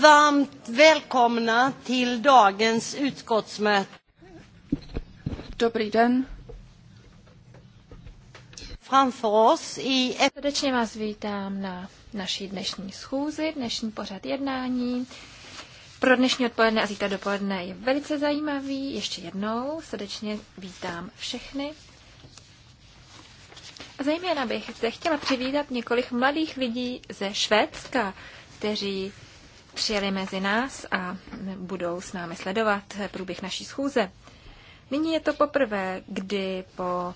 Varmt välkomna till dagens utskottsmöte. Dobrý den. Framför oss i... Srdečně vás vítám na naší dnešní schůzi, dnešní pořad jednání. Pro dnešní odpoledne a zítra dopoledne je velice zajímavý. Ještě jednou srdečně vítám všechny. A zejména bych zde chtěla přivítat několik mladých lidí ze Švédska, kteří přijeli mezi nás a budou s námi sledovat průběh naší schůze. Nyní je to poprvé, kdy po,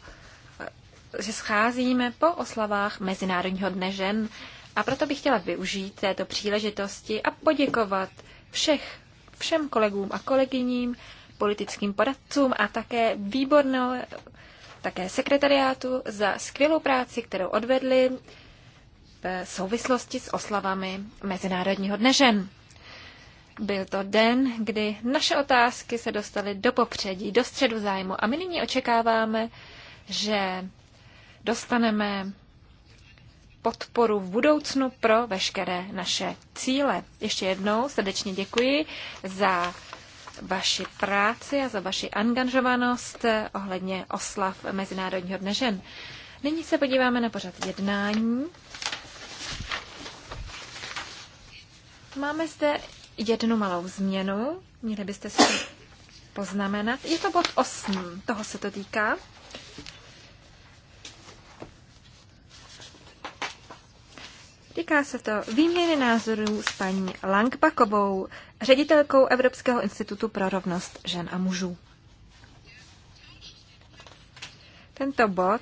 že scházíme po oslavách Mezinárodního dne žen a proto bych chtěla využít této příležitosti a poděkovat všech, všem kolegům a kolegyním, politickým poradcům a také výbornou také sekretariátu za skvělou práci, kterou odvedli v souvislosti s oslavami Mezinárodního dne žen. Byl to den, kdy naše otázky se dostaly do popředí, do středu zájmu a my nyní očekáváme, že dostaneme podporu v budoucnu pro veškeré naše cíle. Ještě jednou srdečně děkuji za vaši práci a za vaši angažovanost ohledně oslav Mezinárodního dne žen. Nyní se podíváme na pořad jednání. Máme zde jednu malou změnu, měli byste si poznamenat. Je to bod 8, toho se to týká. Týká se to výměny názorů s paní Langbakovou, ředitelkou Evropského institutu pro rovnost žen a mužů. Tento bod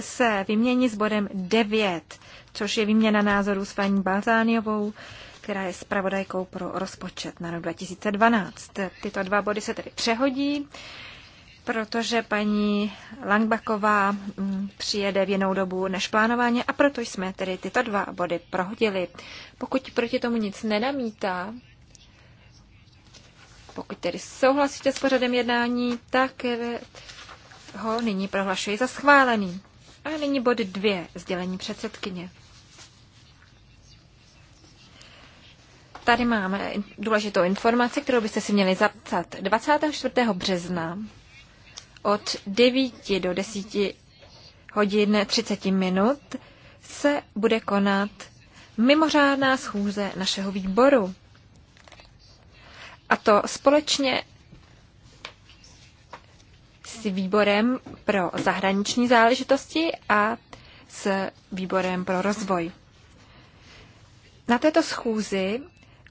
se vymění s bodem 9, což je výměna názorů s paní Balzániovou, která je spravodajkou pro rozpočet na rok 2012. Tyto dva body se tedy přehodí, protože paní Langbaková mm, přijede v jinou dobu než plánováně a proto jsme tedy tyto dva body prohodili. Pokud proti tomu nic nenamítá, pokud tedy souhlasíte s pořadem jednání, tak ho nyní prohlašuji za schválený. A nyní bod dvě, sdělení předsedkyně. Tady máme důležitou informaci, kterou byste si měli zapsat. 24. března od 9 do 10 hodin 30 minut se bude konat mimořádná schůze našeho výboru. A to společně s výborem pro zahraniční záležitosti a s výborem pro rozvoj. Na této schůzi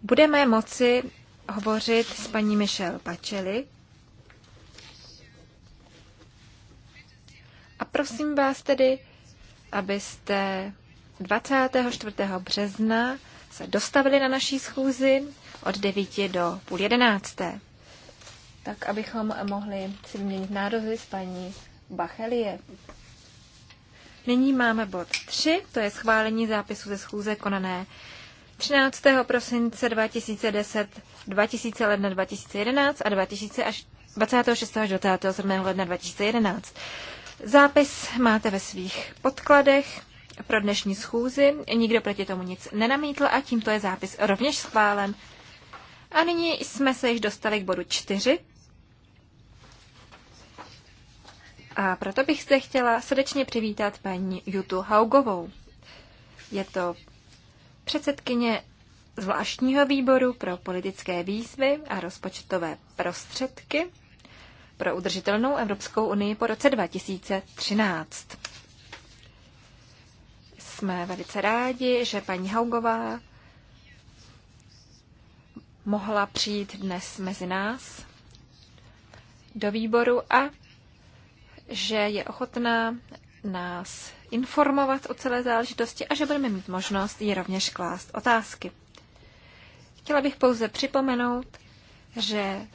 budeme moci hovořit s paní Michelle Pačeli. A prosím vás tedy, abyste 24. března se dostavili na naší schůzi od 9 do půl jedenácté, tak abychom mohli si vyměnit nározy s paní Bachelie. Nyní máme bod 3, to je schválení zápisu ze schůze konané 13. prosince 2010, 2000 ledna 2011 a 2000 až 26. až 27. ledna 2011. Zápis máte ve svých podkladech pro dnešní schůzi. Nikdo proti tomu nic nenamítl a tímto je zápis rovněž schválen. A nyní jsme se již dostali k bodu 4. A proto bych zde chtěla srdečně přivítat paní Jutu Haugovou. Je to předsedkyně zvláštního výboru pro politické výzvy a rozpočtové prostředky pro udržitelnou Evropskou unii po roce 2013. Jsme velice rádi, že paní Haugová mohla přijít dnes mezi nás do výboru a že je ochotná nás informovat o celé záležitosti a že budeme mít možnost jí rovněž klást otázky. Chtěla bych pouze připomenout, že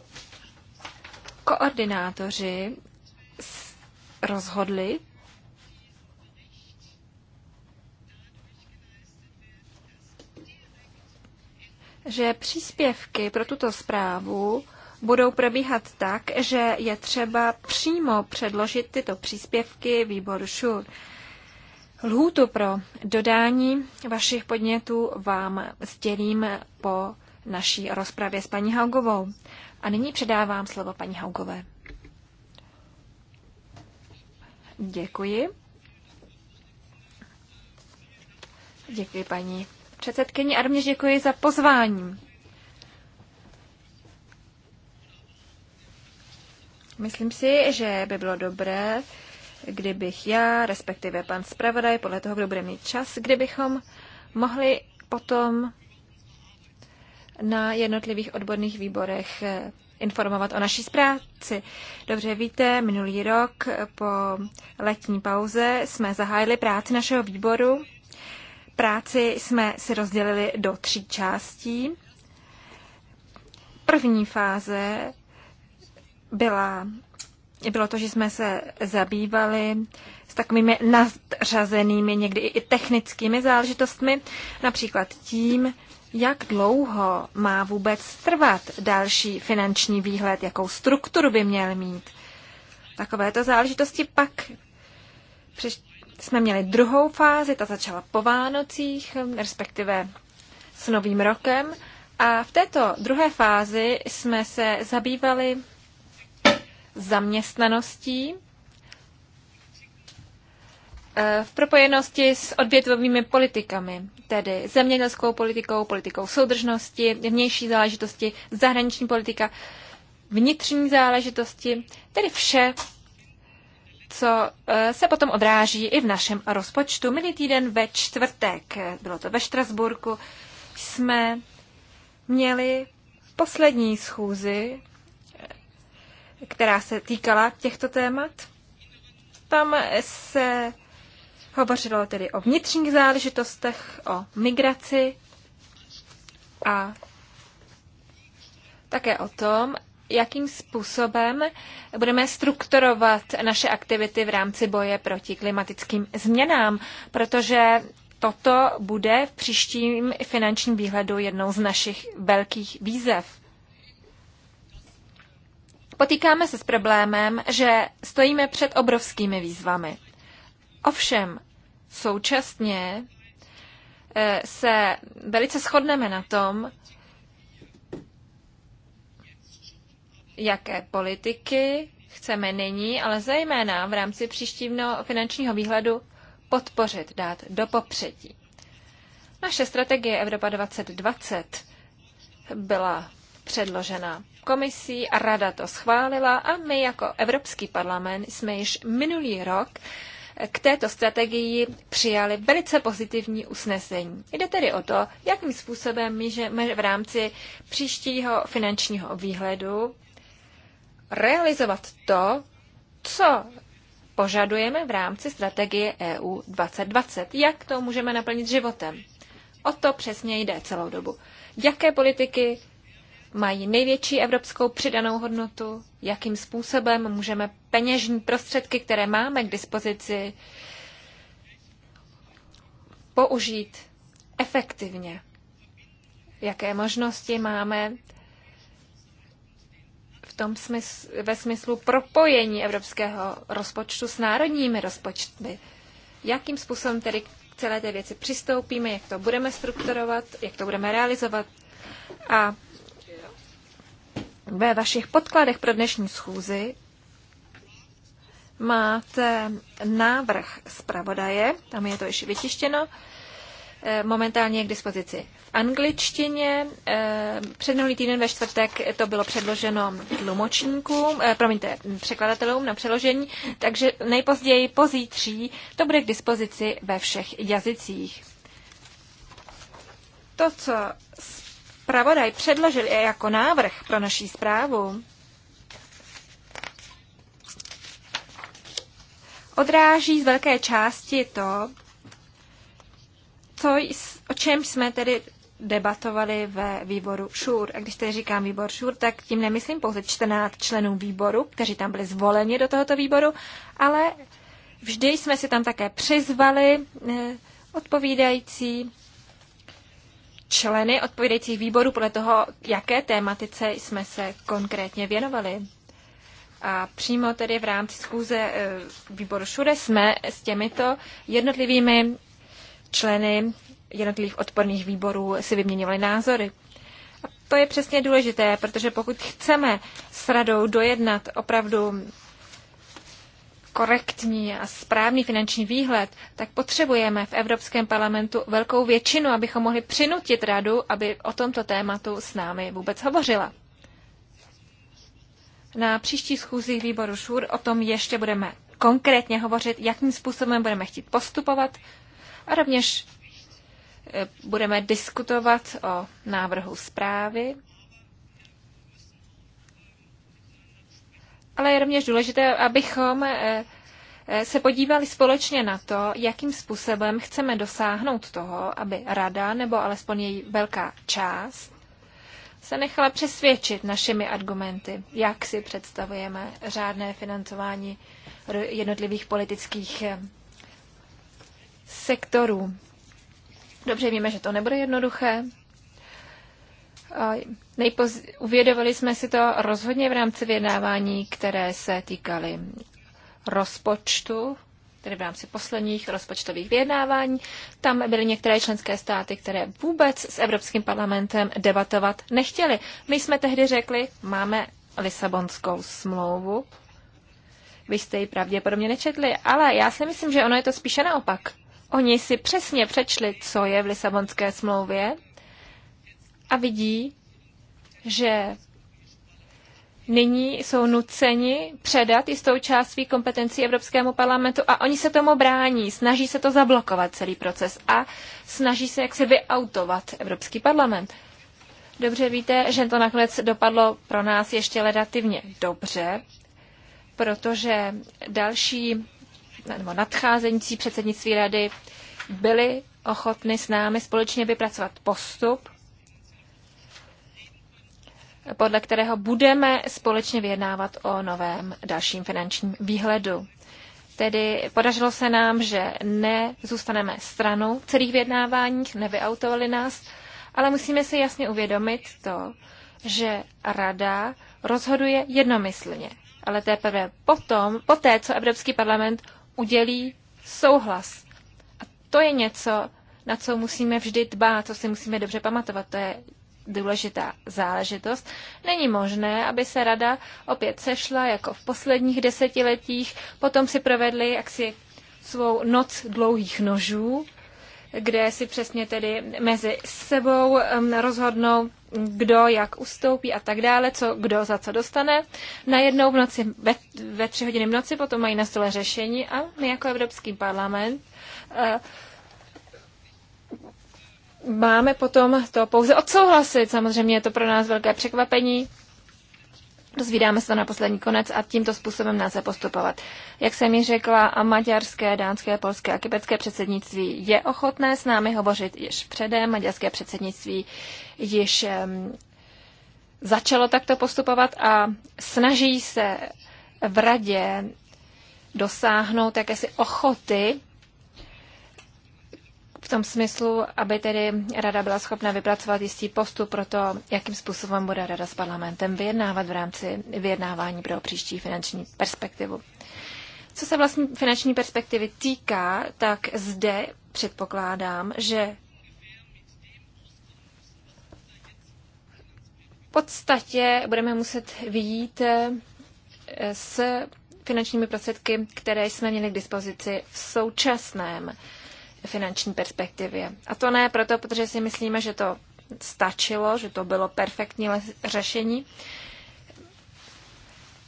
koordinátoři rozhodli, že příspěvky pro tuto zprávu budou probíhat tak, že je třeba přímo předložit tyto příspěvky výboru ŠUR. Sure. Lhůtu pro dodání vašich podnětů vám sdělím po naší rozpravě s paní Haugovou. A nyní předávám slovo paní Haugové. Děkuji. Děkuji paní předsedkyni a rovněž děkuji za pozvání. Myslím si, že by bylo dobré, kdybych já, respektive pan zpravodaj, podle toho, kdo bude mít čas, kdybychom mohli potom na jednotlivých odborných výborech eh, informovat o naší zpráci. Dobře víte, minulý rok po letní pauze jsme zahájili práci našeho výboru. Práci jsme si rozdělili do tří částí. První fáze byla bylo to, že jsme se zabývali s takovými nadřazenými, někdy i technickými záležitostmi, například tím, jak dlouho má vůbec trvat další finanční výhled, jakou strukturu by měl mít. Takovéto záležitosti pak přiš- jsme měli druhou fázi, ta začala po Vánocích, respektive s Novým rokem. A v této druhé fázi jsme se zabývali zaměstnaností, eh, v propojenosti s odvětvovými politikami, tedy zemědělskou politikou, politikou soudržnosti, vnější záležitosti, zahraniční politika, vnitřní záležitosti, tedy vše, co eh, se potom odráží i v našem rozpočtu. Minulý týden ve čtvrtek, bylo to ve Štrasburku, jsme měli poslední schůzi která se týkala těchto témat. Tam se hovořilo tedy o vnitřních záležitostech, o migraci a také o tom, jakým způsobem budeme strukturovat naše aktivity v rámci boje proti klimatickým změnám, protože toto bude v příštím finančním výhledu jednou z našich velkých výzev. Potýkáme se s problémem, že stojíme před obrovskými výzvami. Ovšem, současně eh, se velice shodneme na tom, jaké politiky chceme nyní, ale zejména v rámci příštího finančního výhledu podpořit, dát do popředí. Naše strategie Evropa 2020 byla předložena komisí a rada to schválila a my jako Evropský parlament jsme již minulý rok k této strategii přijali velice pozitivní usnesení. Jde tedy o to, jakým způsobem my v rámci příštího finančního výhledu realizovat to, co požadujeme v rámci strategie EU 2020. Jak to můžeme naplnit životem? O to přesně jde celou dobu. Jaké politiky mají největší evropskou přidanou hodnotu, jakým způsobem můžeme peněžní prostředky, které máme k dispozici, použít efektivně, jaké možnosti máme v tom smyslu, ve smyslu propojení evropského rozpočtu s národními rozpočty. Jakým způsobem tedy k celé té věci přistoupíme, jak to budeme strukturovat, jak to budeme realizovat. A ve vašich podkladech pro dnešní schůzi máte návrh zpravodaje, tam je to ještě vytištěno, eh, momentálně je k dispozici v angličtině. Eh, minulý týden ve čtvrtek to bylo předloženo tlumočníkům, eh, promiňte, překladatelům na přeložení, takže nejpozději pozítří to bude k dispozici ve všech jazycích. To, co zpravodaj předložil jako návrh pro naší zprávu, odráží z velké části to, co, o čem jsme tedy debatovali ve výboru ŠUR. A když tedy říkám výbor ŠUR, tak tím nemyslím pouze 14 členů výboru, kteří tam byli zvoleni do tohoto výboru, ale vždy jsme si tam také přizvali eh, odpovídající členy odpovědajících výborů podle toho, jaké tématice jsme se konkrétně věnovali. A přímo tedy v rámci schůze e, výboru Šure jsme s těmito jednotlivými členy jednotlivých odporných výborů si vyměňovali názory. A to je přesně důležité, protože pokud chceme s radou dojednat opravdu korektní a správný finanční výhled, tak potřebujeme v Evropském parlamentu velkou většinu, abychom mohli přinutit radu, aby o tomto tématu s námi vůbec hovořila. Na příští schůzi výboru ŠUR o tom ještě budeme konkrétně hovořit, jakým způsobem budeme chtít postupovat a rovněž eh, budeme diskutovat o návrhu zprávy ale je rovněž důležité, abychom eh, eh, se podívali společně na to, jakým způsobem chceme dosáhnout toho, aby rada, nebo alespoň její velká část, se nechala přesvědčit našimi argumenty, jak si představujeme řádné financování jednotlivých politických eh, sektorů. Dobře víme, že to nebude jednoduché, Nejpoz... Uvědovali jsme si to rozhodně v rámci vyjednávání, které se týkaly rozpočtu, tedy v rámci posledních rozpočtových vyjednávání. Tam byly některé členské státy, které vůbec s Evropským parlamentem debatovat nechtěly. My jsme tehdy řekli, máme Lisabonskou smlouvu. Vy jste ji pravděpodobně nečetli, ale já si myslím, že ono je to spíše naopak. Oni si přesně přečli, co je v Lisabonské smlouvě a vidí, že nyní jsou nuceni předat jistou část svých kompetencí Evropskému parlamentu a oni se tomu brání, snaží se to zablokovat celý proces a snaží se jaksi vyautovat Evropský parlament. Dobře víte, že to nakonec dopadlo pro nás ještě relativně dobře, protože další nebo nadcházející předsednictví rady byly ochotny s námi společně vypracovat postup, podle kterého budeme společně vyjednávat o novém dalším finančním výhledu. Tedy podařilo se nám, že nezůstaneme stranou v celých vyjednáváních, nevyautovali nás, ale musíme si jasně uvědomit to, že Rada rozhoduje jednomyslně, ale teprve potom, poté, co Evropský parlament udělí souhlas. A to je něco, na co musíme vždy dbát, co si musíme dobře pamatovat. To je důležitá záležitost. Není možné, aby se rada opět sešla jako v posledních desetiletích, potom si provedli jaksi svou noc dlouhých nožů, kde si přesně tedy mezi sebou rozhodnou, kdo jak ustoupí a tak dále, co kdo za co dostane. Najednou v noci, ve, ve tři hodiny v noci potom mají na stole řešení a my jako Evropský parlament uh, máme potom to pouze odsouhlasit. Samozřejmě je to pro nás velké překvapení. Dozvídáme se to na poslední konec a tímto způsobem nás postupovat. Jak jsem ji řekla, a maďarské, dánské, polské a kyperské předsednictví je ochotné s námi hovořit již předem. Maďarské předsednictví již um, začalo takto postupovat a snaží se v radě dosáhnout jakési ochoty v tom smyslu, aby tedy rada byla schopna vypracovat jistý postup pro to, jakým způsobem bude rada s parlamentem vyjednávat v rámci vyjednávání pro příští finanční perspektivu. Co se vlastně finanční perspektivy týká, tak zde předpokládám, že v podstatě budeme muset vyjít eh, s finančními prostředky, které jsme měli k dispozici v současném finanční perspektivě. A to ne proto, protože si myslíme, že to stačilo, že to bylo perfektní řešení,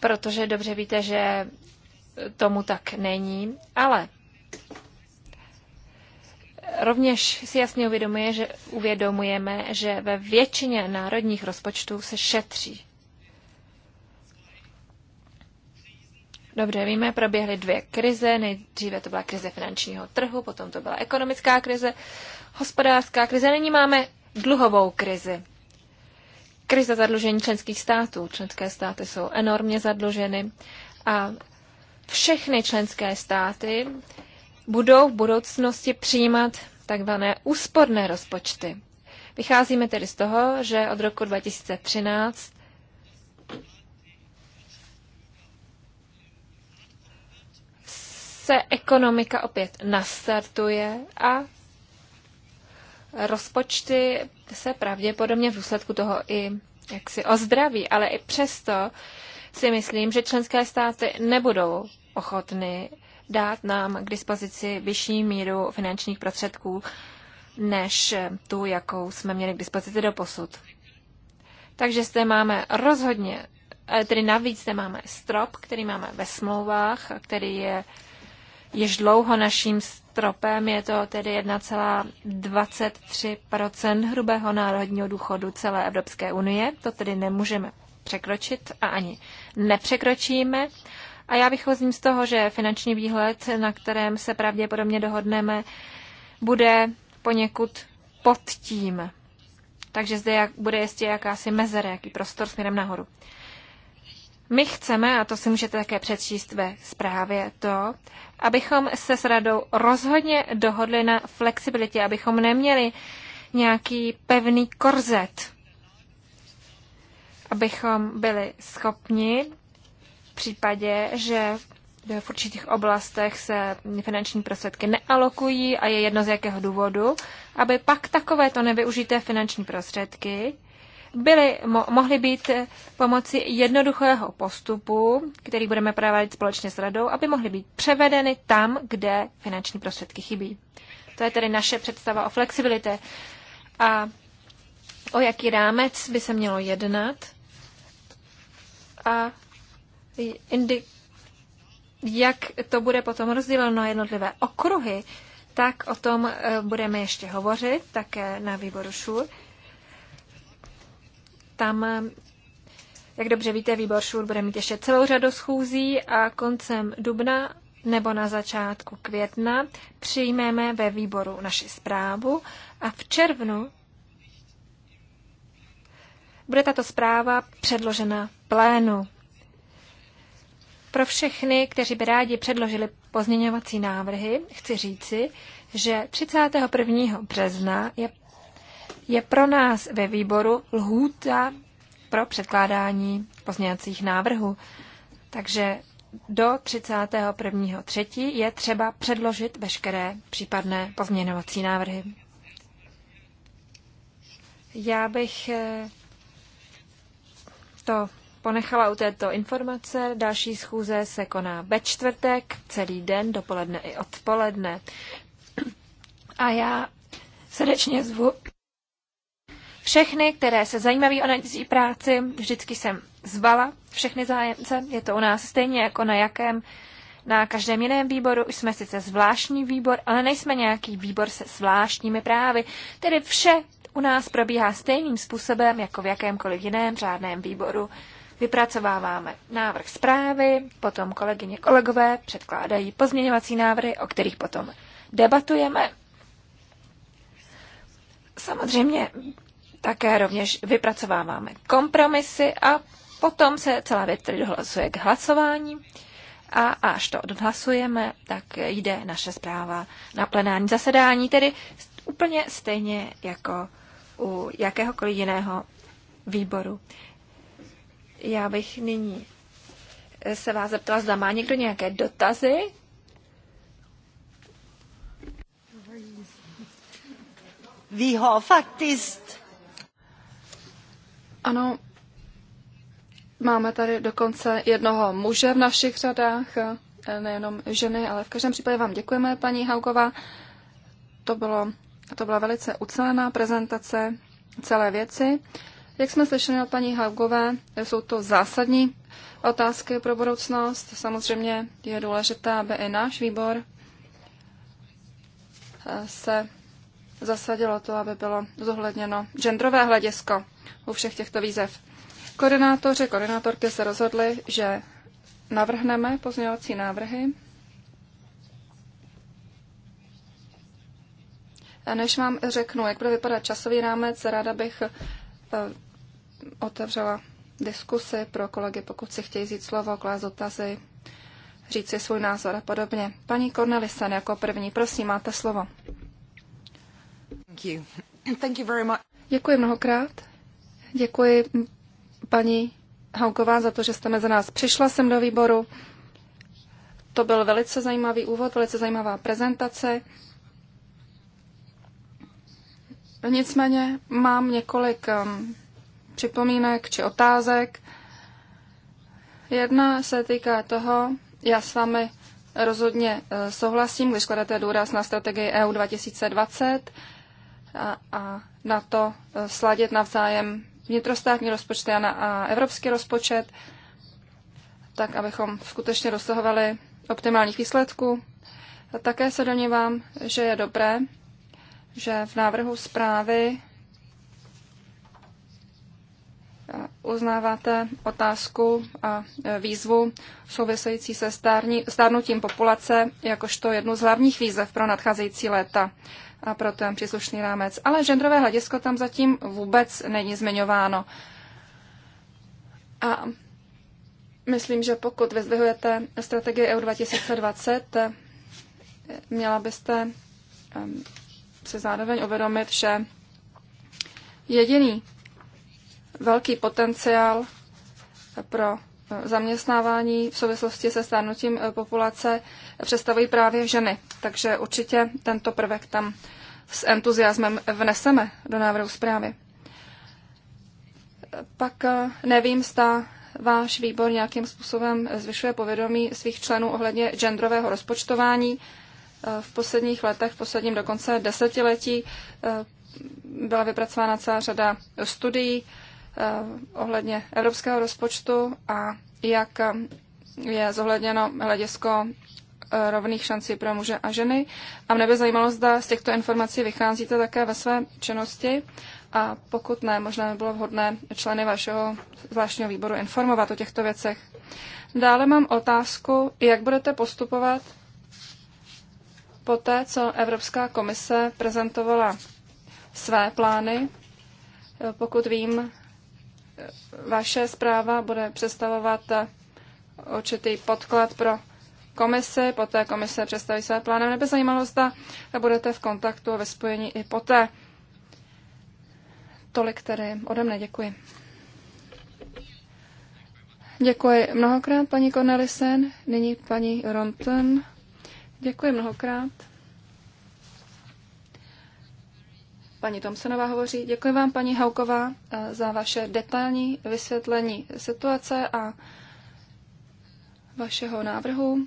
protože dobře víte, že tomu tak není, ale rovněž si jasně uvědomuje, že uvědomujeme, že ve většině národních rozpočtů se šetří. Dobře, víme, proběhly dvě krize. Nejdříve to byla krize finančního trhu, potom to byla ekonomická krize, hospodářská krize. Nyní máme dluhovou krizi. Krize zadlužení členských států. Členské státy jsou enormně zadluženy a všechny členské státy budou v budoucnosti přijímat takzvané úsporné rozpočty. Vycházíme tedy z toho, že od roku 2013 se ekonomika opět nastartuje a rozpočty se pravděpodobně v důsledku toho i jaksi ozdraví, ale i přesto si myslím, že členské státy nebudou ochotny dát nám k dispozici vyšší míru finančních prostředků než tu, jakou jsme měli k dispozici do posud. Takže zde máme rozhodně, eh, tedy navíc zde máme strop, který máme ve smlouvách, který je již dlouho naším stropem, je to tedy 1,23 hrubého národního důchodu celé Evropské unie. To tedy nemůžeme překročit a ani nepřekročíme. A já vychozím z toho, že finanční výhled, na kterém se pravděpodobně dohodneme, bude poněkud pod tím. Takže zde bude jistě jakási mezera, jaký prostor směrem nahoru. My chceme, a to si můžete také přečíst ve zprávě, to, abychom se s radou rozhodně dohodli na flexibilitě, abychom neměli nějaký pevný korzet, abychom byli schopni v případě, že v určitých oblastech se finanční prostředky nealokují a je jedno z jakého důvodu, aby pak takovéto nevyužité finanční prostředky byly, mo, mohly být eh, pomocí jednoduchého postupu, který budeme provádět společně s radou, aby mohly být převedeny tam, kde finanční prostředky chybí. To je tedy naše představa o flexibilitě. A o jaký rámec by se mělo jednat a jak to bude potom rozděleno na jednotlivé okruhy, tak o tom eh, budeme ještě hovořit také na výboru ŠUR. Tam, jak dobře víte, výbor ŠUR bude mít ještě celou řadu schůzí a koncem dubna nebo na začátku května přijmeme ve výboru naši zprávu a v červnu bude tato zpráva předložena plénu. Pro všechny, kteří by rádi předložili pozměňovací návrhy, chci říci, že 31. března je je pro nás ve výboru lhůta pro předkládání pozměňovacích návrhů. Takže do 31.3. je třeba předložit veškeré případné pozměňovací návrhy. Já bych eh, to ponechala u této informace. Další schůze se koná ve čtvrtek, celý den, dopoledne i odpoledne. A já srdečně zvu všechny, které se zajímaví o naší práci, vždycky jsem zvala všechny zájemce. Je to u nás stejně jako na jakém na každém jiném výboru už jsme sice zvláštní výbor, ale nejsme nějaký výbor se zvláštními právy. Tedy vše u nás probíhá stejným způsobem jako v jakémkoliv jiném řádném výboru. Vypracováváme návrh zprávy, potom kolegyně kolegové předkládají pozměňovací návrhy, o kterých potom debatujeme. Samozřejmě také rovněž vypracováváme kompromisy a potom se celá věc tedy dohlasuje k hlasování a až to odhlasujeme, tak jde naše zpráva na plenární zasedání, tedy úplně stejně jako u jakéhokoliv jiného výboru. Já bych nyní se vás zeptala, zda má někdo nějaké dotazy? Wie har ist, ano, máme tady dokonce jednoho muže v našich řadách, eh, nejenom ženy, ale v každém případě vám děkujeme, paní Hauková. To, bylo, to byla velice ucelená prezentace celé věci. Jak jsme slyšeli od paní Haugové, jsou to zásadní otázky pro budoucnost. Samozřejmě je důležité, aby i náš výbor eh, se zasadilo to, aby bylo zohledněno genderové hledisko u všech těchto výzev. Koordinátoři, koordinátorky se rozhodli, že navrhneme pozměňovací návrhy. A než vám řeknu, jak bude vypadat časový rámec, ráda bych eh, otevřela diskusy pro kolegy, pokud si chtějí zít slovo, klást dotazy, říct si svůj názor a podobně. Paní Cornelisen jako první, prosím, máte slovo. Děkuji mnohokrát. Děkuji paní Hauková za to, že jste mezi nás přišla sem do výboru. To byl velice zajímavý úvod, velice zajímavá prezentace. Nicméně mám několik um, připomínek či otázek. Jedna se týká toho, já s vámi rozhodně eh, souhlasím, když kladete důraz na strategii EU 2020 a, a na to e, sladit navzájem vnitrostátní rozpočty a, na, a evropský rozpočet, tak abychom skutečně dosahovali optimálních výsledků. A také se domnívám, že je dobré, že v návrhu zprávy uznáváte otázku a e, výzvu související se stární, stárnutím populace jakožto jednu z hlavních výzev pro nadcházející léta a pro ten příslušný rámec. Ale genderové hledisko tam zatím vůbec není zmiňováno. A myslím, že pokud vyzdvihujete strategii EU 2020, e, měla byste se zároveň uvědomit, že jediný velký potenciál pro zaměstnávání v souvislosti se stárnutím eh, populace představují právě ženy. Takže určitě tento prvek tam s entuziasmem vneseme do návrhu zprávy. Pak eh, nevím, zda váš výbor nějakým způsobem eh, zvyšuje povědomí svých členů ohledně genderového rozpočtování. V posledních letech, v posledním dokonce desetiletí, byla vypracována celá řada studií, Eh, ohledně evropského rozpočtu a jak je zohledněno hledisko eh, rovných šancí pro muže a ženy. A mne by zajímalo, zda z těchto informací vycházíte také ve své činnosti a pokud ne, možná by bylo vhodné členy vašeho zvláštního výboru informovat o těchto věcech. Dále mám otázku, jak budete postupovat poté, co Evropská komise prezentovala své plány. Pokud vím, vaše zpráva bude představovat určitý podklad pro komisi, poté komise představí své plány. Mě by zajímalo, zda budete v kontaktu a ve spojení i poté. Tolik tedy ode mne, děkuji. Děkuji mnohokrát, paní Cornelisen. Nyní paní Ronten. Děkuji mnohokrát. Paní Tomsenová hovoří. Děkuji vám, paní Hauková, eh, za vaše detailní vysvětlení situace a vašeho návrhu,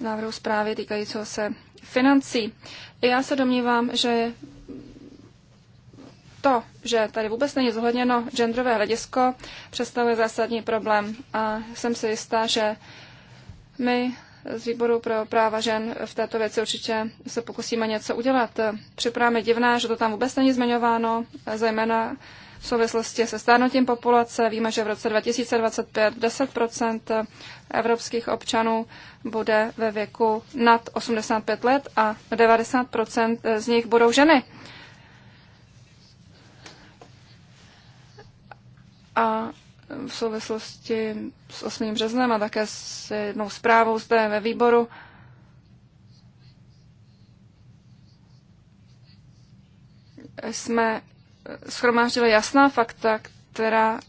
návrhu zprávy týkajícího se financí. Já se domnívám, že to, že tady vůbec není zohledněno genderové hledisko, představuje zásadní problém a jsem si jistá, že my z výboru pro práva žen v této věci určitě se pokusíme něco udělat. Připravíme divné, že to tam vůbec není zmiňováno, zejména v souvislosti se stárnutím populace. Víme, že v roce 2025 10 evropských občanů bude ve věku nad 85 let a 90 z nich budou ženy. A v souvislosti s 8. březnem a také s jednou zprávou zde ve výboru. Jsme eh, schromáždili jasná fakta, která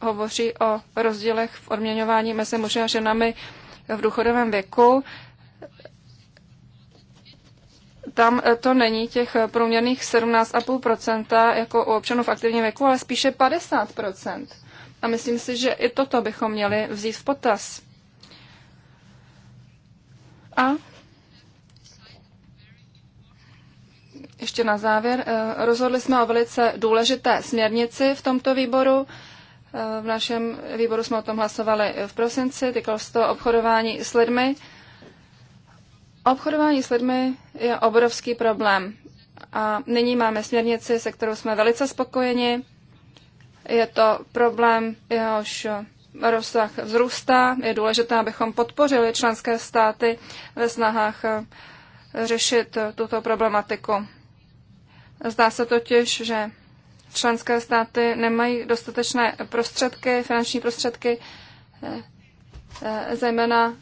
hovoří o rozdílech v odměňování mezi muži a ženami v důchodovém věku. Tam eh, to není těch průměrných 17,5%, jako u občanů v aktivním věku, ale spíše 50%. A myslím si, že i toto bychom měli vzít v potaz. A ještě na závěr, eh, rozhodli jsme o velice důležité směrnici v tomto výboru. Eh, v našem výboru jsme o tom hlasovali v prosinci, týkalo se to obchodování s lidmi. Obchodování s lidmi je obrovský problém. A nyní máme směrnici, se kterou jsme velice spokojeni. Je to problém, jehož rozsah vzrůstá. Je důležité, abychom podpořili členské státy ve snahách eh, řešit eh, tuto problematiku. Zdá se totiž, že členské státy nemají dostatečné prostředky, finanční prostředky, eh, zejména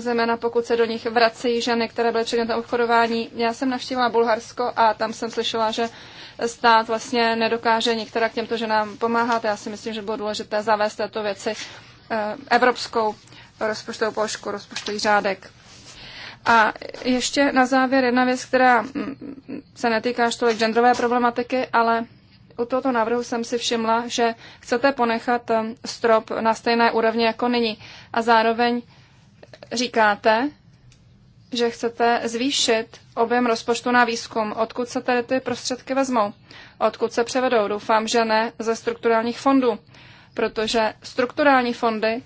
zejména pokud se do nich vracejí ženy, které byly předmětem obchodování. Já jsem navštívila Bulharsko a tam jsem slyšela, že stát vlastně nedokáže některá k těmto ženám pomáhat. Já si myslím, že bylo důležité zavést této věci eh, evropskou rozpočtovou položku, rozpočtový řádek. A ještě na závěr jedna věc, která mm, se netýká až tolik genderové problematiky, ale u tohoto návrhu jsem si všimla, že chcete ponechat eh, strop na stejné úrovni jako nyní a zároveň říkáte, že chcete zvýšit objem rozpočtu na výzkum. Odkud se tedy ty prostředky vezmou? Odkud se převedou? Doufám, že ne ze strukturálních fondů, protože strukturální fondy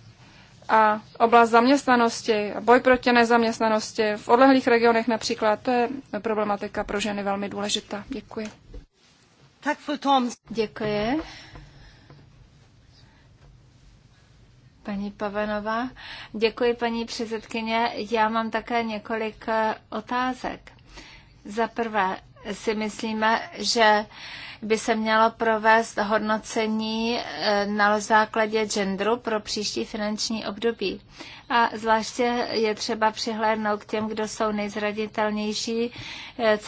a oblast zaměstnanosti, boj proti nezaměstnanosti v odlehlých regionech například, to je problematika pro ženy velmi důležitá. Děkuji. Tak Děkuji. paní Pavanová. Děkuji, paní předsedkyně. Já mám také několik eh, otázek. Za prvé si myslíme, že by se mělo provést hodnocení eh, na základě genderu pro příští finanční období. A zvláště je třeba přihlédnout k těm, kdo jsou nejzraditelnější eh,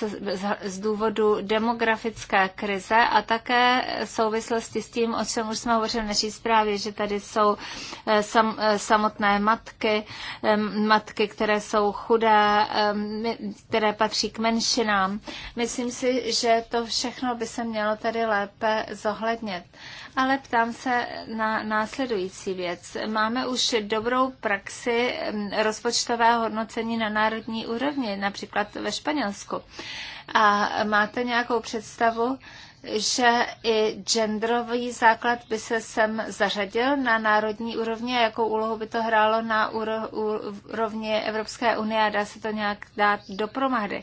z důvodu demografické krize a také v souvislosti s tím, o čem už jsme hovořili v naší zprávě, že tady jsou eh, sam, samotné matky, matky, které jsou chudé, které patří k menšinám. Myslím si, že to všechno by se mělo mělo tedy lépe zohlednit. Ale ptám se na následující věc. Máme už dobrou praxi mm, rozpočtového hodnocení na národní úrovni, například ve Španělsku. A máte nějakou představu, že i genderový základ by se sem zařadil na národní úrovni a jakou úlohu by to hrálo na úrovni Evropské unie a dá se to nějak dát dopromady.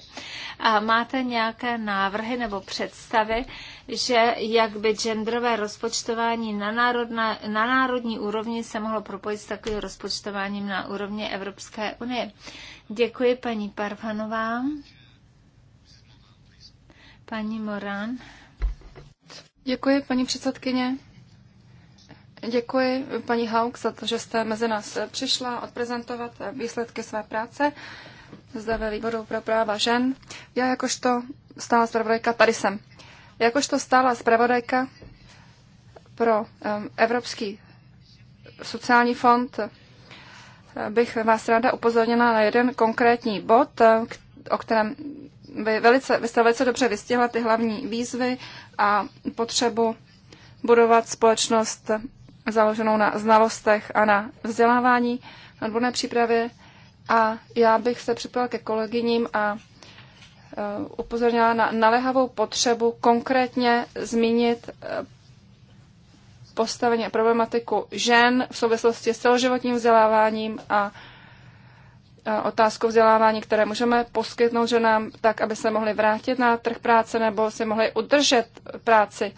A máte nějaké návrhy nebo představy, že jak by genderové rozpočtování na, národna, na národní úrovni se mohlo propojit s takovým rozpočtováním na úrovni Evropské unie. Děkuji paní Parvanová. Paní Moran. Děkuji, paní předsedkyně. Děkuji paní Hauk za to, že jste mezi nás přišla odprezentovat výsledky své práce zde ve výboru pro práva žen. Já jakožto stála zpravodajka, tady jsem, jakožto stála zpravodajka pro Evropský sociální fond bych vás ráda upozornila na jeden konkrétní bod, o kterém vy, velice, vy jste velice dobře vystihla ty hlavní výzvy a potřebu budovat společnost založenou na znalostech a na vzdělávání, na odborné přípravě. A já bych se připojila ke kolegyním a e, upozornila na naléhavou potřebu konkrétně zmínit e, postavení a problematiku žen v souvislosti s celoživotním vzděláváním a otázku vzdělávání, které můžeme poskytnout ženám tak, aby se mohly vrátit na trh práce nebo si mohly udržet práci.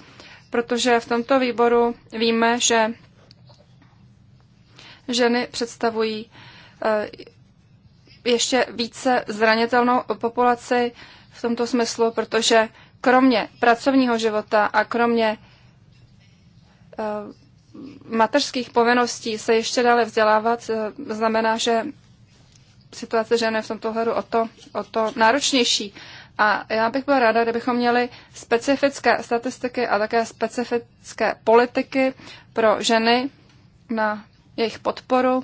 Protože v tomto výboru víme, že ženy představují eh, ještě více zranitelnou populaci v tomto smyslu, protože kromě pracovního života a kromě eh, mateřských povinností se ještě dále vzdělávat, eh, znamená, že situace žen je v tomto hledu o to, o to náročnější. A já bych byla ráda, kdybychom měli specifické statistiky a také specifické politiky pro ženy na jejich podporu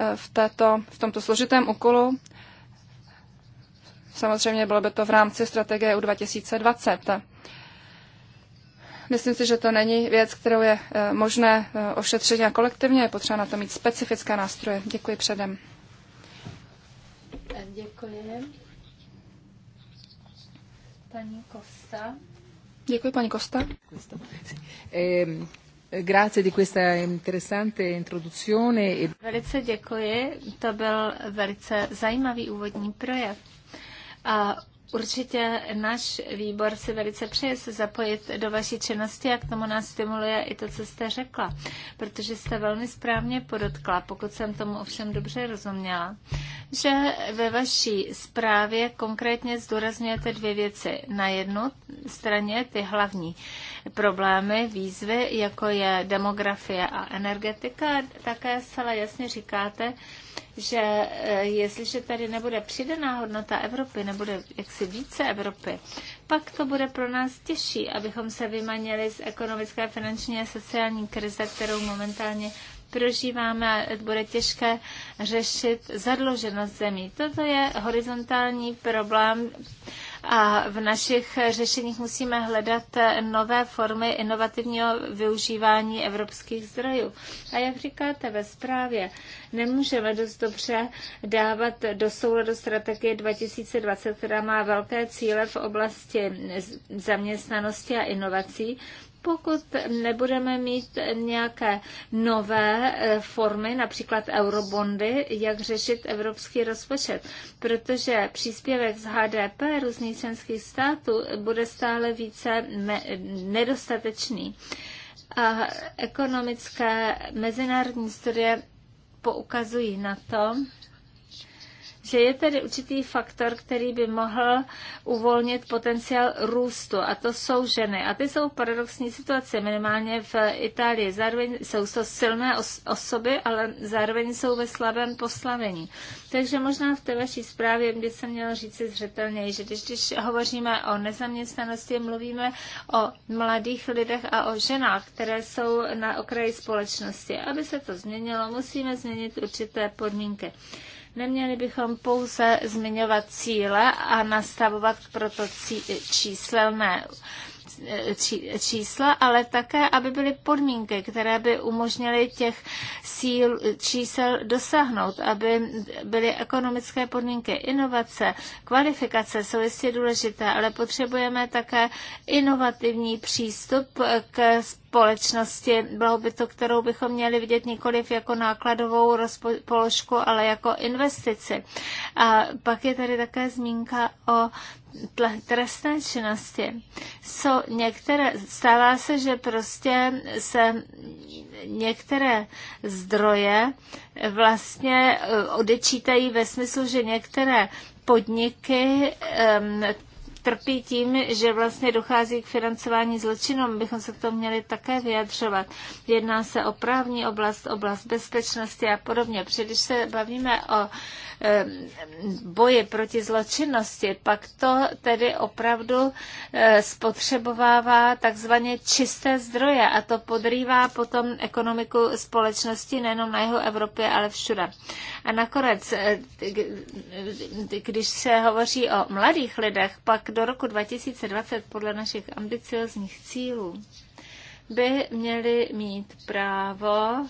eh, v, této, v tomto složitém úkolu. Samozřejmě bylo by to v rámci strategie u 2020. Myslím si, že to není věc, kterou je eh, možné eh, ošetřit nějak kolektivně, je potřeba na to mít specifické nástroje. Děkuji předem. Tak Děkuji. Paní Kosta. Děkuji, paní Kosta. Ehm, grazie di questa interessante introduzione. E velice děkuji, to byl velice zajímavý úvodní projev. A Určitě náš výbor si velice přeje se zapojit do vaší činnosti a k tomu nás stimuluje i to, co jste řekla, protože jste velmi správně podotkla, pokud jsem tomu ovšem dobře rozuměla, že ve vaší zprávě konkrétně zdůrazňujete dvě věci. Na jednu straně ty hlavní problémy, výzvy, jako je demografie a energetika, také zcela jasně říkáte, že e, jestliže tady nebude přidaná hodnota Evropy, nebude jaksi více Evropy, pak to bude pro nás těžší, abychom se vymanili z ekonomické, finanční a sociální krize, kterou momentálně prožíváme, bude těžké řešit zadloženost zemí. Toto je horizontální problém a v našich řešeních musíme hledat nové formy inovativního využívání evropských zdrojů. A jak říkáte ve zprávě, nemůžeme dost dobře dávat do souladu strategie 2020, která má velké cíle v oblasti zaměstnanosti a inovací, pokud nebudeme mít nějaké nové eh, formy, například eurobondy, jak řešit evropský rozpočet, protože příspěvek z HDP různých členských států bude stále více nedostatečný. A ekonomické mezinárodní studie poukazují na to, že je tedy určitý faktor, který by mohl uvolnit potenciál růstu a to jsou ženy. A ty jsou v paradoxní situaci, minimálně v Itálii. Zároveň jsou to silné os- osoby, ale zároveň jsou ve slabém poslavení. Takže možná v té vaší zprávě, by jsem měla říct zřetelněji, že když, když hovoříme o nezaměstnanosti, mluvíme o mladých lidech a o ženách, které jsou na okraji společnosti. Aby se to změnilo, musíme změnit určité podmínky. Neměli bychom pouze zmiňovat cíle a nastavovat proto číselné čísla, ale také, aby byly podmínky, které by umožnily těch síl, čísel dosáhnout, aby byly ekonomické podmínky, inovace, kvalifikace jsou jistě důležité, ale potřebujeme také inovativní přístup k společnosti to, kterou bychom měli vidět nikoliv jako nákladovou položku, ale jako investici. A pak je tady také zmínka o trestné činnosti. Co některé, stává se, že prostě se některé zdroje vlastně eh, odečítají ve smyslu, že některé podniky um, trpí tím, že vlastně dochází k financování zločinům, bychom se k tomu měli také vyjadřovat. Jedná se o právní oblast, oblast bezpečnosti a podobně. Protože když se bavíme o Ehm, boji proti zločinnosti, pak to tedy opravdu eh, spotřebovává takzvaně čisté zdroje a to podrývá potom ekonomiku společnosti nejenom na jeho Evropě, ale všude. A nakonec, eh, když se hovoří o mladých lidech, pak do roku 2020 podle našich ambiciozních cílů by měli mít právo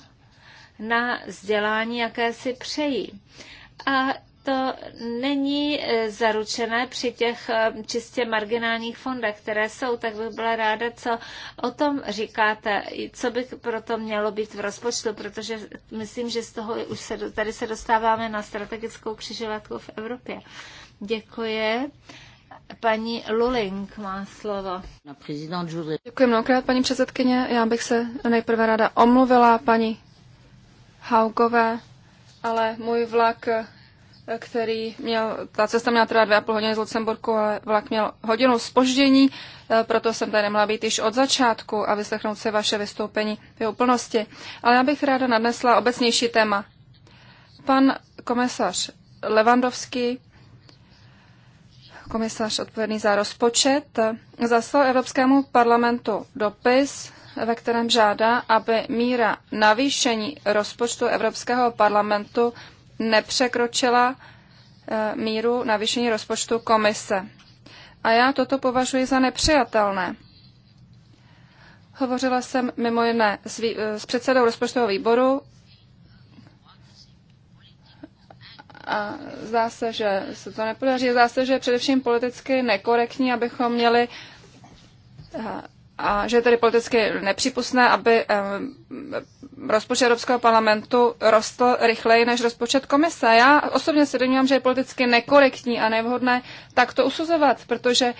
na vzdělání, jaké si přejí a to není e, zaručené při těch e, čistě marginálních fondech, které jsou, tak bych byla ráda, co o tom říkáte, co by proto mělo být v rozpočtu, protože myslím, že z toho už se, tady se dostáváme na strategickou křižovatku v Evropě. Děkuji. Paní Luling má slovo. Děkuji mnohokrát, paní předsedkyně. Já bych se nejprve ráda omluvila paní Haugové ale můj vlak, který měl, ta cesta měla trvat dvě a půl hodiny z Lucemburku, ale vlak měl hodinu spoždění, eh, proto jsem tady nemohla být již od začátku a vyslechnout si vaše vystoupení v jeho plnosti. Ale já bych ráda nadnesla obecnější téma. Pan komisař Levandovský komisař odpovědný za rozpočet, zaslal Evropskému parlamentu dopis ve kterém žádá, aby míra navýšení rozpočtu Evropského parlamentu nepřekročila eh, míru navýšení rozpočtu komise. A já toto považuji za nepřijatelné. Hovořila jsem mimo jiné s, vý, eh, s předsedou rozpočtového výboru a zdá se, že se to nepodaří. Zdá se, že je především politicky nekorektní, abychom měli eh, a že je tedy politicky nepřípustné, aby rozpočet Evropského parlamentu rostl rychleji než rozpočet komise. Já osobně se domnívám, že je politicky nekorektní a nevhodné takto usuzovat, protože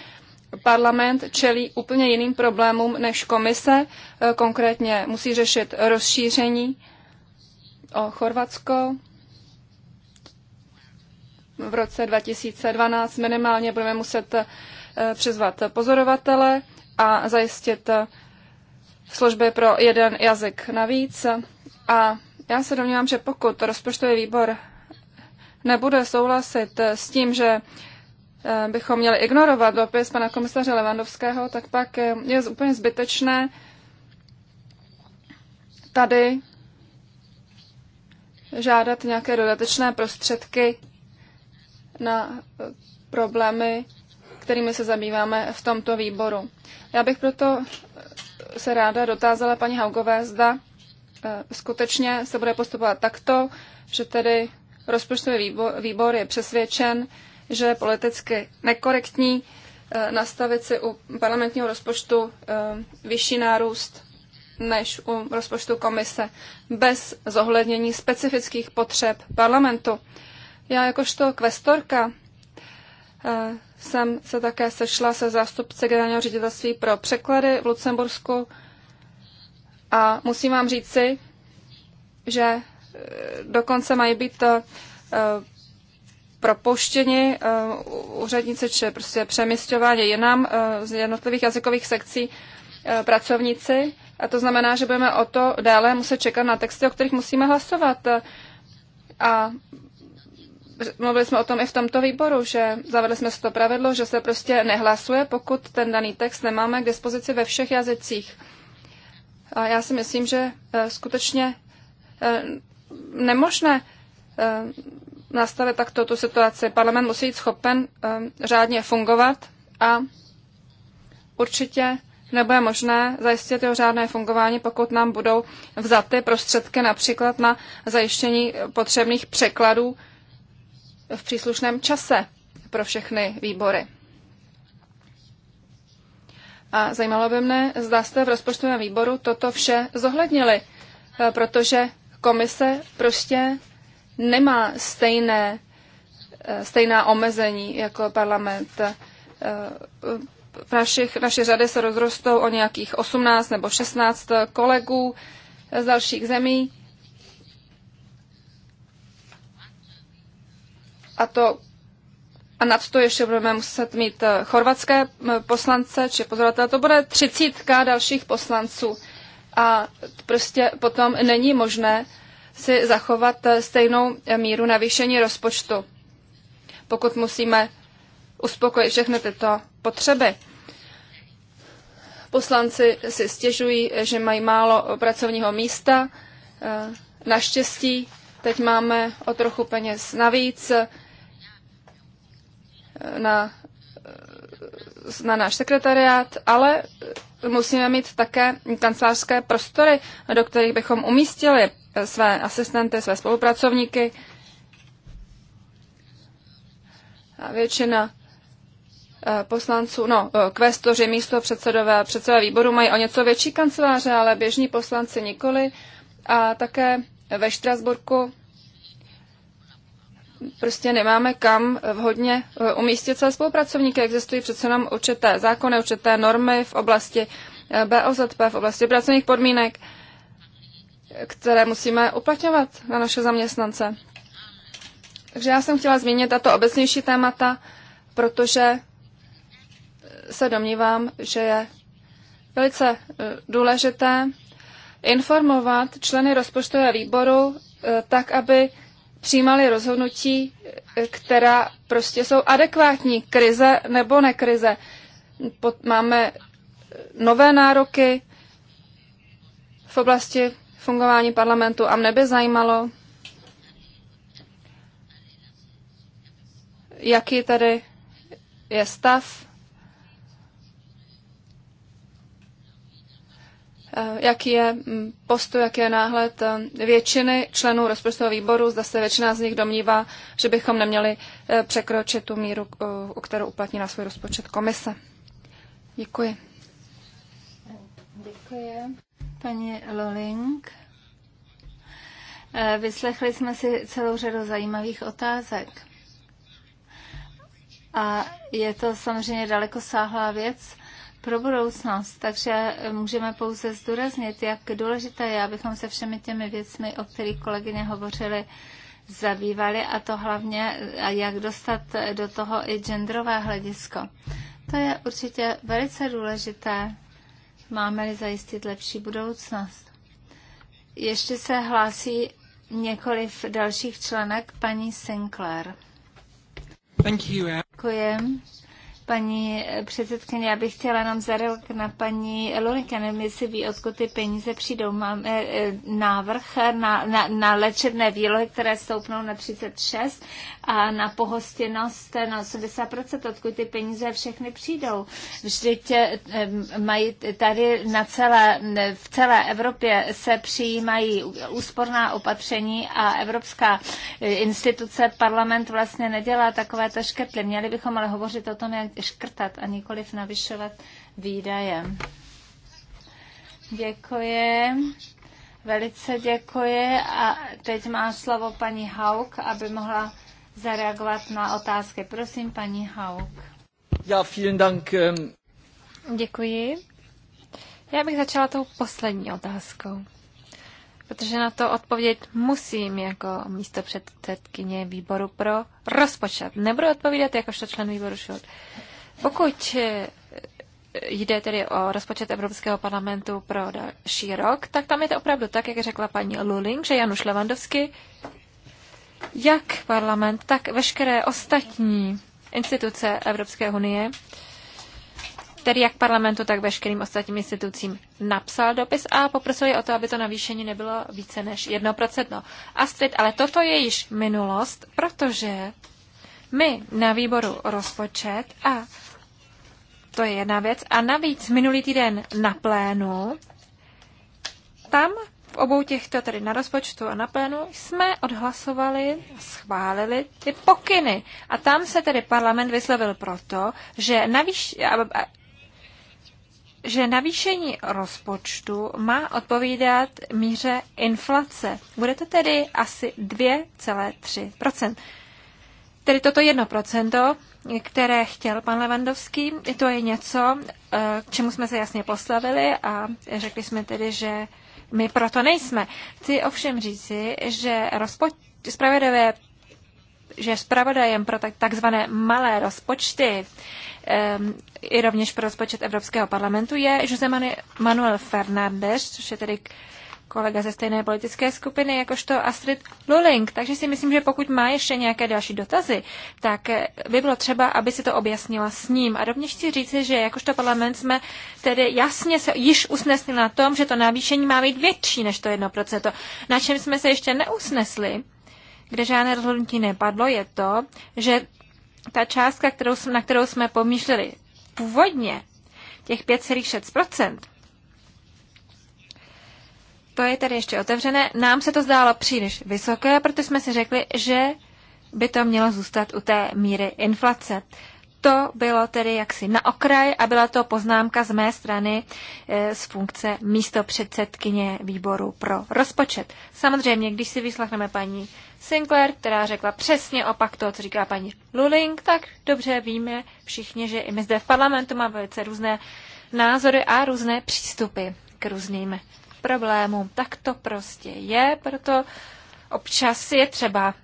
parlament čelí úplně jiným problémům než komise. E, konkrétně musí řešit rozšíření o Chorvatsko. V roce 2012 minimálně budeme muset e, přizvat pozorovatele a zajistit eh, služby pro jeden jazyk navíc. A já se domnívám, že pokud rozpočtový výbor nebude souhlasit eh, s tím, že eh, bychom měli ignorovat dopis pana komisaře Levandovského, tak pak je úplně zbytečné tady žádat nějaké dodatečné prostředky na problémy kterými se zabýváme v tomto výboru. Já bych proto se ráda dotázala paní Haugové, zda eh, skutečně se bude postupovat takto, že tedy rozpočtový výbor, výbor je přesvědčen, že je politicky nekorektní eh, nastavit si u parlamentního rozpočtu eh, vyšší nárůst než u rozpočtu komise bez zohlednění specifických potřeb parlamentu. Já jakožto kvestorka jsem eh, se také sešla se zástupci generálního ředitelství pro překlady v Lucembursku a musím vám říci, že eh, dokonce mají být eh, propuštěni úředníci, či prostě přemysťováni jinam z jednotlivých jazykových sekcí pracovníci. A to znamená, že budeme o to dále muset čekat na texty, o kterých musíme hlasovat. A mluvili jsme o tom i v tomto výboru, že zavedli jsme si to pravidlo, že se prostě nehlasuje, pokud ten daný text nemáme k dispozici ve všech jazycích. A já si myslím, že e, skutečně e, nemožné e, nastavit takto tu situaci. Parlament musí být schopen řádně fungovat a určitě nebude možné zajistit jeho řádné fungování, pokud nám budou vzaty prostředky například na zajištění potřebných překladů v příslušném čase pro všechny výbory. A zajímalo by mne, zda jste v rozpočtovém výboru toto vše zohlednili, e, protože komise prostě nemá stejné, e, stejná omezení jako parlament. E, v našich, naše řady se rozrostou o nějakých 18 nebo 16 kolegů z dalších zemí a to a nad to ještě budeme muset mít eh, chorvatské poslance či pozorovatele. To bude třicítka dalších poslanců. A prostě potom není možné si zachovat eh, stejnou eh, míru navýšení rozpočtu, pokud musíme uspokojit všechny tyto potřeby. Poslanci si stěžují, že mají málo pracovního místa. Naštěstí teď máme o trochu peněz navíc na, na náš sekretariát, ale musíme mít také kancelářské prostory, do kterých bychom umístili své asistenty, své spolupracovníky. A většina eh, poslanců, no, eh, kvestoři, místo předsedové, předsedové výboru mají o něco větší kanceláře, ale běžní poslanci nikoli. A také ve Štrasburku prostě nemáme kam eh, vhodně eh, umístit své spolupracovníky. Existují přece jenom určité zákony, určité normy v oblasti eh, BOZP, v oblasti pracovních podmínek, které musíme uplatňovat na naše zaměstnance. Takže já jsem chtěla zmínit tato obecnější témata, protože se domnívám, že je velice důležité informovat členy rozpočtového výboru tak, aby přijímali rozhodnutí, která prostě jsou adekvátní krize nebo nekrize. Máme nové nároky v oblasti fungování parlamentu a mne by zajímalo, jaký tady je stav Eh, jaký je mm, postoj, jaký je náhled eh, většiny členů rozpočtového výboru. Zda se většina z nich domnívá, že bychom neměli eh, překročit tu míru, o kterou uplatní na svůj rozpočet komise. Děkuji. Děkuji. Paní Loling. Vyslechli jsme si celou řadu zajímavých otázek. A je to samozřejmě daleko sáhlá věc, pro budoucnost. Takže můžeme pouze zdůraznit, jak důležité je, abychom se všemi těmi věcmi, o kterých kolegyně hovořily, zabývali a to hlavně, jak dostat do toho i genderové hledisko. To je určitě velice důležité, máme-li zajistit lepší budoucnost. Ještě se hlásí několik dalších členek paní Sinclair. Thank you. Děkuji. Paní předsedkyně, já bych chtěla jenom zareagovat na paní Lorika, nevím, jestli ví, odkud ty peníze přijdou. Máme eh, eh, návrh na, na, na léčebné výlohy, které stoupnou na 36 a na pohostinnost na 80%, odkud ty peníze všechny přijdou. Vždyť eh, mají tady na celé, v celé Evropě se přijímají úsporná opatření a Evropská instituce, parlament vlastně nedělá takovéto škrtly. Měli bychom ale hovořit o tom, jak škrtat a nikoliv navyšovat výdaje. Děkuji. Velice děkuji a teď má slovo paní Hauk, aby mohla zareagovat na otázky. Prosím, paní Hauk. Já vielen Dank. Ähm. Děkuji. Já bych začala tou poslední otázkou protože na to odpověď musím jako místo předsedkyně výboru pro rozpočet. Nebudu odpovídat jakožto člen výboru šut. Pokud eh, jde tedy o rozpočet Evropského parlamentu pro další rok, tak tam je to opravdu tak, jak řekla paní Luling, že Januš Levandovský, jak parlament, tak veškeré ostatní instituce Evropské unie tedy jak parlamentu, tak veškerým ostatním institucím napsal dopis a poprosil je o to, aby to navýšení nebylo více než 1%. Astrid, ale toto je již minulost, protože my na výboru rozpočet a to je jedna věc. A navíc minulý týden na plénu, tam v obou těchto, tedy na rozpočtu a na plénu, jsme odhlasovali a schválili ty pokyny. A tam se tedy parlament vyslovil proto, že navíš, že navýšení rozpočtu má odpovídat míře inflace. Bude to tedy asi 2,3 Tedy toto 1%, které chtěl pan Levandovský, to je něco, k eh, čemu jsme se jasně postavili a řekli jsme tedy, že my proto nejsme. Chci ovšem říci, že rozpočet spravedlivé že zpravodajem pro takzvané malé rozpočty i rovněž pro rozpočet Evropského parlamentu je Jose Manuel Fernández, což je tedy kolega ze stejné politické skupiny, jakožto Astrid Luling. Takže si myslím, že pokud má ještě nějaké další dotazy, tak eh, by bylo třeba, aby si to objasnila s ním. A rovněž chci říci, že jakožto parlament jsme tedy jasně se již usnesli na tom, že to navýšení má být větší než to 1%, na čem jsme se ještě neusnesli kde žádné rozhodnutí nepadlo, je to, že ta částka, kterou, na kterou jsme pomýšleli původně, těch 5,6%, to je tady ještě otevřené. Nám se to zdálo příliš vysoké, proto jsme si řekli, že by to mělo zůstat u té míry inflace. To bylo tedy jaksi na okraj a byla to poznámka z mé strany eh, z funkce místo předsedkyně výboru pro rozpočet. Samozřejmě, když si vyslechneme paní Sinclair, která řekla přesně opak toho, co říká paní Luling, tak dobře víme všichni, že i my zde v parlamentu máme velice různé názory a různé přístupy k různým problémům. Tak to prostě je, proto občas je třeba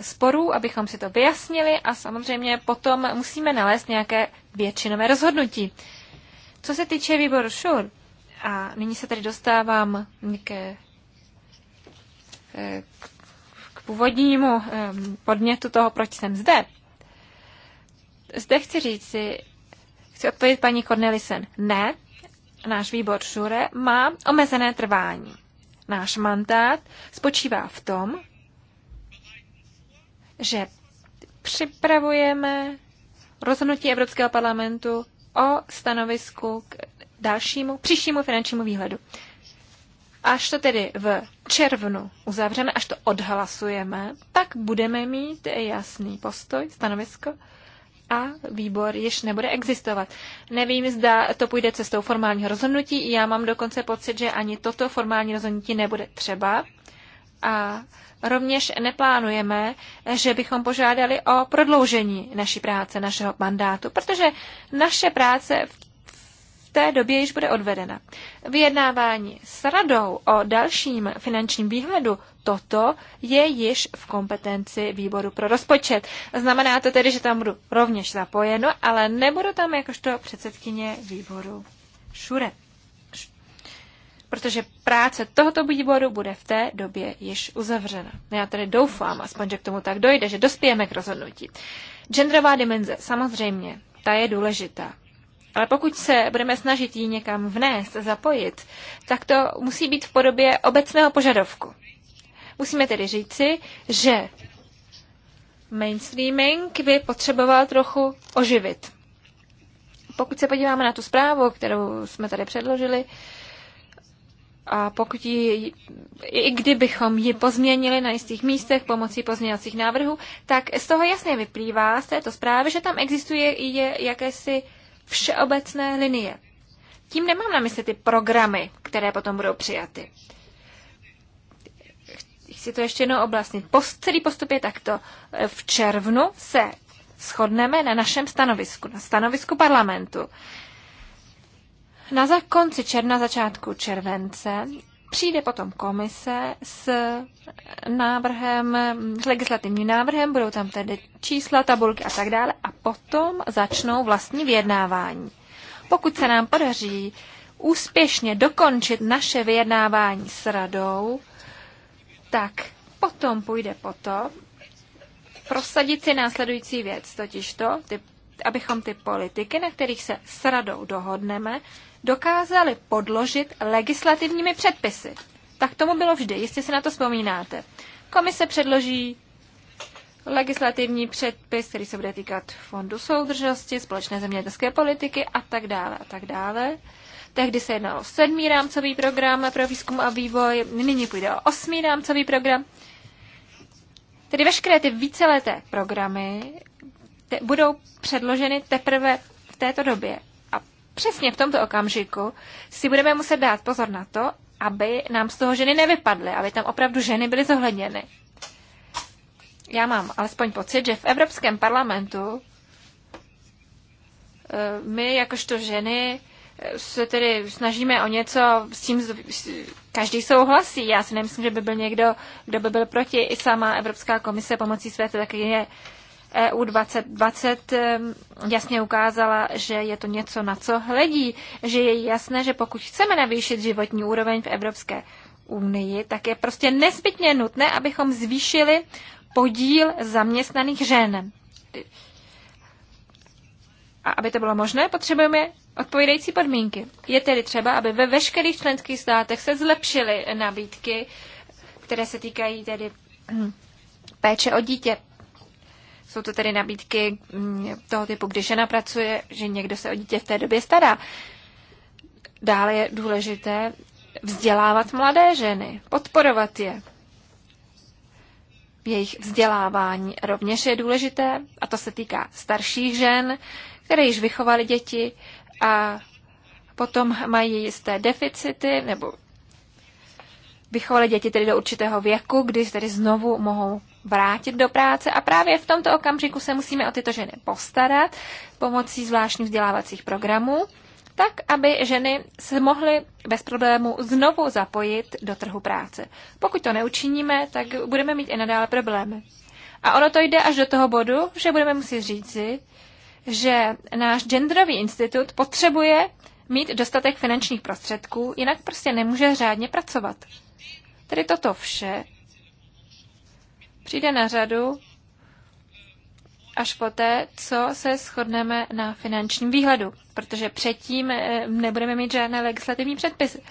sporů, abychom si to vyjasnili a samozřejmě potom musíme nalézt nějaké většinové rozhodnutí. Co se týče výboru ŠUR, a nyní se tady dostávám k původnímu podmětu toho, proč jsem zde, zde chci říct si, chci odpovědět paní Cornelisen. Ne, náš výbor Šure má omezené trvání. Náš mandát spočívá v tom, že připravujeme rozhodnutí Evropského parlamentu o stanovisku k dalšímu, příštímu finančnímu výhledu. Až to tedy v červnu uzavřeme, až to odhlasujeme, tak budeme mít jasný postoj, stanovisko a výbor již nebude existovat. Nevím, zda to půjde cestou formálního rozhodnutí. Já mám dokonce pocit, že ani toto formální rozhodnutí nebude třeba. A rovněž neplánujeme, že bychom požádali o prodloužení naší práce, našeho mandátu, protože naše práce v té době již bude odvedena. Vyjednávání s radou o dalším finančním výhledu toto je již v kompetenci výboru pro rozpočet. Znamená to tedy, že tam budu rovněž zapojeno, ale nebudu tam jakožto předsedkyně výboru Šure. Protože práce tohoto výboru bude v té době již uzavřena. Já tedy doufám, aspoň, že k tomu tak dojde, že dospějeme k rozhodnutí. Genderová dimenze, samozřejmě, ta je důležitá. Ale pokud se budeme snažit ji někam vnést, zapojit, tak to musí být v podobě obecného požadavku. Musíme tedy říci, že mainstreaming by potřeboval trochu oživit. Pokud se podíváme na tu zprávu, kterou jsme tady předložili, a pokud ji, i kdybychom ji pozměnili na jistých místech pomocí pozměňovacích návrhů, tak z toho jasně vyplývá z této zprávy, že tam existuje i jakési všeobecné linie. Tím nemám na mysli ty programy, které potom budou přijaty. Chci to ještě jednou oblastnit. Post, celý postup je takto. V červnu se shodneme na našem stanovisku, na stanovisku parlamentu. Na konci června, začátku července Přijde potom komise s návrhem, s legislativním návrhem, budou tam tedy čísla, tabulky a tak dále a potom začnou vlastní vyjednávání. Pokud se nám podaří úspěšně dokončit naše vyjednávání s radou, tak potom půjde po to, prosadit si následující věc, totiž to, ty, abychom ty politiky, na kterých se s radou dohodneme, dokázali podložit legislativními předpisy. Tak tomu bylo vždy, jistě se na to vzpomínáte. Komise předloží legislativní předpis, který se bude týkat fondu soudržnosti, společné zemědělské politiky a tak dále a tak dále. Tehdy se jednalo o sedmý rámcový program pro výzkum a vývoj, nyní půjde o osmý rámcový program. Tedy veškeré ty víceleté programy te, budou předloženy teprve v této době přesně v tomto okamžiku si budeme muset dát pozor na to, aby nám z toho ženy nevypadly, aby tam opravdu ženy byly zohledněny. Já mám alespoň pocit, že v Evropském parlamentu eh, my jakožto ženy eh, se tedy snažíme o něco, s tím každý souhlasí. Já si nemyslím, že by byl někdo, kdo by byl proti. I sama Evropská komise pomocí své to taky je EU 2020 jasně ukázala, že je to něco, na co hledí, že je jasné, že pokud chceme navýšit životní úroveň v Evropské unii, tak je prostě nezbytně nutné, abychom zvýšili podíl zaměstnaných žen. A aby to bylo možné, potřebujeme odpovídající podmínky. Je tedy třeba, aby ve veškerých členských státech se zlepšily nabídky, které se týkají tedy hm, péče o dítě. Jsou to tedy nabídky mm, toho typu, když žena pracuje, že někdo se o dítě v té době stará. Dále je důležité vzdělávat mladé ženy, podporovat je v jejich vzdělávání. Rovněž je důležité, a to se týká starších žen, které již vychovaly děti a potom mají jisté deficity nebo vychovali děti tedy do určitého věku, kdy tedy znovu mohou vrátit do práce a právě v tomto okamžiku se musíme o tyto ženy postarat pomocí zvláštních vzdělávacích programů, tak aby ženy se mohly bez problému znovu zapojit do trhu práce. Pokud to neučiníme, tak budeme mít i nadále problémy. A ono to jde až do toho bodu, že budeme muset říci, že náš genderový institut potřebuje mít dostatek finančních prostředků, jinak prostě nemůže řádně pracovat. Tedy toto vše přijde na řadu až poté, co se shodneme na finančním výhledu, protože předtím eh, nebudeme mít žádné legislativní předpisy.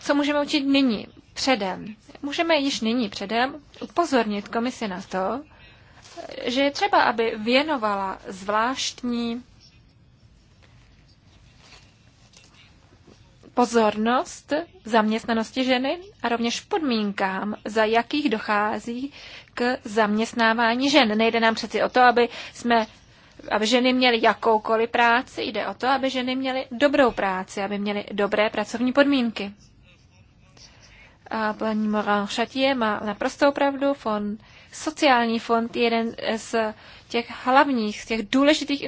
Co můžeme učit nyní, předem? Můžeme již nyní předem upozornit komisi na to, že je třeba, aby věnovala zvláštní pozornost zaměstnanosti ženy a rovněž podmínkám, za jakých dochází k zaměstnávání žen. Nejde nám přeci o to, aby jsme aby ženy měly jakoukoliv práci, jde o to, aby ženy měly dobrou práci, aby měly dobré pracovní podmínky. A paní Morin Chatier má naprostou pravdu, fond, sociální fond je jeden z těch hlavních, z těch důležitých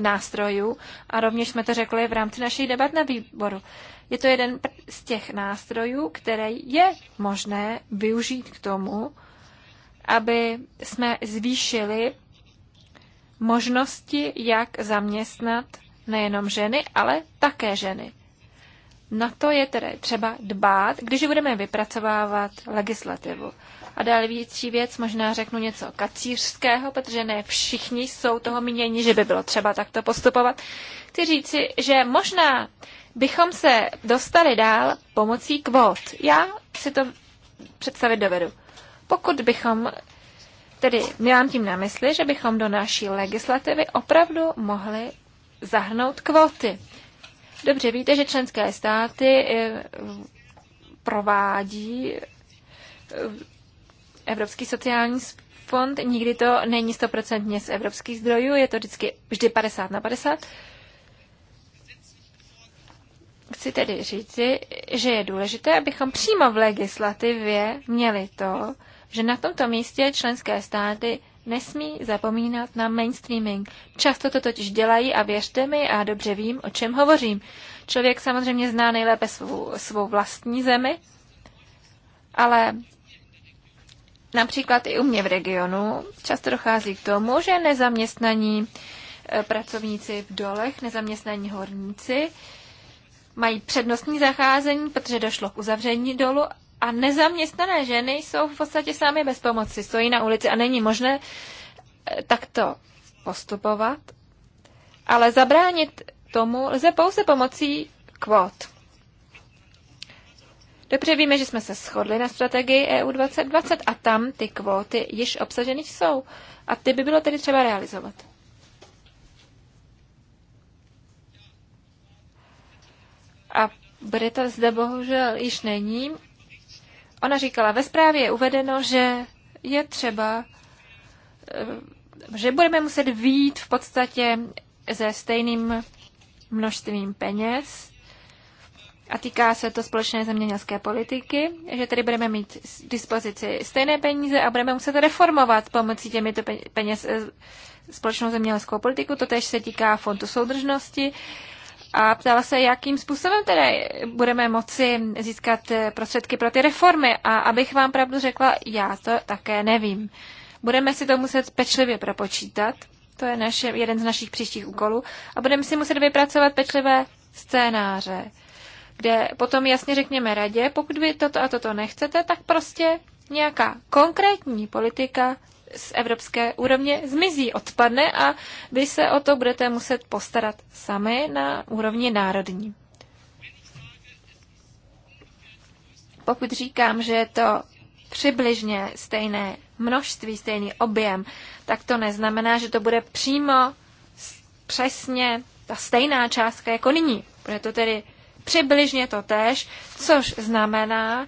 nástrojů a rovněž jsme to řekli v rámci našich debat na výboru. Je to jeden z těch nástrojů, které je možné využít k tomu, aby jsme zvýšili možnosti, jak zaměstnat nejenom ženy, ale také ženy. Na to je tedy třeba dbát, když budeme vypracovávat legislativu. A dále větší věc, možná řeknu něco kacířského, protože ne všichni jsou toho mínění, že by bylo třeba takto postupovat. Chci říci, že možná bychom se dostali dál pomocí kvót. Já si to představit dovedu. Pokud bychom, tedy mám tím na mysli, že bychom do naší legislativy opravdu mohli zahrnout kvóty. Dobře víte, že členské státy eh, provádí eh, Evropský sociální fond, nikdy to není stoprocentně z evropských zdrojů, je to vždycky vždy 50 na 50 chci tedy říci, že je důležité, abychom přímo v legislativě měli to, že na tomto místě členské státy nesmí zapomínat na mainstreaming. Často to totiž dělají a věřte mi, a dobře vím, o čem hovořím. Člověk samozřejmě zná nejlépe svou, svou vlastní zemi, ale například i u mě v regionu často dochází k tomu, že nezaměstnaní eh, pracovníci v dolech, nezaměstnaní horníci, mají přednostní zacházení, protože došlo k uzavření dolu a nezaměstnané ženy jsou v podstatě sami bez pomoci, stojí na ulici a není možné eh, takto postupovat. Ale zabránit tomu lze pouze pomocí kvót. Dobře víme, že jsme se shodli na strategii EU 2020 a tam ty kvóty již obsaženy jsou. A ty by bylo tedy třeba realizovat. a Brita zde bohužel již není. Ona říkala, ve zprávě je uvedeno, že je třeba, eh, že budeme muset výjít v podstatě se stejným množstvím peněz a týká se to společné zemědělské politiky, že tedy budeme mít k dispozici stejné peníze a budeme muset reformovat pomocí těmito peněz eh, společnou zemědělskou politiku. To tež se týká fondu soudržnosti a ptala se, jakým způsobem tedy budeme moci získat prostředky pro ty reformy. A abych vám pravdu řekla, já to také nevím. Budeme si to muset pečlivě propočítat, to je naše, jeden z našich příštích úkolů, a budeme si muset vypracovat pečlivé scénáře, kde potom jasně řekněme radě, pokud vy toto a toto nechcete, tak prostě nějaká konkrétní politika z evropské úrovně zmizí, odpadne a vy se o to budete muset postarat sami na úrovni národní. Pokud říkám, že je to přibližně stejné množství, stejný objem, tak to neznamená, že to bude přímo přesně ta stejná částka jako nyní. Bude to tedy přibližně to tež, což znamená,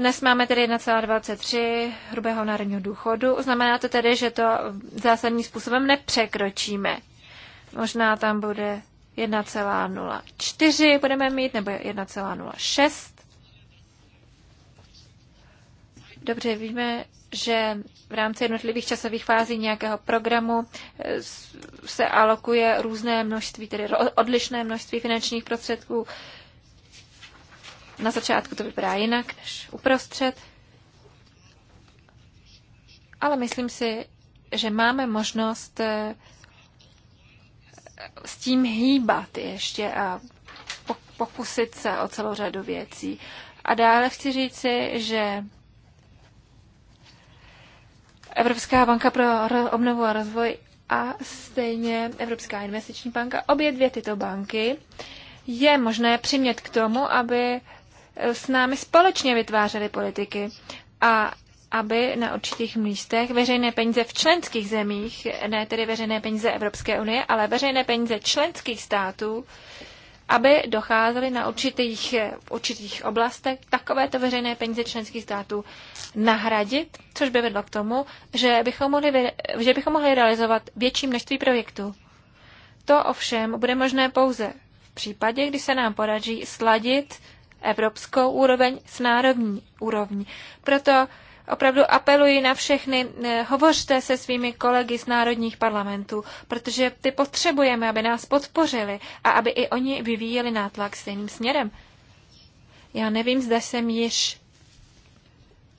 dnes máme tedy 1,23 hrubého národního důchodu. Znamená to tedy, že to zásadním způsobem nepřekročíme. Možná tam bude 1,04 budeme mít, nebo 1,06. Dobře, víme, že v rámci jednotlivých časových fází nějakého programu eh, se alokuje různé množství, tedy odlišné množství finančních prostředků na začátku to vypadá jinak než uprostřed, ale myslím si, že máme možnost eh, s tím hýbat ještě a pokusit se o celou řadu věcí. A dále chci říci, že Evropská banka pro obnovu a rozvoj a stejně Evropská investiční banka, obě dvě tyto banky, je možné přimět k tomu, aby Eh, s námi společně vytvářely politiky a aby na určitých místech veřejné peníze v členských zemích, ne tedy veřejné peníze Evropské unie, ale veřejné peníze členských států, aby docházely na určitých, určitých oblastech takovéto veřejné peníze členských států nahradit, což by vedlo k tomu, že bychom mohli, že bychom mohli realizovat větší množství projektů. To ovšem bude možné pouze v případě, kdy se nám podaří sladit evropskou úroveň s národní úrovní. Proto opravdu apeluji na všechny, eh, hovořte se svými kolegy z národních parlamentů, protože ty potřebujeme, aby nás podpořili a aby i oni vyvíjeli nátlak stejným směrem. Já nevím, zda jsem již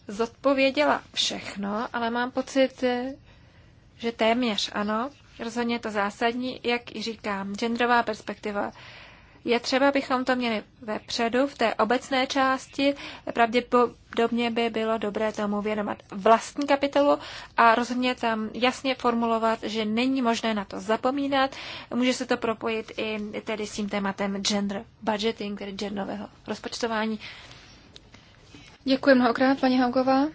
zodpověděla všechno, ale mám pocit, eh, že téměř ano. Rozhodně to zásadní, jak i říkám, genderová perspektiva je třeba, abychom to měli vepředu v té obecné části. Pravděpodobně by bylo dobré tomu věnovat vlastní kapitolu a rozhodně tam jasně formulovat, že není možné na to zapomínat. Může se to propojit i tedy s tím tématem gender budgeting, tedy genderového rozpočtování. Děkuji mnohokrát, paní Haugová.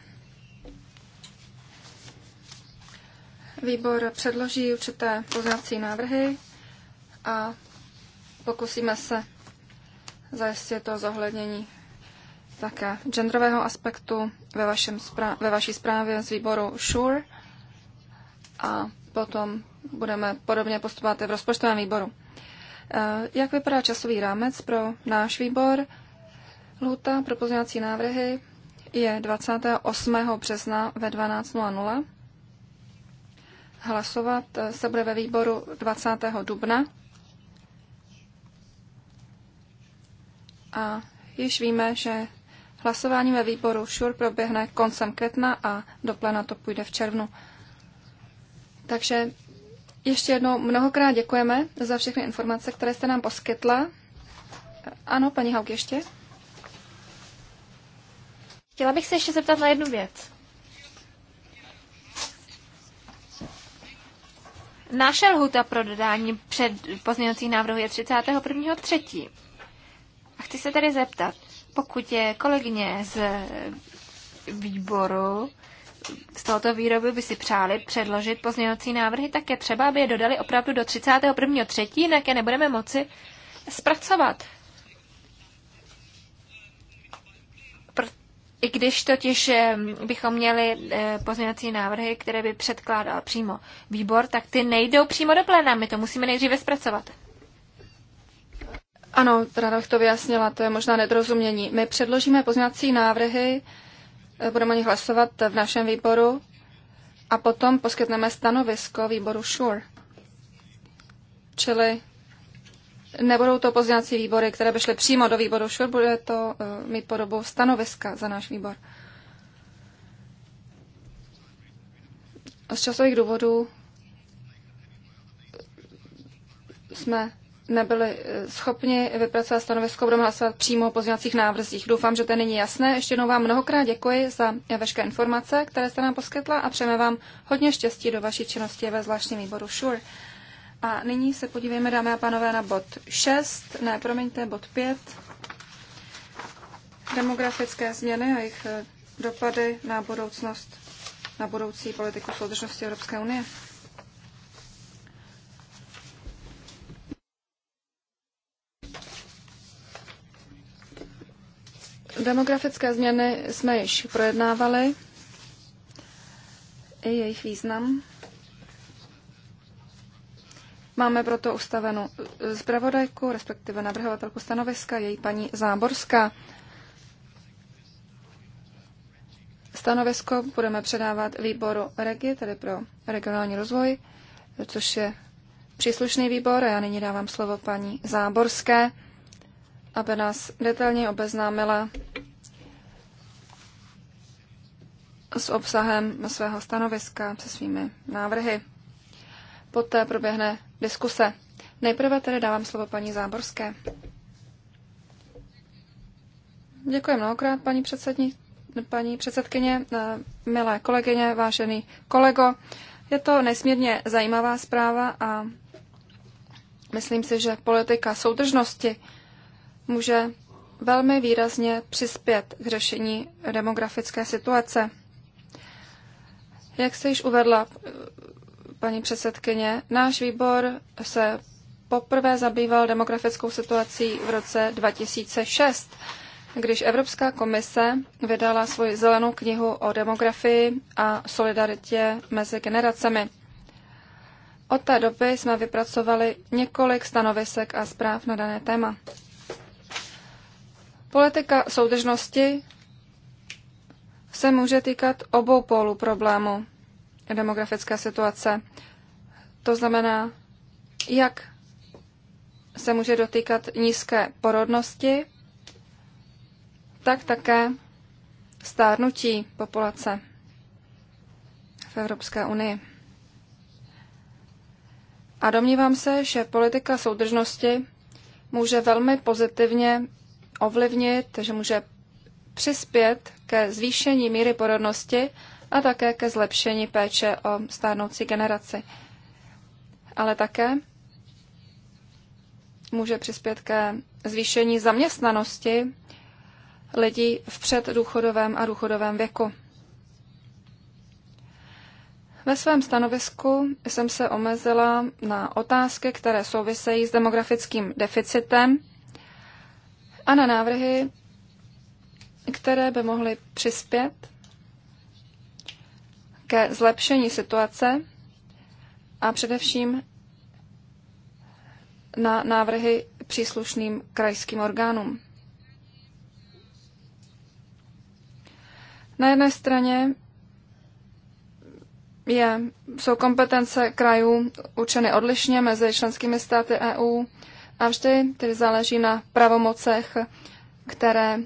Výbor předloží určité pozvací návrhy a Pokusíme se zajistit to zohlednění také genderového aspektu ve, vašem ve vaší zprávě z výboru SURE a potom budeme podobně postupovat i v rozpočtovém výboru. Eh, jak vypadá časový rámec pro náš výbor? Lhuta pro pozměňovací návrhy je 28. března ve 12.00. Hlasovat eh, se bude ve výboru 20. dubna a již víme, že hlasování ve výboru ŠUR proběhne koncem května a do plena to půjde v červnu. Takže ještě jednou mnohokrát děkujeme za všechny informace, které jste nám poskytla. Ano, paní Hauk, ještě? Chtěla bych se ještě zeptat na jednu věc. Naše lhuta pro dodání před pozměňovacích návrhů je 31.3. A chci se tady zeptat, pokud je kolegyně z výboru z tohoto výrobu by si přáli předložit pozměňovací návrhy, tak je třeba, aby je dodali opravdu do 31.3., třetí, jinak je nebudeme moci zpracovat. I když totiž bychom měli eh, pozměňovací návrhy, které by předkládal přímo výbor, tak ty nejdou přímo do pléna. My to musíme nejdříve zpracovat. Ano, ráda bych to vyjasnila, to je možná nedorozumění. My předložíme pozměňovací návrhy, eh, budeme o nich hlasovat v našem výboru a potom poskytneme stanovisko výboru SURE. Čili nebudou to pozměňovací výbory, které by šly přímo do výboru SURE, bude to eh, mít podobu stanoviska za náš výbor. A z časových důvodů jsme nebyli eh, schopni vypracovat stanovisko, budeme hlasovat přímo o pozměňovacích návrzích. Doufám, že to není jasné. Ještě jednou vám mnohokrát děkuji za veškeré informace, které jste nám poskytla a přejeme vám hodně štěstí do vaší činnosti ve zvláštním výboru SURE. A nyní se podívejme, dámy a pánové, na bod 6, ne, promiňte, bod 5. Demografické změny a jejich eh, dopady na budoucnost, na budoucí politiku soudržnosti Evropské unie. Demografické změny jsme již projednávali, i jejich význam. Máme proto ustavenou zpravodajku, respektive navrhovatelku stanoviska, její paní Záborská. Stanovisko budeme předávat výboru REGI, tedy pro regionální rozvoj, což je příslušný výbor. A já nyní dávám slovo paní Záborské, aby nás detailně obeznámila s obsahem svého stanoviska, se svými návrhy. Poté proběhne diskuse. Nejprve tedy dávám slovo paní Záborské. Děkuji mnohokrát, paní, předsední, paní předsedkyně, eh, milé kolegyně, vážený kolego. Je to nesmírně zajímavá zpráva a myslím si, že politika soudržnosti může velmi výrazně přispět k řešení demografické situace. Jak se již uvedla paní předsedkyně, náš výbor se poprvé zabýval demografickou situací v roce 2006, když Evropská komise vydala svoji zelenou knihu o demografii a solidaritě mezi generacemi. Od té doby jsme vypracovali několik stanovisek a zpráv na dané téma. Politika soudržnosti se může týkat obou pólů problému demografické situace. To znamená, jak se může dotýkat nízké porodnosti, tak také stárnutí populace v Evropské unii. A domnívám se, že politika soudržnosti může velmi pozitivně ovlivnit, že může přispět ke zvýšení míry porodnosti a také ke zlepšení péče o stárnoucí generaci. Ale také může přispět ke zvýšení zaměstnanosti lidí v předdůchodovém a důchodovém věku. Ve svém stanovisku jsem se omezila na otázky, které souvisejí s demografickým deficitem a na návrhy které by mohly přispět ke zlepšení situace a především na návrhy příslušným krajským orgánům. Na jedné straně je, jsou kompetence krajů učeny odlišně mezi členskými státy EU a vždy tedy záleží na pravomocech, které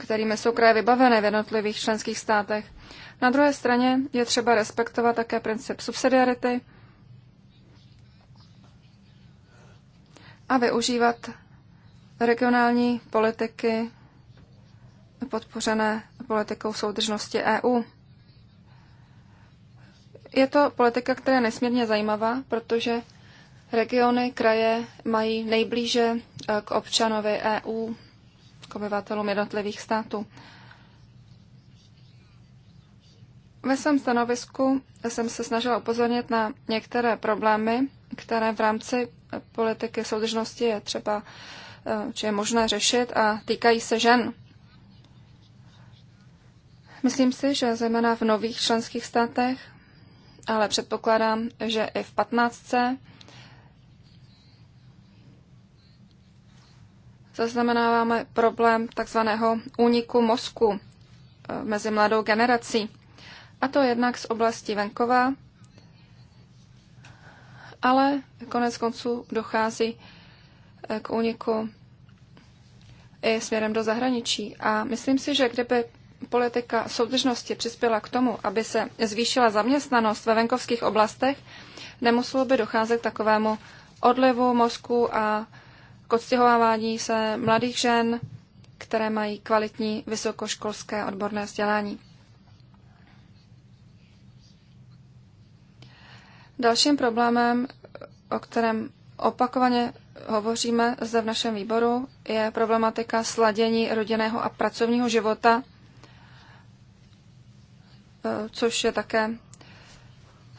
kterými jsou kraje vybavené v jednotlivých členských státech. Na druhé straně je třeba respektovat také princip subsidiarity a využívat regionální politiky podpořené politikou soudržnosti EU. Je to politika, která je nesmírně zajímavá, protože regiony, kraje mají nejblíže eh, k občanovi EU, k obyvatelům jednotlivých států. Ve svém stanovisku jsem se snažila upozornit na některé problémy, které v rámci politiky soudržnosti je třeba, eh, či je možné řešit a týkají se žen. Myslím si, že zejména v nových členských státech, ale předpokládám, že i v patnáctce, zaznamenáváme problém takzvaného úniku mozku eh, mezi mladou generací. A to jednak z oblasti venkova, ale konec konců dochází eh, k úniku i směrem do zahraničí. A myslím si, že kdyby politika soudržnosti přispěla k tomu, aby se zvýšila zaměstnanost ve venkovských oblastech, nemuselo by docházet k takovému odlivu mozku a k odstěhovávání se mladých žen, které mají kvalitní vysokoškolské odborné vzdělání. Dalším problémem, o kterém opakovaně hovoříme zde v našem výboru, je problematika sladění rodinného a pracovního života, eh, což je také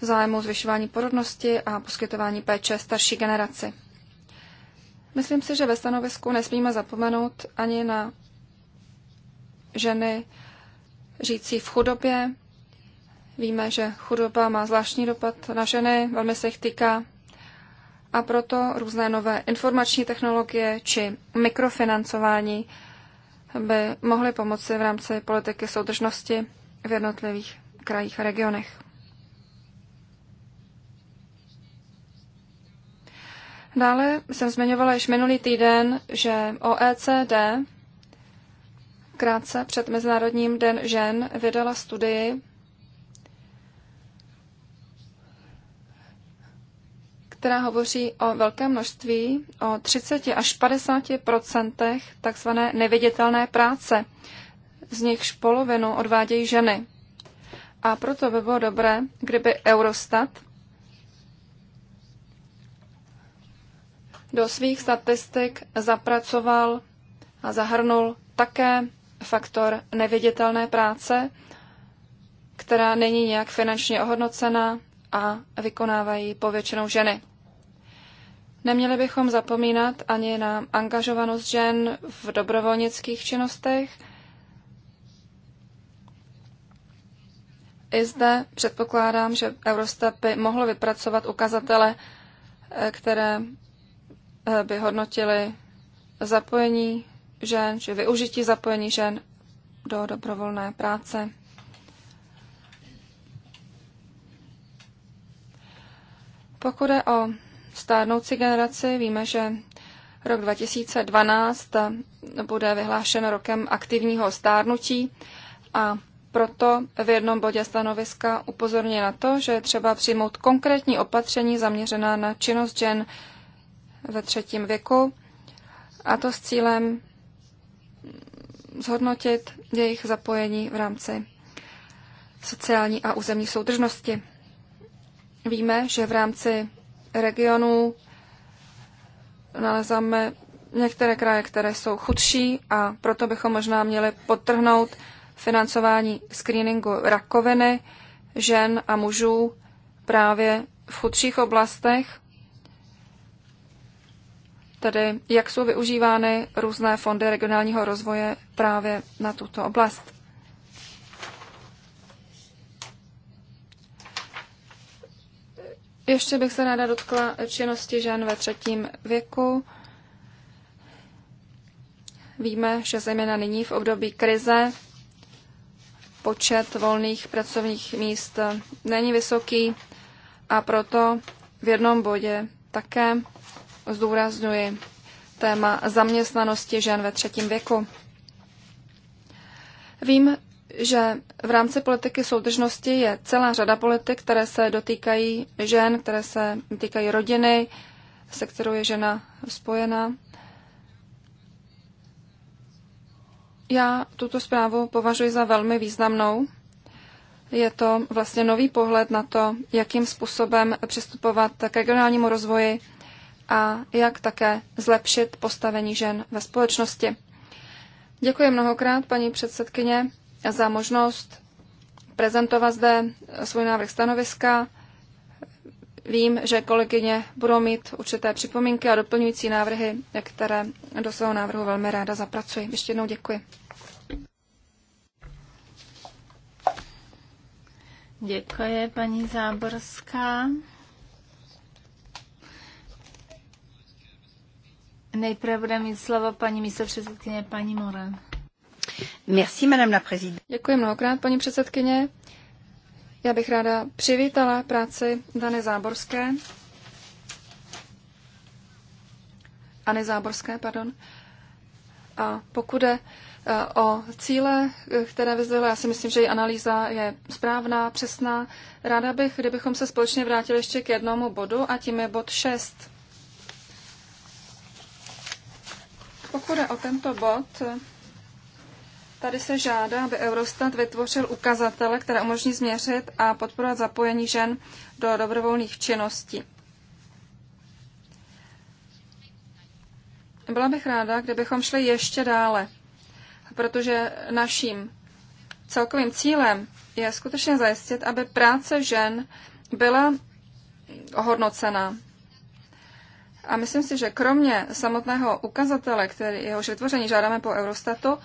zájmu zvyšování porodnosti a poskytování péče starší generaci. Myslím si, že ve stanovisku nesmíme zapomenout ani na ženy žijící v chudobě. Víme, že chudoba má zvláštní dopad na ženy, velmi se jich týká. A proto různé nové informační technologie či mikrofinancování by mohly pomoci v rámci politiky soudržnosti v jednotlivých krajích a regionech. Dále jsem zmiňovala již minulý týden, že OECD krátce před Mezinárodním den žen vydala studii, která hovoří o velkém množství, o 30 až 50 procentech takzvané neviditelné práce. Z nichž polovinu odvádějí ženy. A proto by bylo dobré, kdyby Eurostat do svých statistik zapracoval a zahrnul také faktor neviditelné práce, která není nějak finančně ohodnocena a vykonávají povětšinou ženy. Neměli bychom zapomínat ani na angažovanost žen v dobrovolnických činnostech. I zde předpokládám, že Eurostat by mohlo vypracovat ukazatele, eh, které by hodnotili zapojení žen či využití zapojení žen do dobrovolné práce. Pokud je o stárnoucí generaci, víme, že rok 2012 bude vyhlášen rokem aktivního stárnutí a proto v jednom bodě stanoviska upozorňuje na to, že je třeba přijmout konkrétní opatření zaměřená na činnost žen ve třetím věku, a to s cílem zhodnotit jejich zapojení v rámci sociální a územní soudržnosti. Víme, že v rámci regionů nalezáme některé kraje, které jsou chudší a proto bychom možná měli podtrhnout financování screeningu rakoviny žen a mužů právě v chudších oblastech tedy jak jsou využívány různé fondy regionálního rozvoje právě na tuto oblast. Ještě bych se ráda dotkla činnosti žen ve třetím věku. Víme, že zejména nyní v období krize počet volných pracovních míst není vysoký a proto v jednom bodě také Zdůraznuji téma zaměstnanosti žen ve třetím věku. Vím, že v rámci politiky soudržnosti je celá řada politik, které se dotýkají žen, které se dotýkají rodiny, se kterou je žena spojena. Já tuto zprávu považuji za velmi významnou. Je to vlastně nový pohled na to, jakým způsobem přistupovat k regionálnímu rozvoji a jak také zlepšit postavení žen ve společnosti. Děkuji mnohokrát, paní předsedkyně, za možnost prezentovat zde svůj návrh stanoviska. Vím, že kolegyně budou mít určité připomínky a doplňující návrhy, které do svého návrhu velmi ráda zapracuji. Ještě jednou děkuji. Děkuji, paní Záborská. Nejprve bude mít slovo paní místopředsedkyně, paní Moran. Merci, madame la présidente. Děkuji mnohokrát, paní předsedkyně. Já bych ráda přivítala práci Dany Záborské. Anny Záborské, pardon. A pokud je e, o cíle, e, které vyzdvihla, já si myslím, že její analýza je správná, přesná. Ráda bych, kdybychom se společně vrátili ještě k jednomu bodu a tím je bod 6 Pokud je o tento bod, tady se žádá, aby Eurostat vytvořil ukazatele, které umožní změřit a podporovat zapojení žen do dobrovolných činností. Byla bych ráda, kdybychom šli ještě dále, protože naším celkovým cílem je skutečně zajistit, aby práce žen byla ohodnocena, a myslím si, že kromě samotného ukazatele, který jehož vytvoření žádáme po Eurostatu,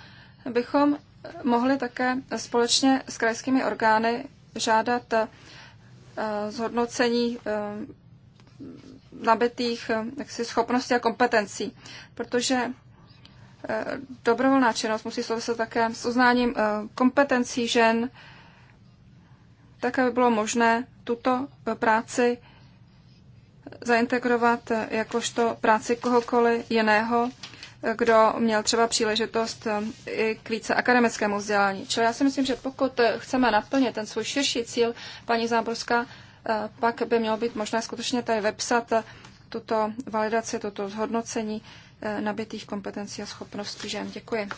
bychom mohli také společně s krajskými orgány žádat eh, zhodnocení eh, nabitých eh, jaksi, schopností a kompetencí, protože dobrovolná činnost musí souviset také s uznáním kompetencí žen, tak aby bylo možné tuto práci zaintegrovat jakožto práci kohokoliv jiného, kdo měl třeba příležitost eh, i k více akademickému vzdělání. Čili já si myslím, že pokud chceme naplnit ten svůj širší cíl, paní Záborská, eh, pak by mělo být možné skutečně tady vepsat eh, tuto validaci, toto zhodnocení nabitých kompetencí a schopností žen. Děkuji.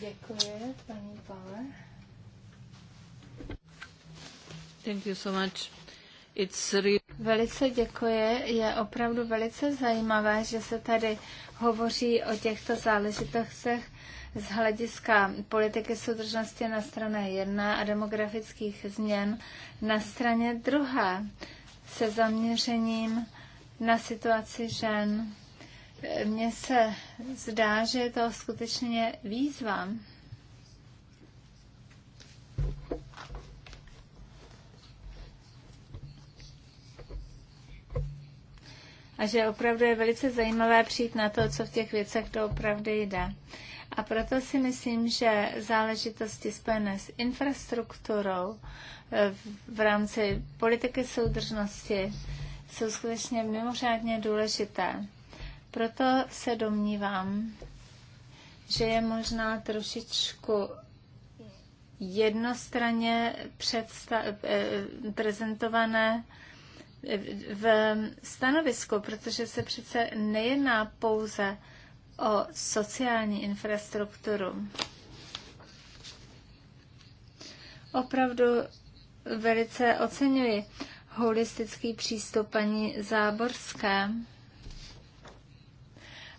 Děkuji, paní Pále. Thank you so much. Velice děkuji. Je opravdu velice zajímavé, že se tady hovoří o těchto záležitostech z hlediska politiky soudržnosti na straně jedna a demografických změn na straně druhé se zaměřením na situaci žen. Mně se zdá, že je to skutečně výzva. a že opravdu je velice zajímavé přijít na to, co v těch věcech to opravdu jde. A proto si myslím, že záležitosti spojené s infrastrukturou eh, v rámci politiky soudržnosti jsou skutečně mimořádně důležité. Proto se domnívám, že je možná trošičku jednostranně eh, eh, prezentované v stanovisku, protože se přece nejedná pouze o sociální infrastrukturu. Opravdu velice oceňuji holistický přístup paní Záborské,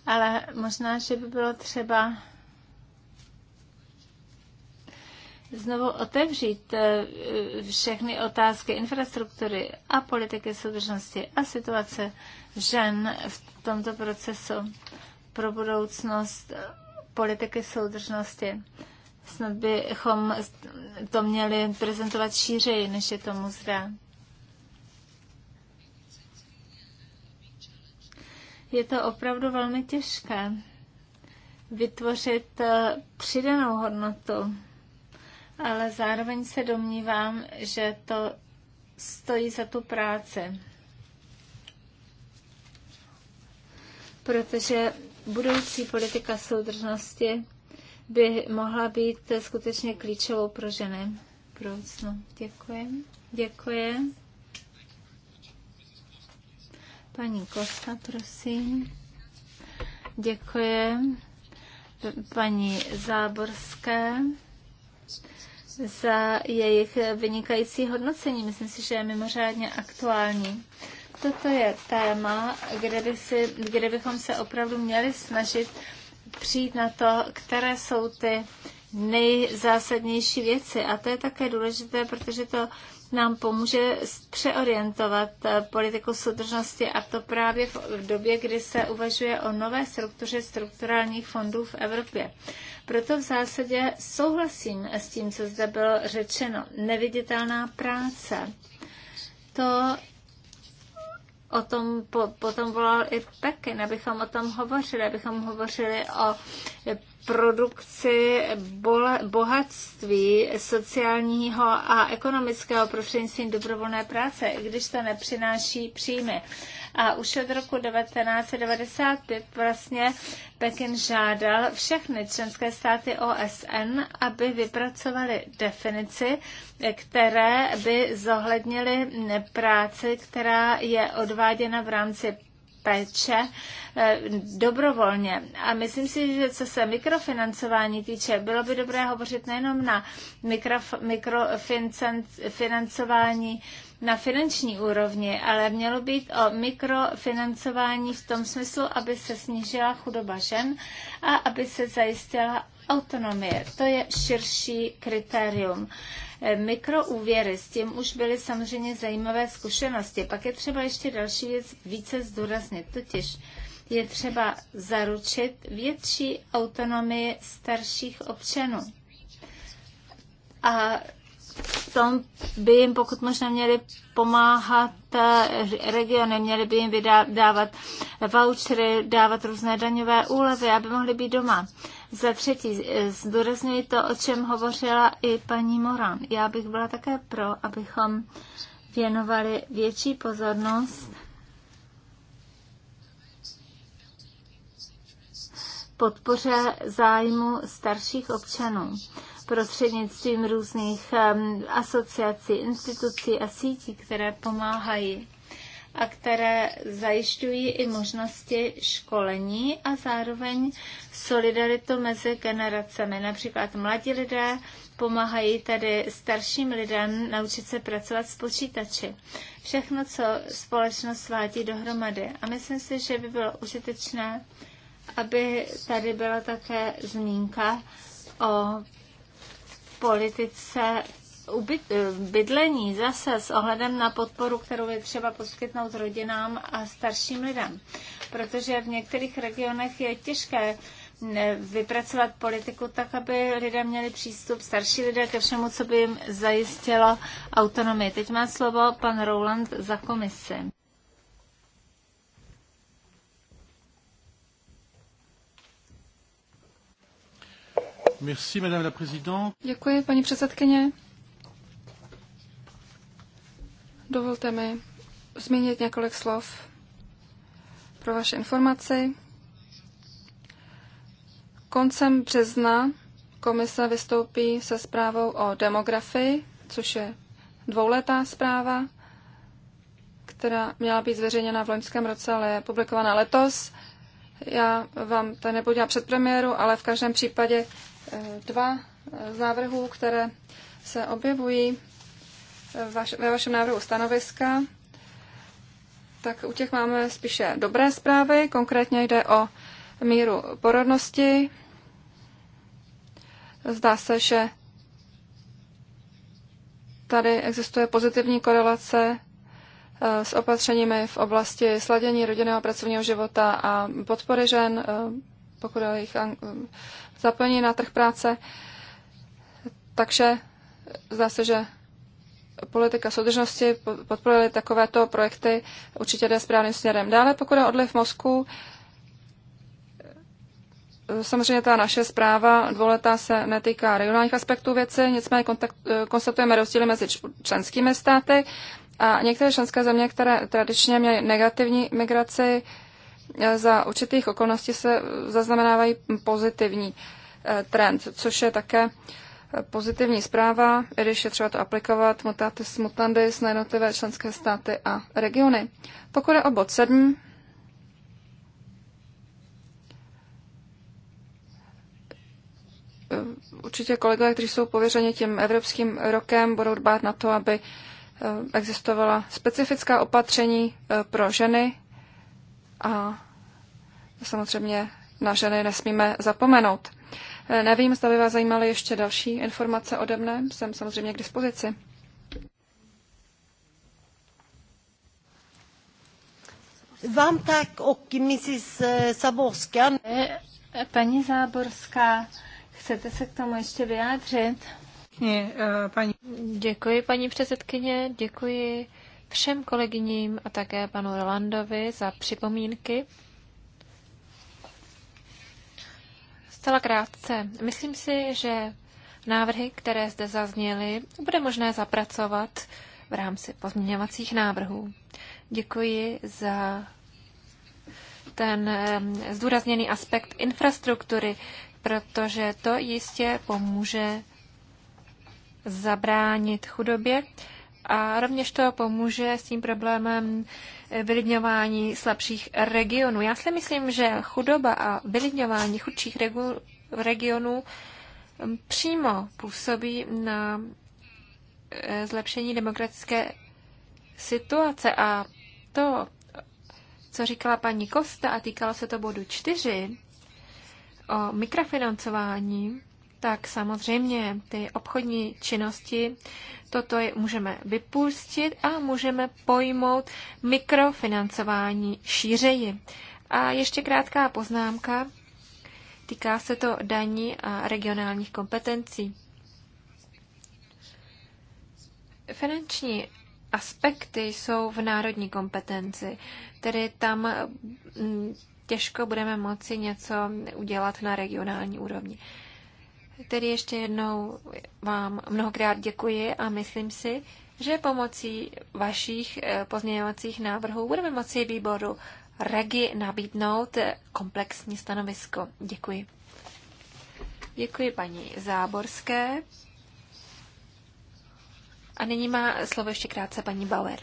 ale možná, že by bylo třeba znovu otevřít eh, všechny otázky infrastruktury a politiky soudržnosti a situace žen v tomto procesu pro budoucnost politiky soudržnosti. Snad bychom to měli prezentovat šířeji, než je tomu zda. Je to opravdu velmi těžké vytvořit eh, přidanou hodnotu ale zároveň se domnívám, že to stojí za tu práci. Protože budoucí politika soudržnosti by mohla být skutečně klíčovou pro ženy v budoucnu. Děkuji. Děkuji. Paní Kosta, prosím. Děkuji. Paní Záborské za jejich vynikající hodnocení. Myslím si, že je mimořádně aktuální. Toto je téma, kde, by si, kde bychom se opravdu měli snažit přijít na to, které jsou ty nejzásadnější věci. A to je také důležité, protože to nám pomůže přeorientovat eh, politiku soudržnosti a to právě v době, kdy se uvažuje o nové struktuře strukturálních fondů v Evropě. Proto v zásadě souhlasím s tím, co zde bylo řečeno. Neviditelná práce. To o tom po, potom volal i Pekin, abychom o tom hovořili, abychom hovořili o produkci bohatství sociálního a ekonomického prostřednictvím dobrovolné práce, i když to nepřináší příjmy. A už od roku 1995 vlastně Pekin žádal všechny členské státy OSN, aby vypracovali definici, které by zohlednily práci, která je odváděna v rámci péče eh, dobrovolně. A myslím si, že co se mikrofinancování týče, bylo by dobré hovořit nejenom na mikrofinancování na finanční úrovni, ale mělo být o mikrofinancování v tom smyslu, aby se snížila chudoba žen a aby se zajistila autonomie. To je širší kritérium. Mikroúvěry, s tím už byly samozřejmě zajímavé zkušenosti. Pak je třeba ještě další věc více zdůraznit, totiž je třeba zaručit větší autonomii starších občanů. A v tom by jim pokud možná měli pomáhat regiony, měli by jim vydávat vouchery, dávat různé daňové úlevy, aby mohli být doma. Za třetí, eh, zdůraznuju to, o čem hovořila i paní Moran. Já bych byla také pro, abychom věnovali větší pozornost podpoře zájmu starších občanů prostřednictvím různých ehm, asociací, institucí a sítí, které pomáhají a které zajišťují i možnosti školení a zároveň solidaritu mezi generacemi. Například mladí lidé pomáhají tady starším lidem naučit se pracovat s počítači. Všechno, co společnost svádí dohromady. A myslím si, že by bylo užitečné, aby tady byla také zmínka o politice Eh, bydlení zase s ohledem na podporu, kterou je třeba poskytnout rodinám a starším lidem. Protože v některých regionech je těžké vypracovat politiku tak, aby lidé měli přístup, starší lidé, ke všemu, co by jim zajistilo autonomii. Teď má slovo pan Roland za komisi. Děkuji, paní předsedkyně. Dovolte mi zmínit několik slov pro vaše informaci. Koncem března komise vystoupí se zprávou o demografii, což je dvouletá zpráva, která měla být zveřejněna v loňském roce, ale je publikovaná letos. Já vám to nebudu dělat premiéru, ale v každém případě eh, dva eh, z návrhů, které se objevují vaš, ve vašem návrhu stanoviska, tak u těch máme spíše dobré zprávy. Konkrétně jde o míru porodnosti. Zdá se, že tady existuje pozitivní korelace eh, s opatřeními v oblasti sladění rodinného a pracovního života a podpory žen, eh, pokud je jejich eh, zapojení na trh práce. Takže zdá se, že politika soudržnosti podporily takovéto projekty, určitě jde správným směrem. Dále, pokud je odliv mozku, Samozřejmě ta naše zpráva dvouletá se netýká regionálních aspektů věci, nicméně kontakt, konstatujeme rozdíly mezi členskými státy a některé členské země, které tradičně měly negativní migraci, eh, za určitých okolností se eh, zaznamenávají pozitivní eh, trend, což je také pozitivní zpráva, i když je třeba to aplikovat mutatis mutandis na jednotlivé členské státy a regiony. Pokud je o bod 7, určitě kolegové, kteří jsou pověřeni tím Evropským rokem, budou dbát na to, aby eh, existovala specifická opatření eh, pro ženy a samozřejmě na ženy nesmíme zapomenout. Nevím, zda by vás zajímaly ještě další informace ode mne. Jsem samozřejmě k dispozici. Vám tak o Mrs. Saborská. Eh, eh, paní Záborská, chcete se k tomu ještě vyjádřit? Ne, eh, Paní. Děkuji, paní předsedkyně, děkuji všem kolegyním a také panu Rolandovi za připomínky. Zcela krátce. Myslím si, že návrhy, které zde zazněly, bude možné zapracovat v rámci pozměňovacích návrhů. Děkuji za ten zdůrazněný aspekt infrastruktury, protože to jistě pomůže zabránit chudobě a rovněž to pomůže s tím problémem vylidňování slabších regionů. Já si myslím, že chudoba a vylidňování chudších regionů mm, přímo působí na e, zlepšení demokratické situace a to, co říkala paní Kosta a týkalo se to bodu čtyři o mikrofinancování, tak samozřejmě ty obchodní činnosti Toto je, můžeme vypustit a můžeme pojmout mikrofinancování šířeji. A ještě krátká poznámka. Týká se to daní a regionálních kompetencí. Finanční aspekty jsou v národní kompetenci, tedy tam mm, těžko budeme moci něco udělat na regionální úrovni. Tedy ještě jednou vám mnohokrát děkuji a myslím si, že pomocí vašich eh, pozměňovacích návrhů budeme moci výboru REGI nabídnout eh, komplexní stanovisko. Děkuji. Děkuji paní Záborské. A nyní má slovo ještě krátce paní Bauer.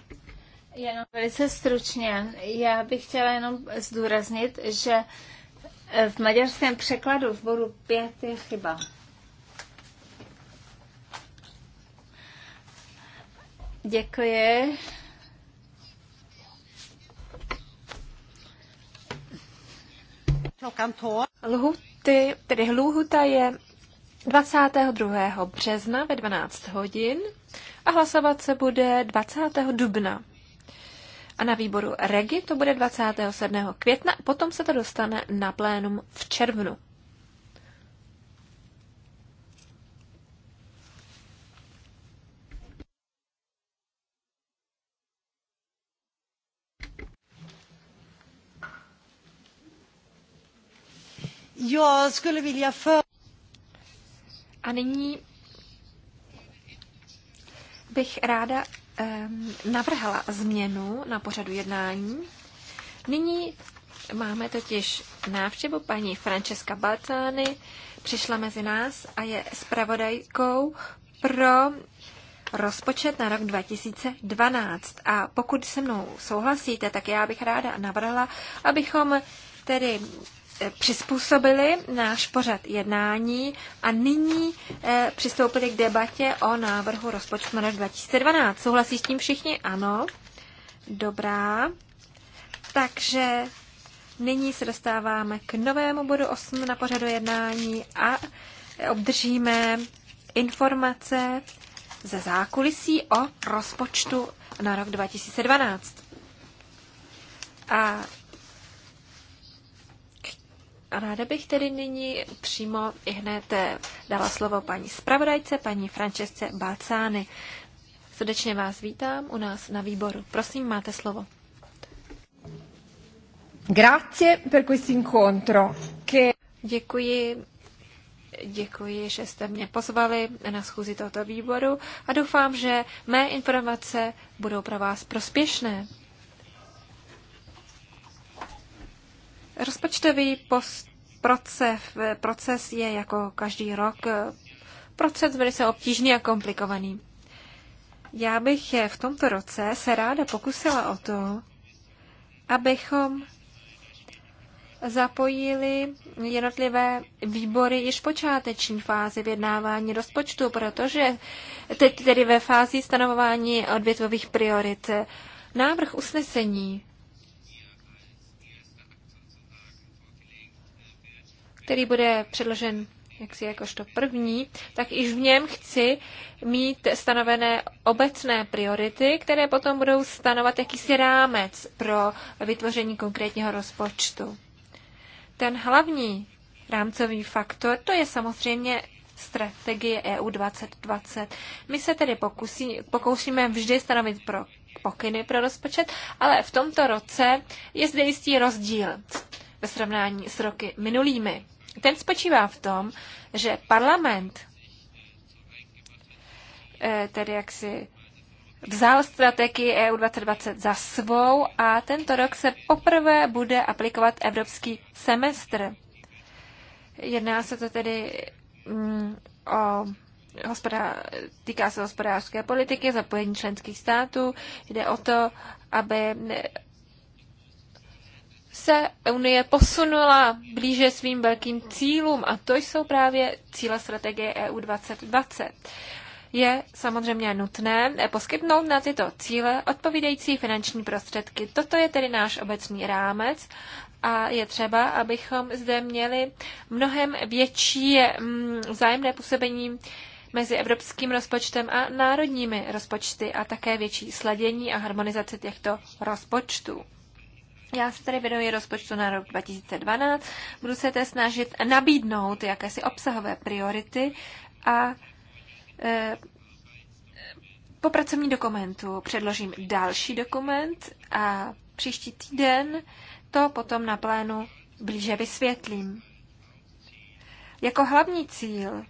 Jenom velice stručně. Já bych chtěla jenom zdůraznit, že v maďarském překladu v bodu 5 je chyba. Děkuji. Lhuty, tedy hluhuta je 22. března ve 12 hodin a hlasovat se bude 20. dubna. A na výboru Regi to bude 27. května, potom se to dostane na plénum v červnu. A nyní bych ráda um, navrhla změnu na pořadu jednání. Nyní máme totiž návštěvu paní Francesca Balcány. Přišla mezi nás a je zpravodajkou pro rozpočet na rok 2012. A pokud se mnou souhlasíte, tak já bych ráda navrhla, abychom tedy Eh, přizpůsobili náš pořad jednání a nyní eh, přistoupili k debatě o návrhu rozpočtu na 2012. Souhlasí s tím všichni? Ano. Dobrá. Takže nyní se dostáváme k novému bodu 8 na pořadu jednání a eh, obdržíme informace ze zákulisí o rozpočtu na rok 2012. A Ráda bych tedy nyní přímo i hned eh, dala slovo paní zpravodajce, paní Francesce Balcány. Srdečně vás vítám u nás na výboru. Prosím, máte slovo. Grazie per questo incontro. Che... Děkuji Děkuji, že jste mě pozvali na schůzi tohoto výboru a doufám, že mé informace budou pro vás prospěšné. Rozpočtový post, proces, proces je jako každý rok proces velice obtížný a komplikovaný. Já bych v tomto roce se ráda pokusila o to, abychom zapojili jednotlivé výbory již v počáteční fázi vyjednávání rozpočtu, protože teď tedy ve fázi stanovování odvětvových priorit. Návrh usnesení který bude předložen jaksi jakožto první, tak již v něm chci mít stanovené obecné priority, které potom budou stanovat jakýsi rámec pro vytvoření konkrétního rozpočtu. Ten hlavní rámcový faktor, to je samozřejmě strategie EU 2020. My se tedy pokusí, pokoušíme vždy stanovit pro pokyny pro rozpočet, ale v tomto roce je zde jistý rozdíl ve srovnání s roky minulými. Ten spočívá v tom, že parlament eh, tedy jaksi vzal strategii EU 2020 za svou a tento rok se poprvé bude aplikovat evropský semestr. Jedná se to tedy mm, o týká se hospodářské politiky, zapojení členských států. Jde o to, aby se Unie posunula blíže svým velkým cílům a to jsou právě cíle strategie EU 2020. Je samozřejmě nutné poskytnout na tyto cíle odpovídající finanční prostředky. Toto je tedy náš obecný rámec a je třeba, abychom zde měli mnohem větší mm, vzájemné působení mezi evropským rozpočtem a národními rozpočty a také větší sladění a harmonizaci těchto rozpočtů. Já se tady věnuji rozpočtu na rok 2012. Budu se tedy snažit nabídnout jakési obsahové priority a e, po pracovním dokumentu předložím další dokument a příští týden to potom na plénu blíže vysvětlím. Jako hlavní cíl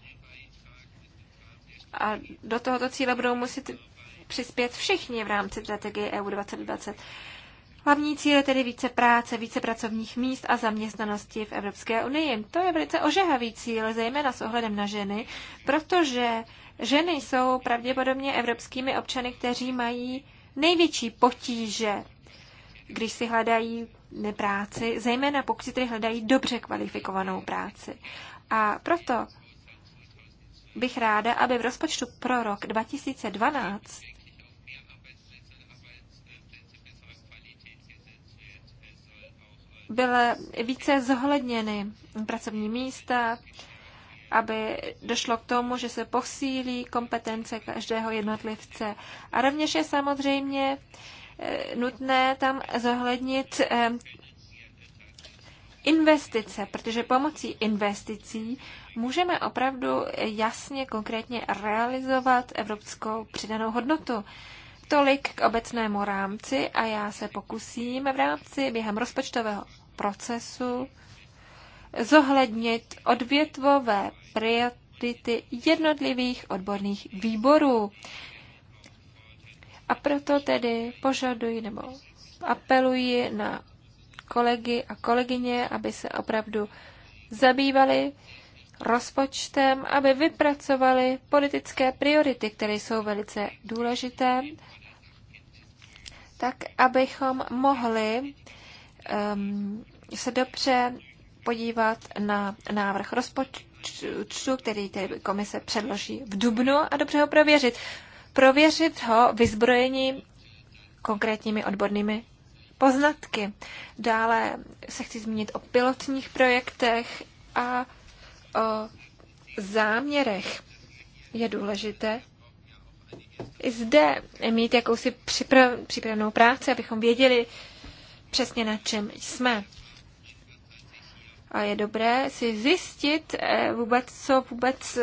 a do tohoto cíle budou muset přispět všichni v rámci strategie EU 2020. Hlavní cíl je tedy více práce, více pracovních míst a zaměstnanosti v Evropské unii. To je velice ožehavý cíl, zejména s ohledem na ženy, protože ženy jsou pravděpodobně evropskými občany, kteří mají největší potíže, když si hledají práci, zejména pokud si tedy hledají dobře kvalifikovanou práci. A proto bych ráda, aby v rozpočtu pro rok 2012 byly více zohledněny pracovní místa, aby došlo k tomu, že se posílí kompetence každého jednotlivce. A rovněž je samozřejmě eh, nutné tam zohlednit eh, investice, protože pomocí investicí můžeme opravdu jasně, konkrétně realizovat evropskou přidanou hodnotu. Tolik k obecnému rámci a já se pokusím v rámci během rozpočtového procesu zohlednit odvětvové priority jednotlivých odborných výborů. A proto tedy požaduji nebo apeluji na kolegy a kolegyně, aby se opravdu zabývali rozpočtem, aby vypracovali politické priority, které jsou velice důležité, tak abychom mohli um, se dobře podívat na návrh rozpočtu, který tedy komise předloží v Dubnu a dobře ho prověřit. Prověřit ho vyzbrojením konkrétními odbornými poznatky. Dále se chci zmínit o pilotních projektech a o záměrech. Je důležité i zde mít jakousi připravenou práci, abychom věděli přesně na čem jsme. A je dobré si zjistit eh, vůbec, co vůbec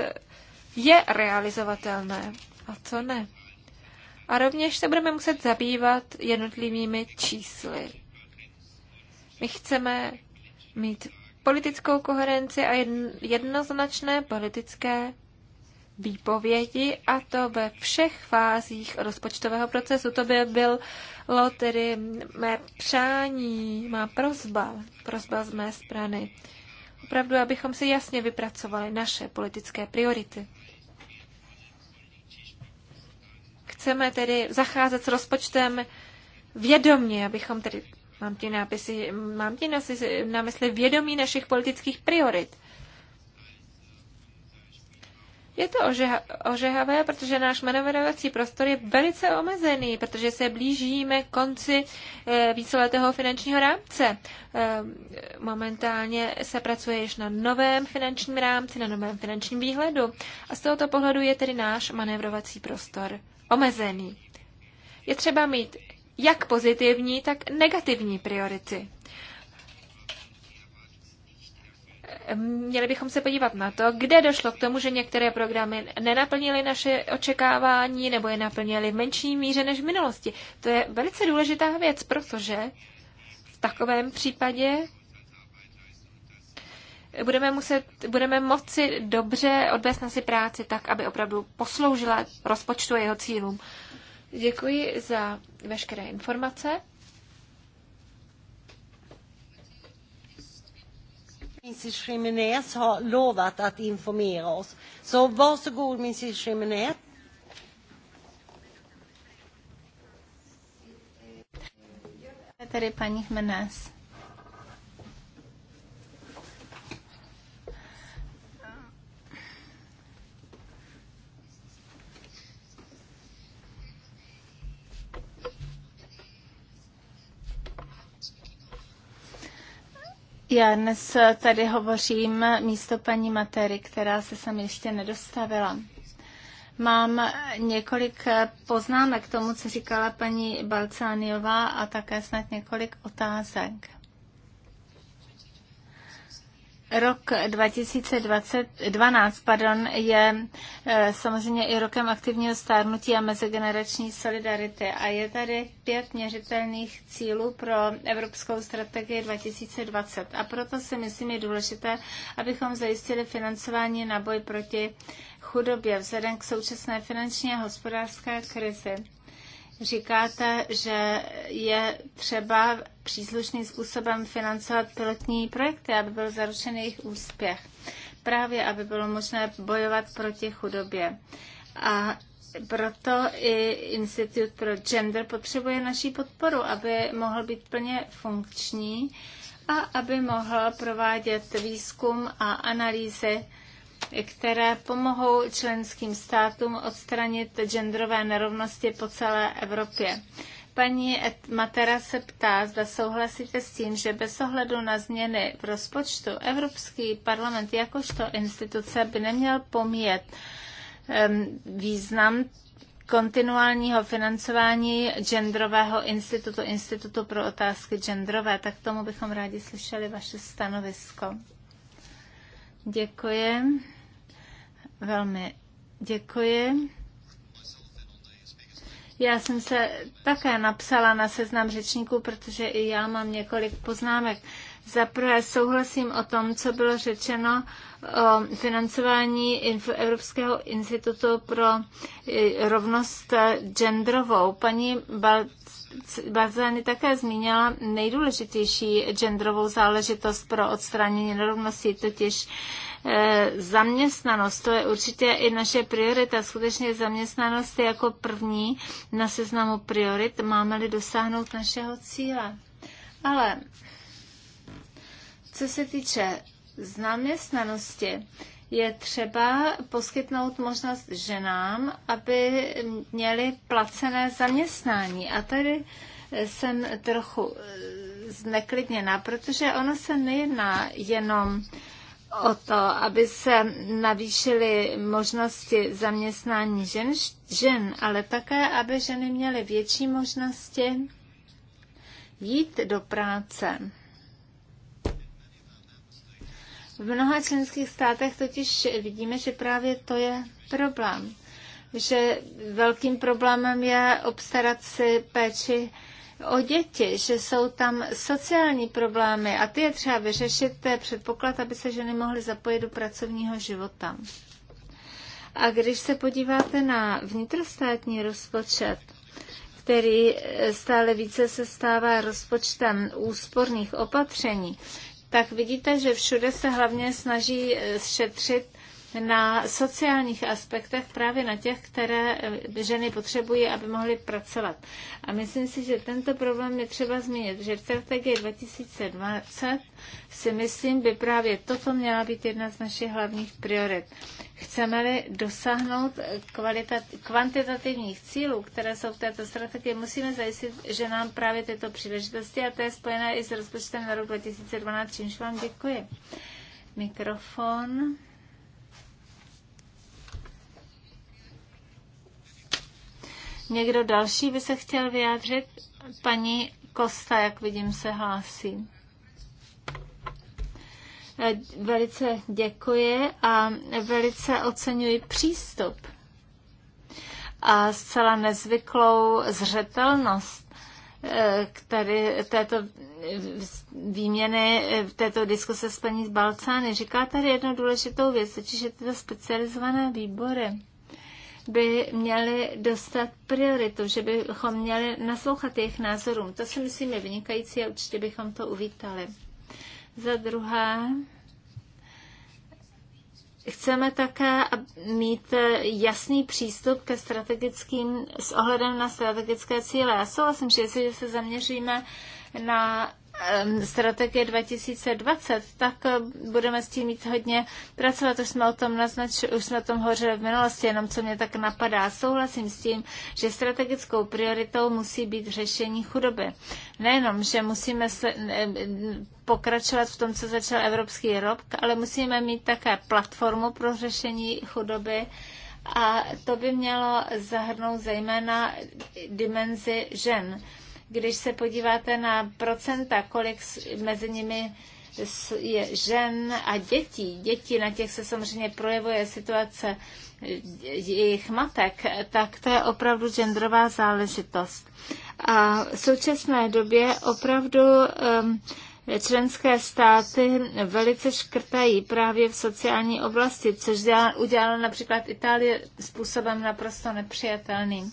je realizovatelné a co ne. A rovněž se budeme muset zabývat jednotlivými čísly. My chceme mít politickou koherenci a jednoznačné politické výpovědi a to ve všech fázích rozpočtového procesu. To by bylo tedy mé přání, má prozba, prozba z mé strany. Opravdu, abychom si jasně vypracovali naše politické priority. Chceme tedy zacházet s rozpočtem vědomně, abychom tedy, mám ti nápisy, mám ti na mysli vědomí našich politických priorit. Je to ožeha, ožehavé, protože náš manevrovací prostor je velice omezený, protože se blížíme konci eh, víceletého finančního rámce. Eh, momentálně se pracuje již na novém finančním rámci, na novém finančním výhledu a z tohoto pohledu je tedy náš manevrovací prostor omezený. Je třeba mít jak pozitivní, tak negativní priority měli bychom se podívat na to, kde došlo k tomu, že některé programy nenaplnily naše očekávání nebo je naplnily v menší míře než v minulosti. To je velice důležitá věc, protože v takovém případě budeme, muset, budeme moci dobře odvést na si práci tak, aby opravdu posloužila rozpočtu a jeho cílům. Děkuji za veškeré informace. Mrs Jiménez har lovat att informera oss. Så varsågod Mrs Jiménez. Tady paní Jiménez. Já dnes tady hovořím místo paní Matery, která se sem ještě nedostavila. Mám několik poznámek k tomu, co říkala paní Balcániová a také snad několik otázek. Rok 2012 pardon, je eh, samozřejmě i rokem aktivního stárnutí a mezigenerační solidarity a je tady pět měřitelných cílů pro Evropskou strategii 2020. A proto si myslím, je důležité, abychom zajistili financování na boj proti chudobě vzhledem k současné finanční a hospodářské krizi Říkáte, že je třeba příslušným způsobem financovat pilotní projekty, aby byl zaručen jejich úspěch. Právě, aby bylo možné bojovat proti chudobě. A proto i Institut pro gender potřebuje naší podporu, aby mohl být plně funkční a aby mohl provádět výzkum a analýzy které pomohou členským státům odstranit genderové nerovnosti po celé Evropě. Paní Matera se ptá, zda souhlasíte s tím, že bez ohledu na změny v rozpočtu Evropský parlament jakožto instituce by neměl pomíjet význam kontinuálního financování genderového institutu, institutu pro otázky genderové. Tak tomu bychom rádi slyšeli vaše stanovisko. Děkuji. Velmi děkuji. Já jsem se také napsala na seznam řečníků, protože i já mám několik poznámek. Za prvé souhlasím o tom, co bylo řečeno o financování Evropského institutu pro rovnost genderovou. Paní Bazény také zmínila nejdůležitější genderovou záležitost pro odstranění nerovností, totiž eh, zaměstnanost, to je určitě i naše priorita. Skutečně zaměstnanost je jako první na seznamu priorit, máme-li dosáhnout našeho cíle. Ale co se týče zaměstnanosti, je třeba poskytnout možnost ženám, aby měly placené zaměstnání. A tady jsem trochu eh, zneklidněná, protože ono se nejedná jenom o to, aby se navýšily možnosti zaměstnání žen, žen, ale také, aby ženy měly větší možnosti jít do práce. V mnoha členských státech totiž vidíme, že právě to je problém. Že velkým problémem je obstarat si péči o děti, že jsou tam sociální problémy a ty je třeba vyřešit, to je předpoklad, aby se ženy mohly zapojit do pracovního života. A když se podíváte na vnitrostátní rozpočet, který stále více se stává rozpočtem úsporných opatření, tak vidíte, že všude se hlavně snaží eh, šetřit na sociálních aspektech, právě na těch, které eh, ženy potřebují, aby mohly pracovat. A myslím si, že tento problém je třeba zmínit, že v strategii 2020 si myslím, by právě toto měla být jedna z našich hlavních priorit. Chceme-li dosáhnout eh, kvalita- kvantitativních cílů, které jsou v této strategii, musíme zajistit, že nám právě tyto příležitosti, a to je spojené i s rozpočtem na rok 2012, čímž vám děkuji. Mikrofon. Někdo další by se chtěl vyjádřit? Paní Kosta, jak vidím, se hlásí. Eh, velice děkuji a velice oceňuji přístup a zcela nezvyklou zřetelnost eh, k tady této výměny, eh, této diskuse s paní Balcány. Říká tady jednu důležitou věc, totiž je tyto specializované výbory by měli dostat prioritu, že bychom měli naslouchat jejich názorům. To si myslím je vynikající a určitě bychom to uvítali. Za druhé, Chceme také mít jasný přístup ke strategickým, s ohledem na strategické cíle. Já souhlasím, že jestliže se zaměříme na strategie 2020, tak eh, budeme s tím mít hodně pracovat. Už jsme o tom naznač, už jsme o tom hovořili v minulosti, jenom co mě tak napadá. Souhlasím s tím, že strategickou prioritou musí být řešení chudoby. Nejenom, že musíme se, pokračovat v tom, co začal Evropský rok, ale musíme mít také platformu pro řešení chudoby, a to by mělo zahrnout zejména dimenzi žen. Když se podíváte na procenta, kolik mezi nimi je žen a dětí, děti, na těch se samozřejmě projevuje situace jejich matek, tak to je opravdu genderová záležitost. A v současné době opravdu um, členské státy velice škrtají právě v sociální oblasti, což udělala například Itálie způsobem naprosto nepřijatelným.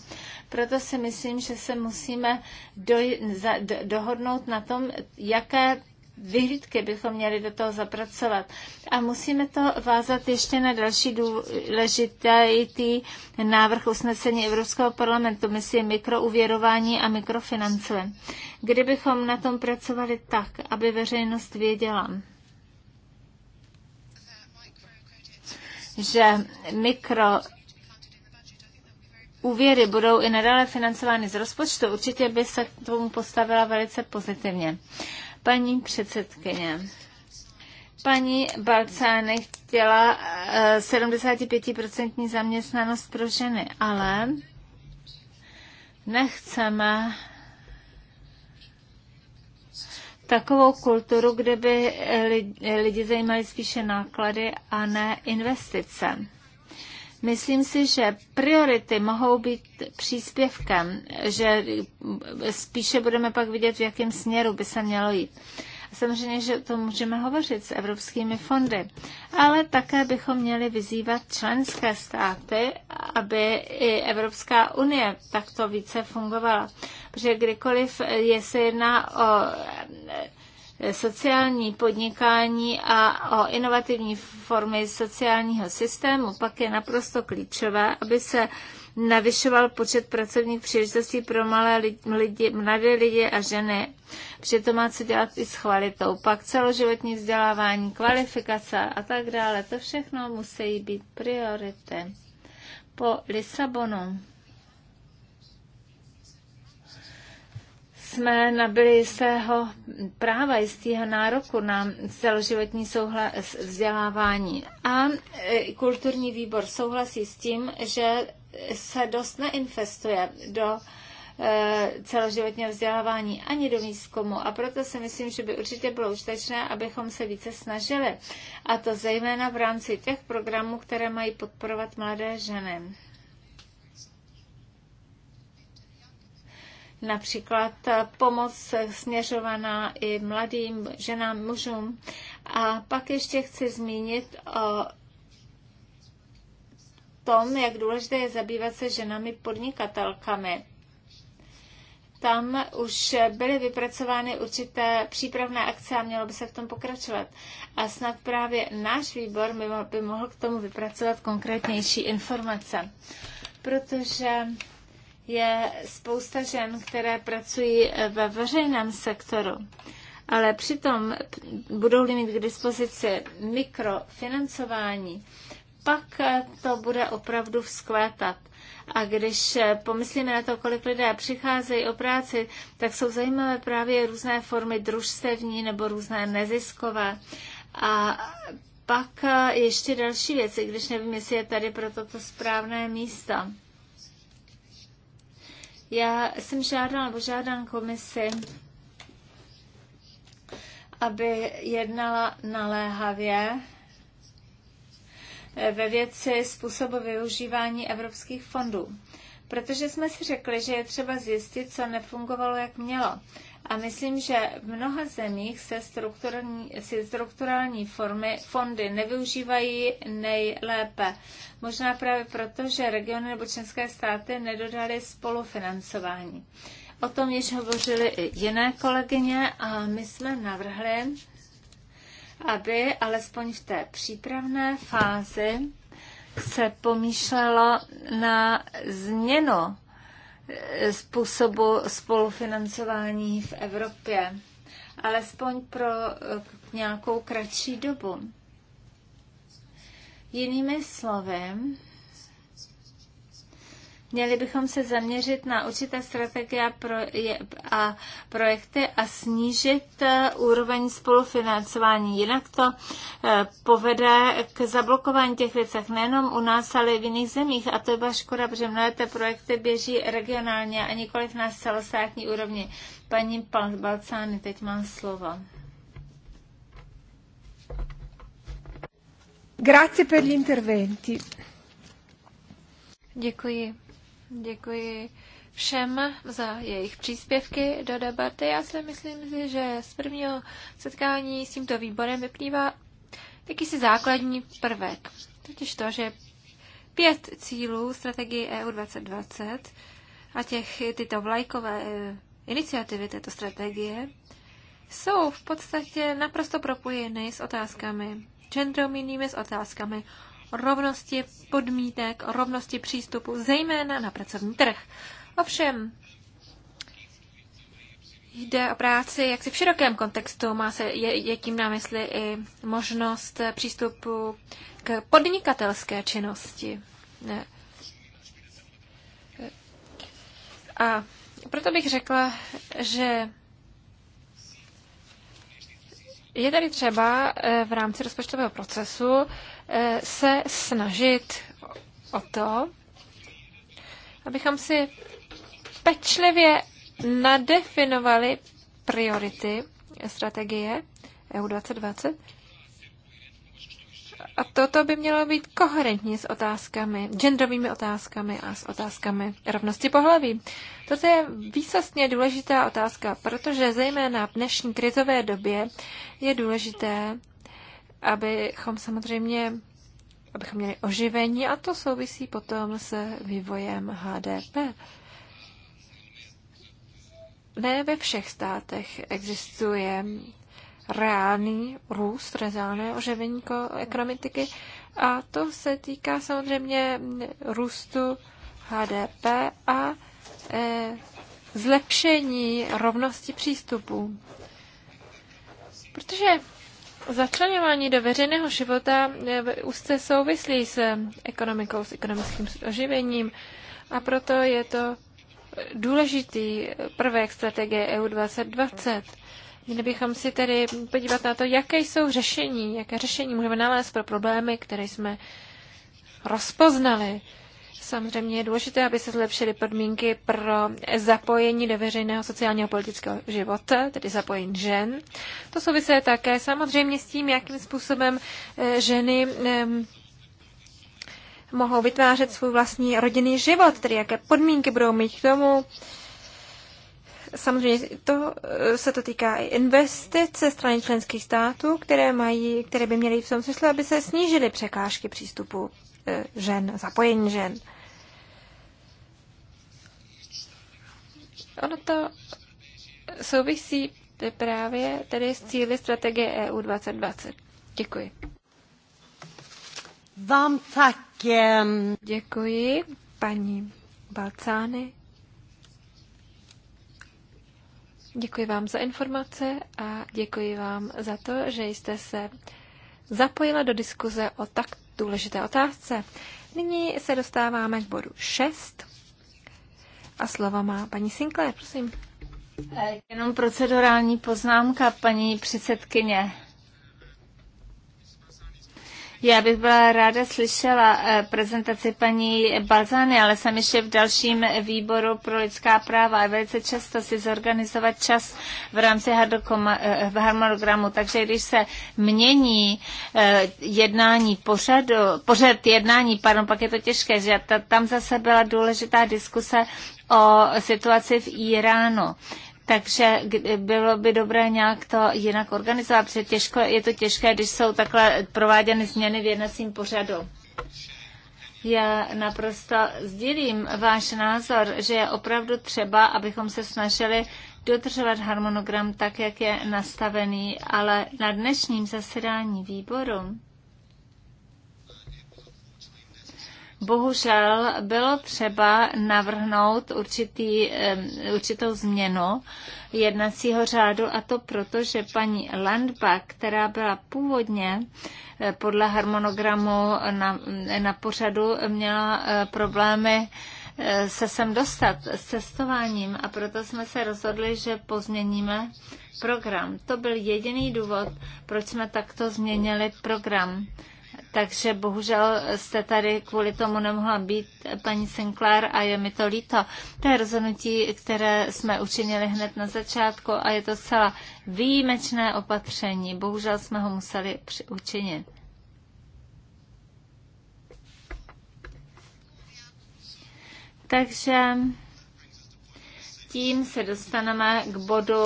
Proto si myslím, že se musíme doj- za- dohodnout na tom, jaké vyhlídky bychom měli do toho zapracovat. A musíme to vázat ještě na další důležitý návrh usnesení Evropského parlamentu, myslím mikrouvěrování a mikrofinancování. Kdybychom na tom pracovali tak, aby veřejnost věděla, že mikro úvěry budou i nadále financovány z rozpočtu, určitě by se k tomu postavila velice pozitivně. Paní předsedkyně, paní Balcány chtěla 75% eh, zaměstnanost pro ženy, ale nechceme takovou kulturu, kde by lidi zajímali spíše náklady a ne investice. Myslím si, že priority mohou být příspěvkem, že spíše budeme pak vidět, v jakém směru by se mělo jít. Samozřejmě, že to můžeme hovořit s evropskými fondy, ale také bychom měli vyzývat členské státy, aby i Evropská unie takto více fungovala. Protože kdykoliv je se jedná o sociální podnikání a o inovativní formy sociálního systému, pak je naprosto klíčové, aby se navyšoval počet pracovních příležitostí pro malé lidi, mladé lidi a ženy. Protože to má co dělat i s kvalitou. Pak celoživotní vzdělávání, kvalifikace a tak dále. To všechno musí být priority. Po Lisabonu jsme nabili svého práva, jistého nároku na celoživotní souhla- vzdělávání. A e, kulturní výbor souhlasí s tím, že se dost neinvestuje do e, celoživotního vzdělávání ani do výzkumu. A proto si myslím, že by určitě bylo užitečné, abychom se více snažili. A to zejména v rámci těch programů, které mají podporovat mladé ženy. například pomoc směřovaná i mladým ženám, mužům. A pak ještě chci zmínit o tom, jak důležité je zabývat se ženami podnikatelkami. Tam už byly vypracovány určité přípravné akce a mělo by se v tom pokračovat. A snad právě náš výbor by mohl k tomu vypracovat konkrétnější informace. Protože je spousta žen, které pracují ve veřejném sektoru, ale přitom budou-li mít k dispozici mikrofinancování, pak to bude opravdu vzkvétat. A když pomyslíme na to, kolik lidé přicházejí o práci, tak jsou zajímavé právě různé formy družstevní nebo různé neziskové. A pak ještě další věci, když nevím, jestli je tady pro toto správné místo. Já jsem žádala, nebo žádám komisi, aby jednala naléhavě ve věci způsobu využívání evropských fondů. Protože jsme si řekli, že je třeba zjistit, co nefungovalo, jak mělo. A myslím, že v mnoha zemích se strukturální, se strukturální formy, fondy nevyužívají nejlépe. Možná právě proto, že regiony nebo české státy nedodaly spolufinancování. O tom již hovořili i jiné kolegyně a my jsme navrhli, aby alespoň v té přípravné fázi se pomýšlelo na změnu způsobu spolufinancování v Evropě, alespoň pro eh, nějakou kratší dobu. Jinými slovy, Měli bychom se zaměřit na určité strategie a, projekty a snížit eh, úroveň spolufinancování. Jinak to eh, povede k zablokování těch věcech nejenom u nás, ale i v jiných zemích. A to je byla škoda, protože mnohé ty projekty běží regionálně a nikoliv na celostátní úrovni. Paní Balcány, teď mám slovo. Grazie per gli interventi. Děkuji Děkuji všem za jejich příspěvky do debaty. Já si myslím, že z prvního setkání s tímto výborem vyplývá jakýsi základní prvek. Totiž to, že pět cílů strategie EU 2020 a těch, tyto vlajkové eh, iniciativy této strategie jsou v podstatě naprosto propojeny s otázkami genderovými, s otázkami rovnosti podmínek, o rovnosti přístupu, zejména na pracovní trh. Ovšem, Jde o práci jak si v širokém kontextu. Má se, je, je tím na mysli i možnost přístupu k podnikatelské činnosti. Ne. A proto bych řekla, že je tady třeba eh, v rámci rozpočtového procesu Eh, se snažit o to, abychom si pečlivě nadefinovali priority strategie EU 2020. A toto by mělo být koherentní s otázkami, genderovými otázkami a s otázkami rovnosti pohlaví. Toto je výsostně důležitá otázka, protože zejména v dnešní krizové době je důležité abychom samozřejmě abychom měli oživení a to souvisí potom s vývojem HDP. Ne ve všech státech existuje reálný růst, reálné oživení ekonomiky a to se týká samozřejmě růstu HDP a e, zlepšení rovnosti přístupů. Protože začlenování do veřejného života úzce souvislí s ekonomikou, s ekonomickým oživením a proto je to důležitý prvek strategie EU 2020. Měli bychom si tedy podívat na to, jaké jsou řešení, jaké řešení můžeme nalézt pro problémy, které jsme rozpoznali. Samozřejmě je důležité, aby se zlepšily podmínky pro zapojení do veřejného sociálního politického života, tedy zapojení žen. To souvisí také samozřejmě s tím, jakým způsobem eh, ženy mohou vytvářet svůj vlastní rodinný život, tedy jaké podmínky budou mít k tomu. Samozřejmě to eh, se to týká i investice ze strany členských států, které, mají, které by měly v tom smyslu, aby se snížily překážky přístupu eh, žen, zapojení žen. Ono to souvisí právě tedy s cíly strategie EU 2020. Děkuji. Vám také. Děkuji, paní Balcány. Děkuji vám za informace a děkuji vám za to, že jste se zapojila do diskuze o tak důležité otázce. Nyní se dostáváme k bodu 6. A slova má paní Sinclair, prosím. Eh, jenom procedurální poznámka, paní předsedkyně. Já bych byla ráda slyšela eh, prezentaci paní Balzány, ale jsem ještě v dalším výboru pro lidská práva a velice často si zorganizovat čas v rámci eh, harmonogramu. Takže když se mění jednání pořadu, pořad jednání, pardon, pak je to těžké, že tam zase byla důležitá diskuse o situaci v Iránu. Takže bylo by dobré nějak to jinak organizovat, protože těžko, je to těžké, když jsou takhle prováděny změny v jednacím pořadu. Já naprosto sdílím váš názor, že je opravdu třeba, abychom se snažili dodržovat harmonogram tak, jak je nastavený, ale na dnešním zasedání výboru bohužel bylo třeba navrhnout určitý, určitou změnu jednacího řádu a to proto, že paní Landba, která byla původně eh, podle harmonogramu na, na pořadu, měla eh, problémy eh, se sem dostat s cestováním a proto jsme se rozhodli, že pozměníme program. To byl jediný důvod, proč jsme takto změnili program takže bohužel jste tady kvůli tomu nemohla být, paní Sinclair, a je mi to líto. To je rozhodnutí, které jsme učinili hned na začátku a je to celá výjimečné opatření. Bohužel jsme ho museli učinit. Takže tím se dostaneme k bodu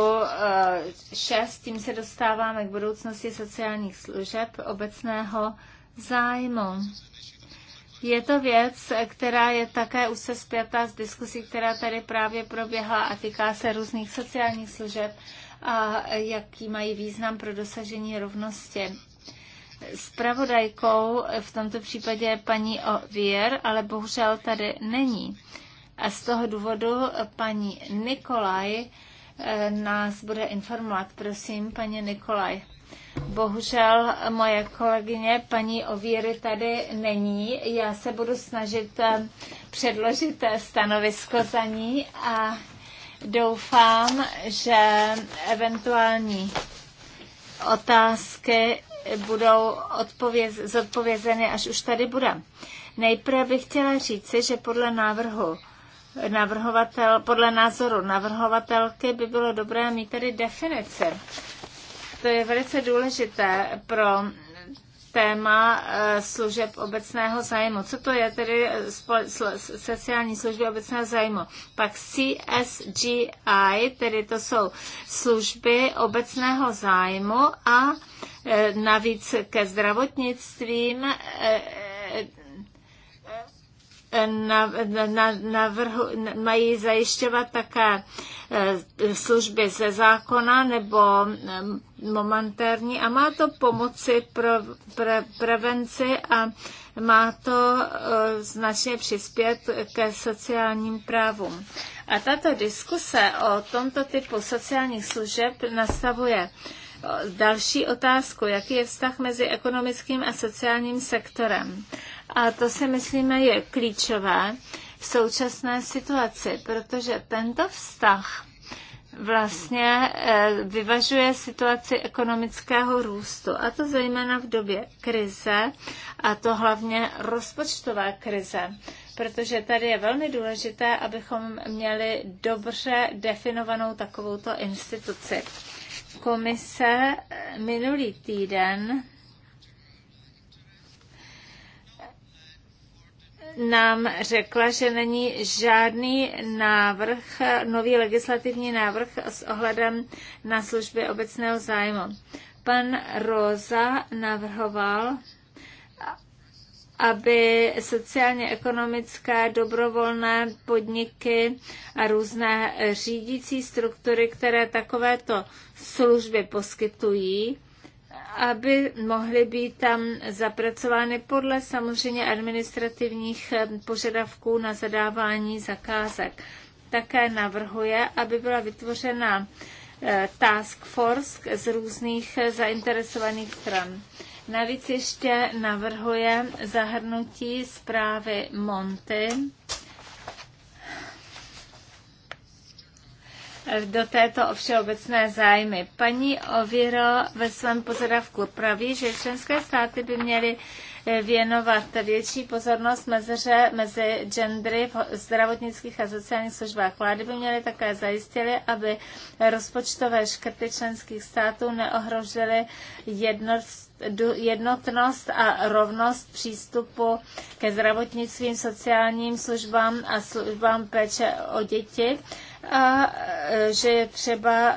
6, eh, tím se dostáváme k budoucnosti sociálních služeb obecného zájmu. Je to věc, která je také už se zpěta z diskusí, která tady právě proběhla a týká se různých sociálních služeb a jaký mají význam pro dosažení rovnosti. Spravodajkou v tomto případě je paní Ovier, ale bohužel tady není. A z toho důvodu paní Nikolaj eh, nás bude informovat. Prosím, paní Nikolaj. Bohužel moje kolegyně paní Ovíry tady není. Já se budu snažit eh, předložit eh, stanovisko za ní a doufám, že eventuální otázky budou odpověz, zodpovězeny, až už tady bude. Nejprve bych chtěla říci, že podle návrhu navrhovatel, podle názoru navrhovatelky by bylo dobré mít tady definici to je velice důležité pro téma eh, služeb obecného zájmu. Co to je tedy eh, sociální služby obecného zájmu? Pak CSGI, tedy to jsou služby obecného zájmu a eh, navíc ke zdravotnictvím na, na, na vrhu, mají zajišťovat také eh, služby ze zákona nebo eh, momentární a má to pomoci pro pre, prevenci a má to eh, značně přispět ke sociálním právům. A tato diskuse o tomto typu sociálních služeb nastavuje další otázku, jaký je vztah mezi ekonomickým a sociálním sektorem. A to si myslíme je klíčové v současné situaci, protože tento vztah vlastně eh, vyvažuje situaci ekonomického růstu, a to zejména v době krize, a to hlavně rozpočtové krize, protože tady je velmi důležité, abychom měli dobře definovanou takovouto instituci. Komise minulý týden nám řekla, že není žádný návrh, nový legislativní návrh s ohledem na služby obecného zájmu. Pan Rosa navrhoval, aby sociálně-ekonomické dobrovolné podniky a různé řídící struktury, které takovéto služby poskytují, aby mohly být tam zapracovány podle samozřejmě administrativních eh, požadavků na zadávání zakázek. Také navrhuje, aby byla vytvořena eh, task force z různých eh, zainteresovaných stran. Navíc ještě navrhuje zahrnutí zprávy Monty do této všeobecné zájmy. Paní Oviro ve svém pozoravku praví, že členské státy by měly eh, věnovat větší pozornost mezeře mezi gendry v zdravotnických a sociálních službách. Vlády by měly také zajistily, aby rozpočtové škrty členských států neohrožily jednotnost a rovnost přístupu ke zdravotnictvím, sociálním službám a službám péče o děti a e, že je třeba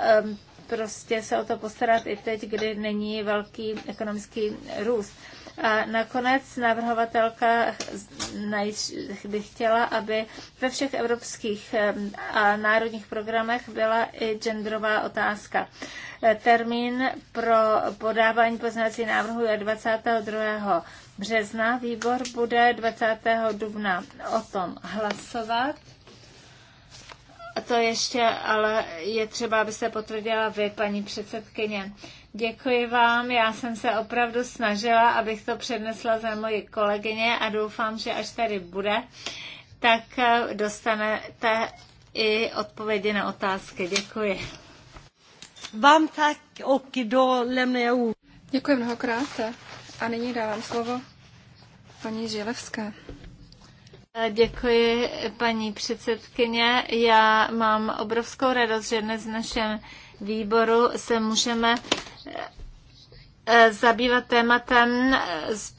prostě se o to postarat i teď, kdy není velký ekonomický růst. A nakonec navrhovatelka by chtěla, aby ve všech evropských a národních programech byla i genderová otázka. E, termín pro podávání poznací návrhu je 22. března. Výbor bude 20. dubna o tom hlasovat to ještě, ale je třeba, abyste potvrdila vy, paní předsedkyně. Děkuji vám, já jsem se opravdu snažila, abych to přednesla za moji kolegyně a doufám, že až tady bude, tak eh, dostanete i odpovědi na otázky. Děkuji. Vám tak, oky do lemneu. Děkuji mnohokrát a nyní dávám slovo paní Žilevská. Děkuji, paní předsedkyně. Já mám obrovskou radost, že dnes v našem výboru se můžeme eh, zabývat tématem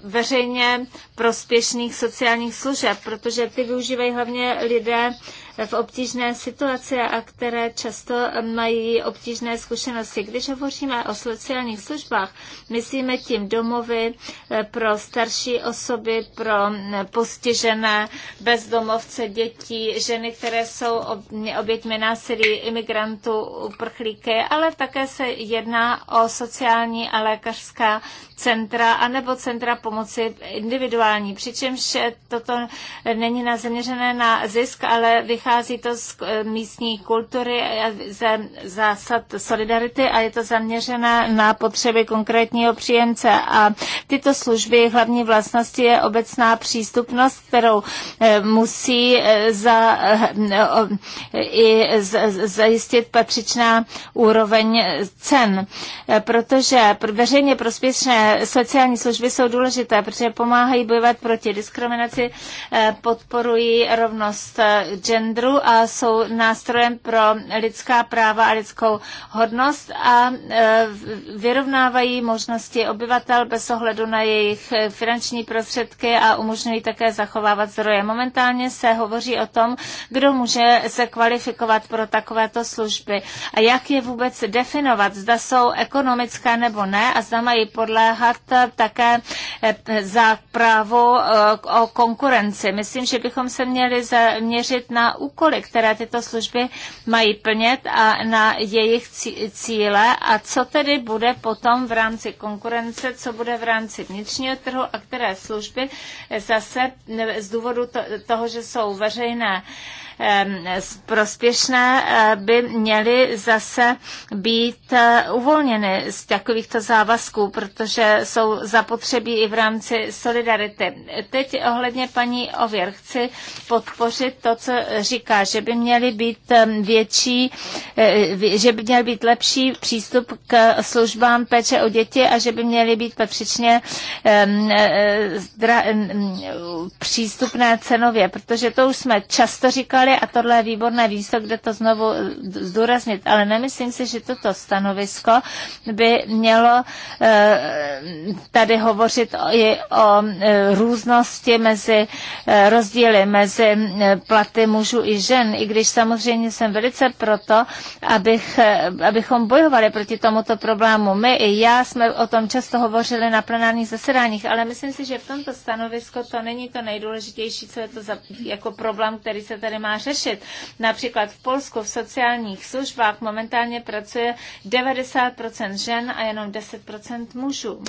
veřejně prospěšných sociálních služeb, protože ty využívají hlavně lidé v obtížné situaci a které často mají obtížné zkušenosti. Když hovoříme o sociálních službách, myslíme tím domovy eh, pro starší osoby, pro eh, postižené, bezdomovce, děti, ženy, které jsou oběťmi násilí, imigrantů, uprchlíky, ale také se jedná o sociální a lékařská centra anebo centra pomoci individuální, přičemž toto není na zaměřené na zisk, ale vychází to z eh, místní kultury, ze zásad solidarity a je to zaměřené na potřeby konkrétního příjemce. A tyto služby, hlavní vlastnosti je obecná přístupnost, kterou eh, musí eh, za, i zajistit patřičná úroveň cen, protože veřejně prospěšné sociální služby jsou důležité, protože pomáhají bojovat proti diskriminaci, eh, podporují rovnost eh, genderu a jsou nástrojem pro lidská práva a lidskou hodnost a eh, vyrovnávají možnosti obyvatel bez ohledu na jejich finanční prostředky a umožňují také zachovávat zdroje. Momentálně se hovoří o tom, kdo může se kvalifikovat pro takovéto služby a jak je vůbec definovat, zda jsou ekonomická nebo ne a zda mají podle sahat také eh, za právo eh, o konkurenci. Myslím, že bychom se měli zaměřit na úkoly, které tyto služby mají plnit a na jejich cíle a co tedy bude potom v rámci konkurence, co bude v rámci vnitřního trhu a které služby eh, zase z důvodu toho, že jsou veřejné, prospěšné, eh, by měly zase být eh, uvolněny z takovýchto závazků, protože jsou zapotřebí i v rámci solidarity. Teď ohledně paní Ověr chci podpořit to, co říká, že by měly být větší, eh, že by měl být lepší přístup k službám péče o děti a že by měly být patřičně přístupné cenově, protože to už jsme často říkali, diskutovali a tohle je výborné výsok, kde to znovu eh, zdůraznit, ale nemyslím si, že toto stanovisko by mělo eh, tady hovořit i o eh, různosti mezi rozdíly mezi platy mužů i žen, i když samozřejmě jsem velice proto, abych, abychom bojovali proti tomuto problému. My i já jsme o tom často hovořili na plenárních zasedáních, ale myslím si, že v tomto stanovisko to není to nejdůležitější, co je to za, jako problém, který se tady má řešit. Například v Polsku v sociálních službách momentálně pracuje 90% žen a jenom 10% mužů.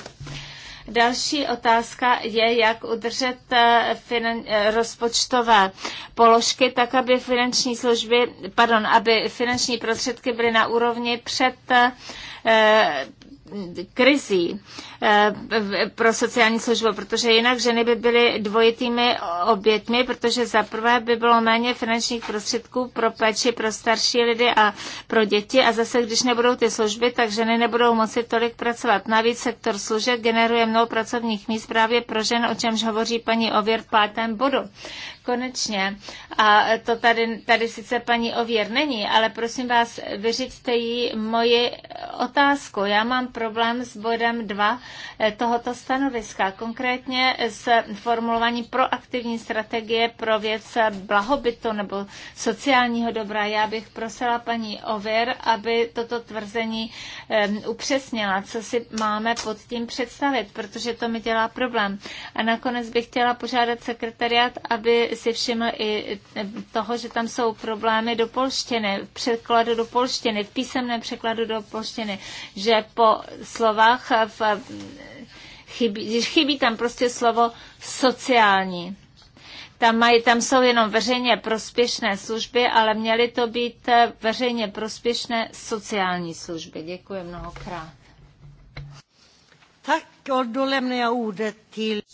Další otázka je, jak udržet eh, finan- eh, rozpočtové položky tak, aby finanční služby, pardon, aby finanční prostředky byly na úrovni před eh, krizí eh, pro sociální službu, protože jinak ženy by byly dvojitými obětmi, protože za prvé by bylo méně finančních prostředků pro péči pro starší lidi a pro děti a zase, když nebudou ty služby, tak ženy nebudou moci tolik pracovat. Navíc sektor služeb generuje mnoho pracovních míst právě pro žen, o čemž hovoří paní Ověr v pátém bodu konečně. A to tady, tady sice paní Ověr není, ale prosím vás, vyřiďte jí moji otázku. Já mám problém s bodem 2 eh, tohoto stanoviska, konkrétně s formulováním proaktivní strategie pro věc blahobytu nebo sociálního dobra. Já bych prosila paní Ověr, aby toto tvrzení upřesnila, co si máme pod tím představit, protože to mi dělá problém. A nakonec bych chtěla požádat sekretariat, aby si všiml i toho, že tam jsou problémy do polštiny, v překladu do polštiny, v písemném překladu do polštiny, že po slovách v, chybí, chybí tam prostě slovo sociální. Tam, mají, tam jsou jenom veřejně prospěšné služby, ale měly to být veřejně prospěšné sociální služby. Děkuji mnohokrát. Tak,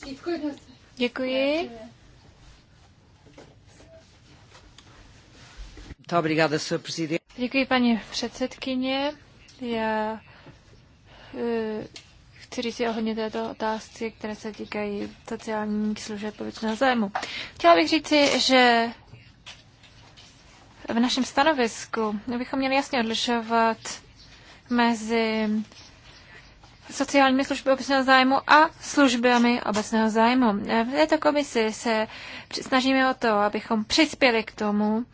Děkuji. Děkuji. Děkuji, paní předsedkyně. Já eh, chci říct ohledně této otázky, které se týkají sociálních služeb obecného zájmu. Chtěla bych říci, že v našem stanovisku bychom měli jasně odlišovat mezi sociálními služby obecného zájmu a službami obecného zájmu. V této komisi se snažíme o to, abychom přispěli k tomu,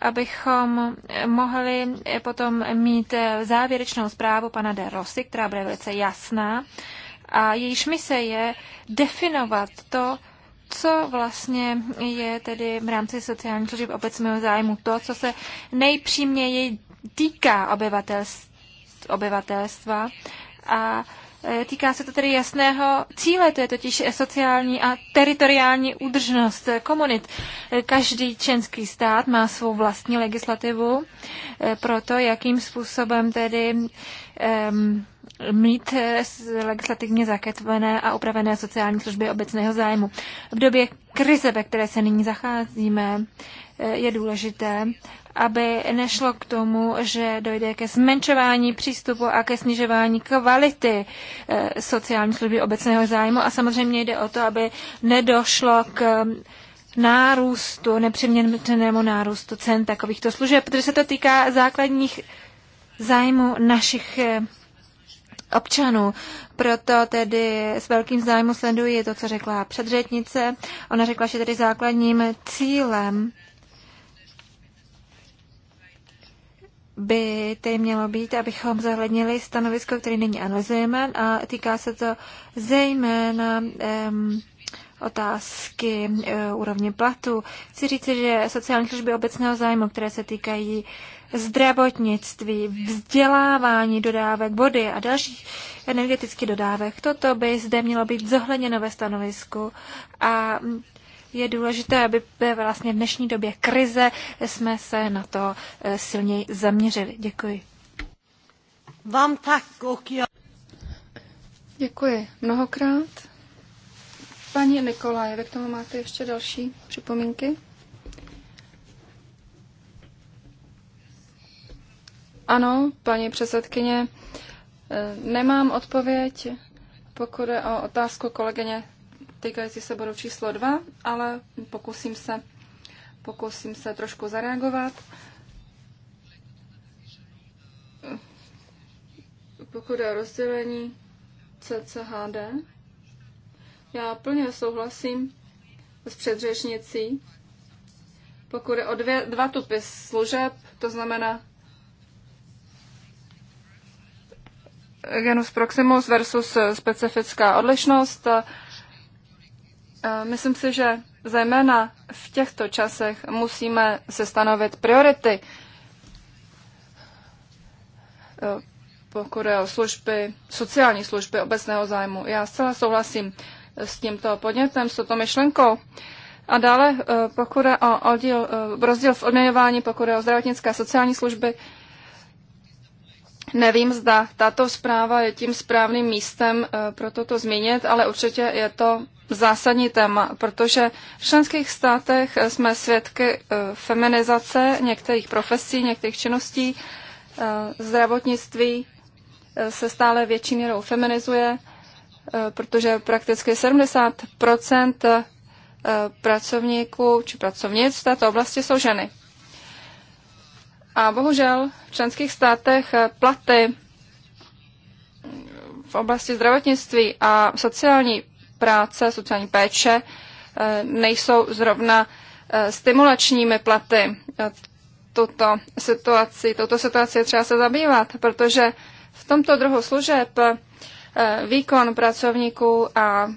abychom mohli potom mít závěrečnou zprávu pana de Rosy, která bude velice jasná. A jejíž mise je definovat to, co vlastně je tedy v rámci sociální služeb obecného zájmu to, co se nejpřímněji týká obyvatelstva, obyvatelstva a Eh, týká se to tedy jasného cíle, to je totiž sociální a teritoriální údržnost komunit. Eh, každý členský stát má svou vlastní legislativu eh, pro to, jakým způsobem tedy um, mít legislativně zaketvené a upravené sociální služby obecného zájmu. V době krize, ve které se nyní zacházíme, je důležité, aby nešlo k tomu, že dojde ke zmenšování přístupu a ke snižování kvality eh, sociální služby obecného zájmu. A samozřejmě jde o to, aby nedošlo k eh, nárůstu, nepřiměřenému nárůstu cen takovýchto služeb, protože se to týká základních zájmů našich eh, občanů. Proto tedy s velkým zájmu sleduji to, co řekla předřetnice. Ona řekla, že tedy základním cílem by tedy mělo být, abychom zahlednili stanovisko, které není analyzujeme a týká se to zejména um, otázky uh, úrovně platu. Chci říct, že sociální služby obecného zájmu, které se týkají zdravotnictví, vzdělávání dodávek vody a dalších energetických dodávek, toto by zde mělo být zohledněno ve stanovisku a je důležité, aby vlastně v dnešní době krize jsme se na to eh, silněji zaměřili. Děkuji. Vám tak, Okia. Děkuji mnohokrát. Paní Nikolaje, vy k tomu máte ještě další připomínky? Ano, paní předsedkyně, eh, nemám odpověď, pokud je o otázku kolegyně týkající se bodu číslo 2, ale pokusím se, pokusím se trošku zareagovat. Pokud je rozdělení CCHD, já plně souhlasím s předřečnicí. Pokud je o dvě, dva typy služeb, to znamená genus proximus versus specifická odlišnost, Myslím si, že zejména v těchto časech musíme se stanovit priority, pokud je o služby, sociální služby obecného zájmu. Já zcela souhlasím s tímto podnětem, s touto myšlenkou. A dále, eh, pokud je o, o eh, rozdíl v odměňování, pokud je o zdravotnické a sociální služby, Nevím, zda tato zpráva je tím správným místem eh, pro toto zmínit, ale určitě je to zásadní téma, protože v členských státech jsme svědky eh, feminizace některých profesí, některých činností. Eh, zdravotnictví se stále větší měrou feminizuje, protože prakticky 70 pracovníků či pracovnic v této oblasti jsou ženy. A bohužel v členských státech eh, platy v oblasti zdravotnictví a sociální práce, sociální péče eh, nejsou zrovna eh, stimulačními platy. Tuto situaci, tuto situaci je třeba se zabývat, protože v tomto druhu služeb výkon pracovníků a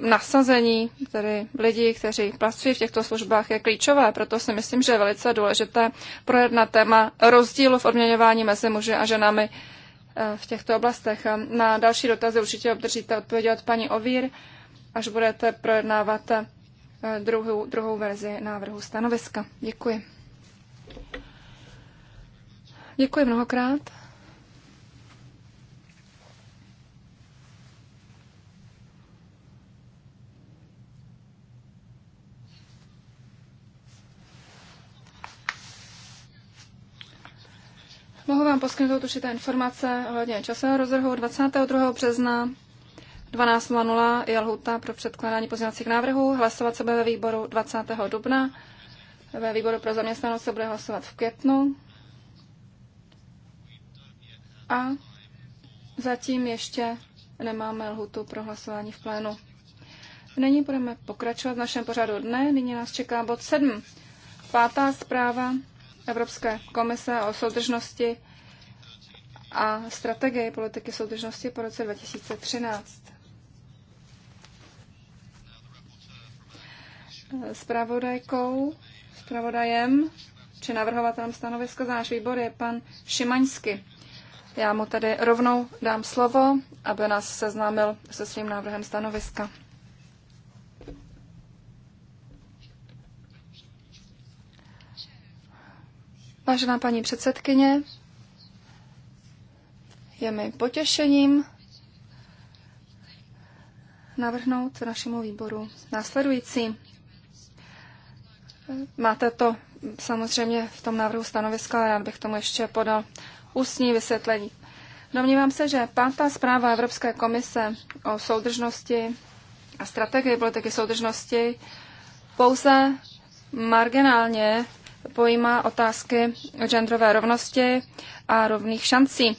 nasazení tedy lidí, kteří pracují v těchto službách, je klíčové. Proto si myslím, že je velice důležité projednat téma rozdílu v odměňování mezi muži a ženami eh, v těchto oblastech. Na další dotazy určitě obdržíte odpovědi od paní Ovír, až budete projednávat eh, druhou, druhou verzi návrhu stanoviska. Děkuji. Děkuji mnohokrát. Mohu vám poskytnout určité informace ohledně časového rozvrhu 22. března 12.00 je lhuta pro předkládání pozměňovacích návrhů. Hlasovat se bude ve výboru 20. dubna. Ve výboru pro zaměstnanost se bude hlasovat v květnu. A zatím ještě nemáme lhutu pro hlasování v plénu. Nyní budeme pokračovat v našem pořadu dne. Nyní nás čeká bod 7. Pátá zpráva Evropské komise o soudržnosti a strategii politiky soudržnosti po roce 2013. Spravodajkou, spravodajem či navrhovatelem stanoviska za náš výbor je pan Šimaňsky. Já mu tedy rovnou dám slovo, aby nás seznámil se svým návrhem stanoviska. Vážená paní předsedkyně, je mi potěšením navrhnout našemu výboru následující. Máte to samozřejmě v tom návrhu stanoviska, ale rád bych tomu ještě podal ústní vysvětlení. Domnívám se, že pátá zpráva Evropské komise o soudržnosti a strategii politiky soudržnosti pouze marginálně pojímá otázky genderové rovnosti a rovných šancí.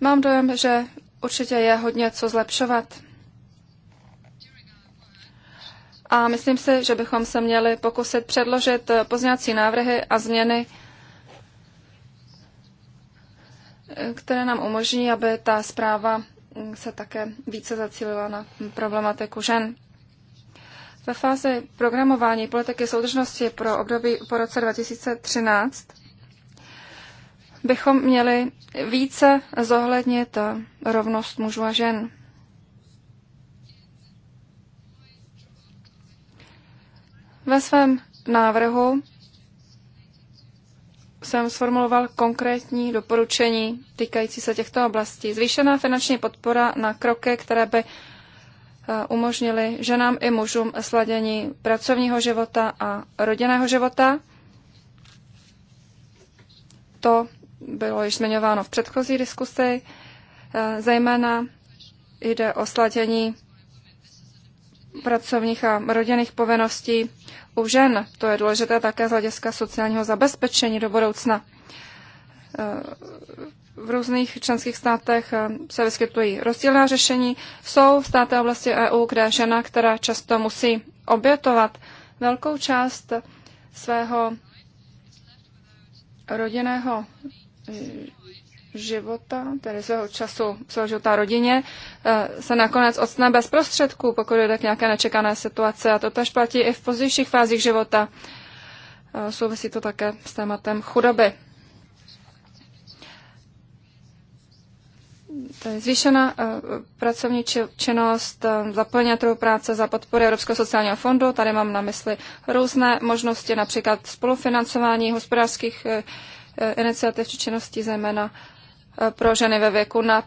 Mám dojem, že určitě je hodně co zlepšovat. A myslím si, že bychom se měli pokusit předložit pozněcí návrhy a změny, které nám umožní, aby ta zpráva se také více zacílila na problematiku žen. Ve fázi programování politiky soudržnosti pro období po roce 2013 bychom měli více zohlednit rovnost mužů a žen. Ve svém návrhu jsem sformuloval konkrétní doporučení týkající se těchto oblastí. Zvýšená finanční podpora na kroky, které by Eh, umožnili ženám i mužům sladění pracovního života a rodinného života. To bylo již zmiňováno v předchozí diskusi. Eh, zejména jde o sladění pracovních a rodinných povinností u žen. To je důležité také z hlediska sociálního zabezpečení do budoucna. Eh, v různých členských státech eh, se vyskytují rozdílná řešení. Jsou státy oblasti EU, kde žena, která často musí obětovat velkou část svého rodinného eh, života, tedy svého času, svého života rodině, eh, se nakonec odstane bez prostředků, pokud jde k nějaké nečekané situace. A to tež platí i v pozdějších fázích života. Souvisí to také s tématem chudoby. Zvýšená eh, pracovní činnost, eh, zaplnění trhu práce za podpory Evropského sociálního fondu. Tady mám na mysli různé možnosti, například spolufinancování hospodářských eh, iniciativ či činností, zejména pro ženy ve věku nad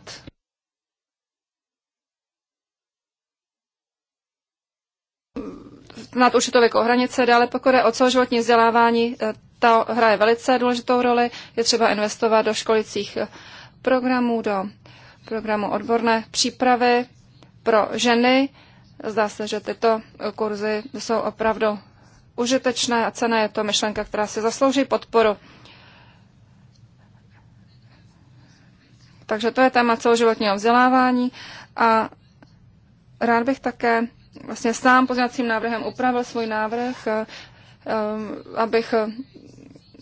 nad určitou věkou hranice. Dále pokud je o celoživotní vzdělávání, ta hraje velice důležitou roli. Je třeba investovat do školicích programů, do programu odborné přípravy pro ženy. Zdá se, že tyto kurzy jsou opravdu užitečné a cené. Je to myšlenka, která si zaslouží podporu. Takže to je téma celoživotního vzdělávání a rád bych také vlastně sám pozněcím návrhem upravil svůj návrh, eh, eh, abych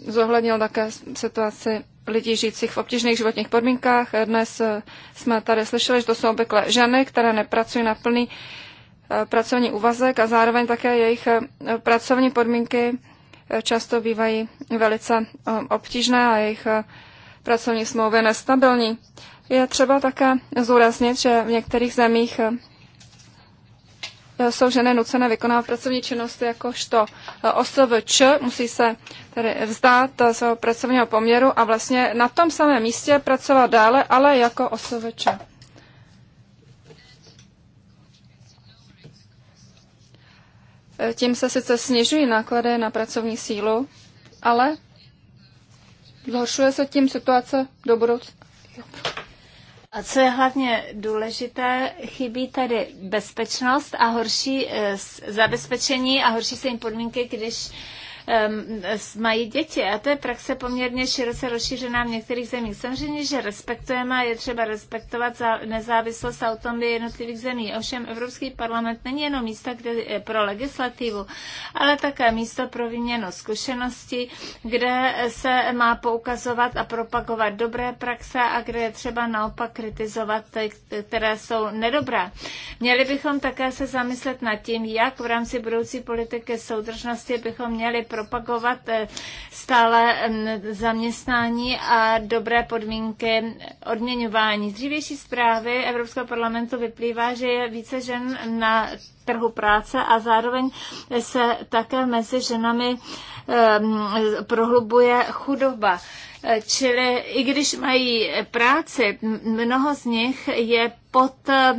zohlednil také situaci lidí žijících v obtížných životních podmínkách. Dnes eh, jsme tady slyšeli, že to jsou obvykle ženy, které nepracují na plný eh, pracovní úvazek a zároveň také jejich eh, pracovní podmínky často bývají velice obtížné a jejich pracovní smlouvy nestabilní. Je třeba také zúraznit, že v některých zemích Eh, jsou ženy nucené vykonávat pracovní činnosti jakožto eh, OSVČ, musí se tedy vzdát eh, svého pracovního poměru a vlastně na tom samém místě pracovat dále, ale jako OSVČ. Tím se sice snižují náklady na pracovní sílu, ale zhoršuje se tím situace do budoucna. A co je hlavně důležité, chybí tady bezpečnost a horší eh, zabezpečení a horší se jim podmínky, když mají děti. A to je praxe poměrně široce rozšířená v některých zemích. Samozřejmě, že respektujeme a je třeba respektovat nezávislost a autonomii jednotlivých zemí. Ovšem Evropský parlament není jenom místo kde, eh, pro legislativu, ale také místo pro výměnu zkušeností, kde se má poukazovat a propagovat dobré praxe a kde je třeba naopak kritizovat ty, které jsou nedobré. Měli bychom také se zamyslet nad tím, jak v rámci budoucí politiky soudržnosti bychom měli propagovat eh, stále mm, zaměstnání a dobré podmínky odměňování. Z dřívější zprávy Evropského parlamentu vyplývá, že je více žen na trhu práce a zároveň se také mezi ženami eh, prohlubuje chudoba. Eh, čili i když mají práci, mnoho z nich je pod eh,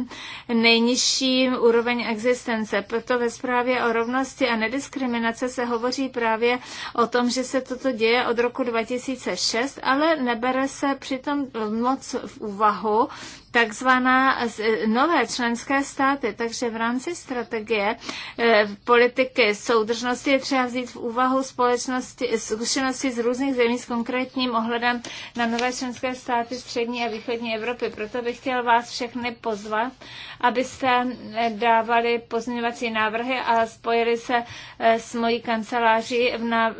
nejnižší úroveň existence. Proto ve zprávě o rovnosti a nediskriminace se hovoří právě o tom, že se toto děje od roku 2006, ale nebere se přitom moc v úvahu, takzvaná nové členské státy. Takže v rámci strategie eh, politiky soudržnosti je třeba vzít v úvahu společnosti, zkušenosti z různých zemí s konkrétním ohledem na nové členské státy střední a východní Evropy. Proto bych chtěl vás všechny pozvat, aby se eh, dávaly pozměňovací návrhy a spojili se eh, s mojí kanceláří v na,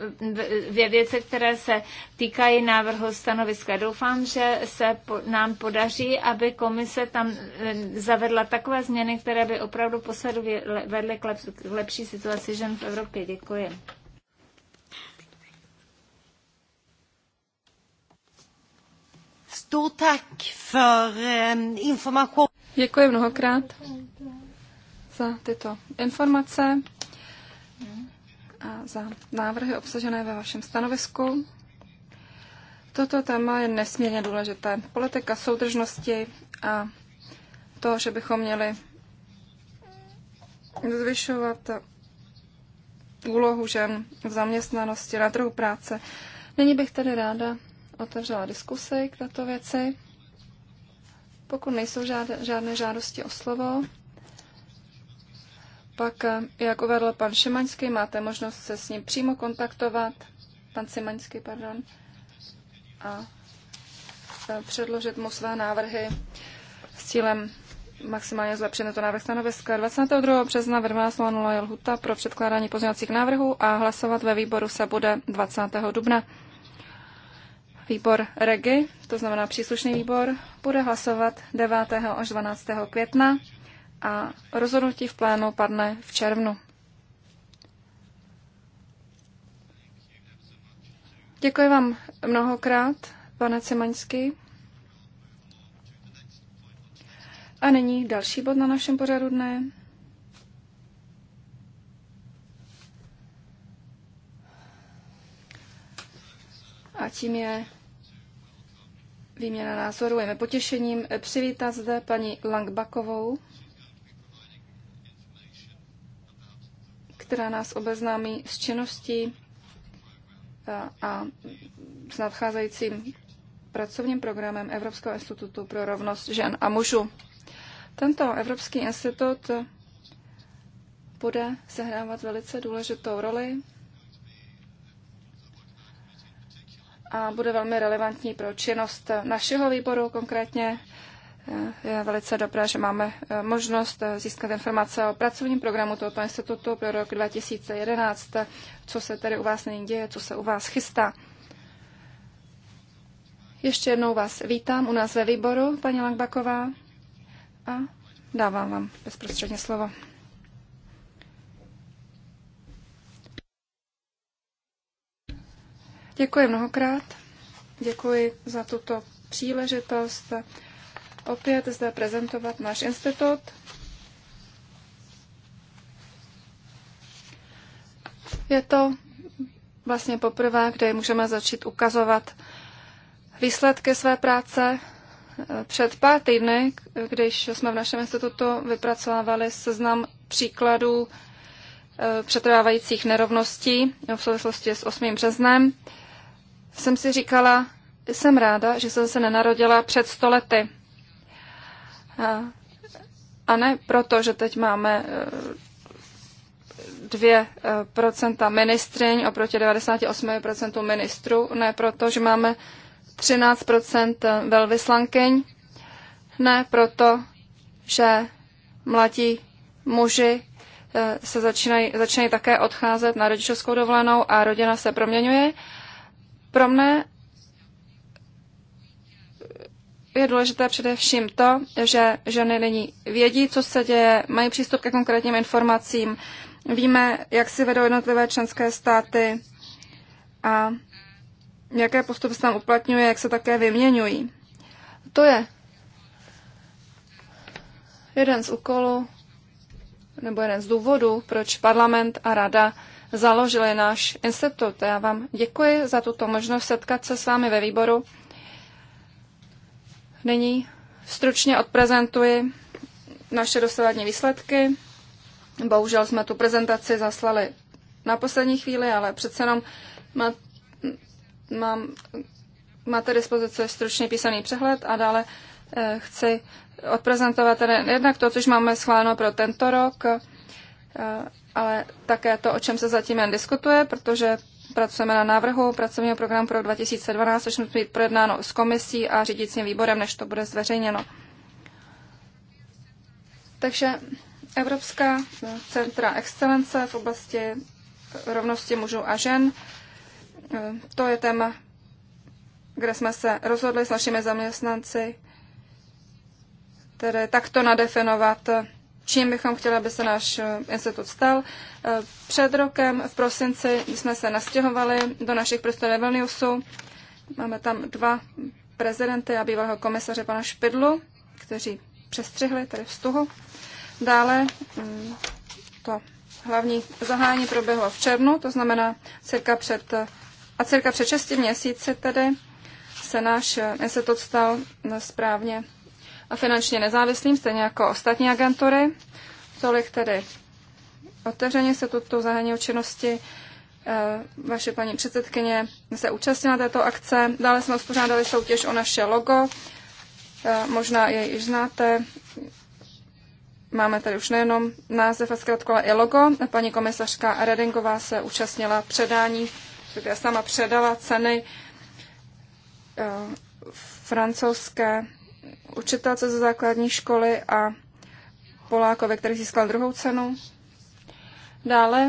v věce, které se týkají návrhu stanoviska. Doufám, že se po, nám podaří, aby komise tam eh, zavedla takové změny, které by opravdu posadu vedly k, lep, k lepší situaci žen v Evropě. Děkuji. Stort tack för information. Děkuji mnohokrát za tyto informace a za návrhy obsažené ve vašem stanovisku. Toto téma je nesmírně důležité. Politika soudržnosti a to, že bychom měli zvyšovat úlohu žen v zaměstnanosti na trhu práce. Nyní bych tedy ráda otevřela diskusy k této věci. Pokud nejsou žádné žádosti o slovo, pak, eh, jak uvedl pan Šimaňský, máte možnost se s ním přímo kontaktovat, pan Šimaňský, pardon, a eh, předložit mu své návrhy s cílem maximálně zlepšit to návrh stanoviska. 22. března ve 12.00 je lhuta pro předkládání pozměňovacích návrhů a hlasovat ve výboru se bude 20. dubna. Výbor REGI, to znamená příslušný výbor, bude hlasovat 9. až 12. května a rozhodnutí v plénu padne v červnu. Děkuji vám mnohokrát, pane Cimaňský. A nyní další bod na našem pořadu dne. A tím je výměna názorů. Je mi potěšením přivítat zde paní Langbakovou, která nás obeznámí s činností eh, a s nadcházejícím pracovním programem Evropského institutu pro rovnost žen a mužů. Tento Evropský institut bude sehrávat velice důležitou roli a bude velmi relevantní pro činnost našeho výboru konkrétně. Je velice dobré, že máme eh, možnost eh, získat informace o pracovním programu tohoto institutu pro rok 2011, co se tedy u vás nyní děje, co se u vás chystá. Ještě jednou vás vítám u nás ve výboru, paní Langbaková, a dávám vám bezprostředně slovo. Děkuji mnohokrát. Děkuji za tuto příležitost opět zde prezentovat náš institut. Je to vlastně poprvé, kde můžeme začít ukazovat výsledky své práce. Před pár týdny, když jsme v našem institutu vypracovávali seznam příkladů eh, přetrvávajících nerovností v souvislosti s 8. březnem, jsem si říkala, jsem ráda, že jsem se nenarodila před stolety. A, a ne proto, že teď máme e, dvě e, procenta ministryň oproti 98% ministrů, ne proto, že máme 13% e, velvyslankyň, ne proto, že mladí muži se začínají, začínají také odcházet na rodičovskou dovolenou a rodina se proměňuje. Pro mne je důležité především to, že ženy nyní vědí, co se děje, mají přístup ke konkrétním informacím, víme, jak si vedou jednotlivé členské státy a jaké postupy se tam uplatňuje, jak se také vyměňují. To je jeden z úkolů nebo jeden z důvodů, proč parlament a rada založili náš institut. Já vám děkuji za tuto možnost setkat se s vámi ve výboru. Nyní stručně odprezentuji naše dosavadní výsledky. Bohužel jsme tu prezentaci zaslali na poslední chvíli, ale přece jenom má, mám, máte dispozice stručně písaný přehled a dále eh, chci odprezentovat tedy jednak to, což máme schváleno pro tento rok, eh, ale také to, o čem se zatím jen diskutuje, protože pracujeme na návrhu pracovního programu pro 2012, což musí být projednáno s komisí a řídícím výborem, než to bude zveřejněno. Takže Evropská centra excelence v oblasti rovnosti mužů a žen, to je téma, kde jsme se rozhodli s našimi zaměstnanci tedy takto nadefinovat čím bychom chtěli, aby se náš eh, institut stal. Eh, před rokem v prosinci jsme se nastěhovali do našich prostor ve Vilniusu. Máme tam dva prezidenty a bývalého komisaře pana Špidlu, kteří přestřihli tady v stuhu. Dále mm, to hlavní zahájení proběhlo v červnu, to znamená cirka před, a cirka před 6 měsíci tedy se náš eh, institut stal správně a finančně nezávislým, stejně jako ostatní agentury. Tolik tedy otevřeně se tuto zahání činnosti eh, vaše paní předsedkyně se účastnila této akce. Dále jsme uspořádali soutěž o naše logo. Eh, možná jej již znáte. Máme tady už nejenom název a zkrátku, ale i logo. Paní komisařka Redingová se účastnila předání, která sama předala ceny eh, francouzské učitelce ze základní školy a Polákovi, který získal druhou cenu. Dále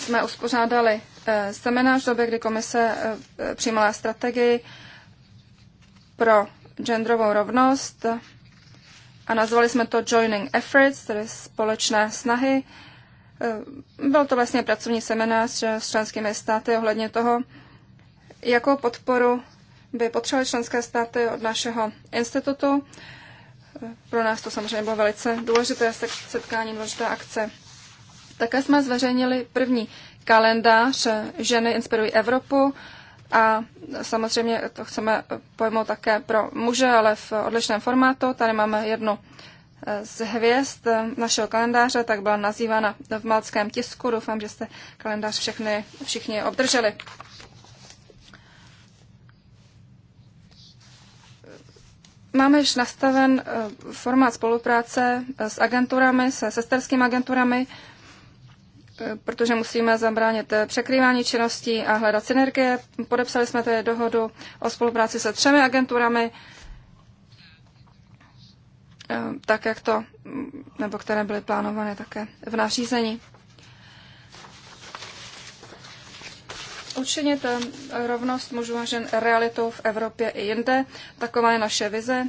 jsme uspořádali eh, seminář v době, kdy komise eh, eh, přijímala strategii pro genderovou rovnost a nazvali jsme to Joining Efforts, tedy společné snahy. Byl to vlastně pracovní seminář s členskými státy ohledně toho, jakou podporu by potřebovaly členské státy od našeho institutu. Pro nás to samozřejmě bylo velice důležité setkání, důležitá akce. Také jsme zveřejnili první kalendář Ženy inspirují Evropu a samozřejmě to chceme pojmout také pro muže, ale v odlišném formátu. Tady máme jednu eh, z hvězd eh, našeho kalendáře, tak byla nazývána v malckém tisku. Doufám, že jste kalendář všechny, všichni obdrželi. Máme již nastaven eh, formát spolupráce eh, s agenturami, se sesterskými agenturami, eh, protože musíme zabránit překrývání činností a hledat synergie. Podepsali jsme tedy dohodu o spolupráci se třemi agenturami, tak jak to, mm, nebo které byly plánovány také v nařízení. ta eh, rovnost mužů a žen realitou v Evropě i jinde. Taková je naše vize.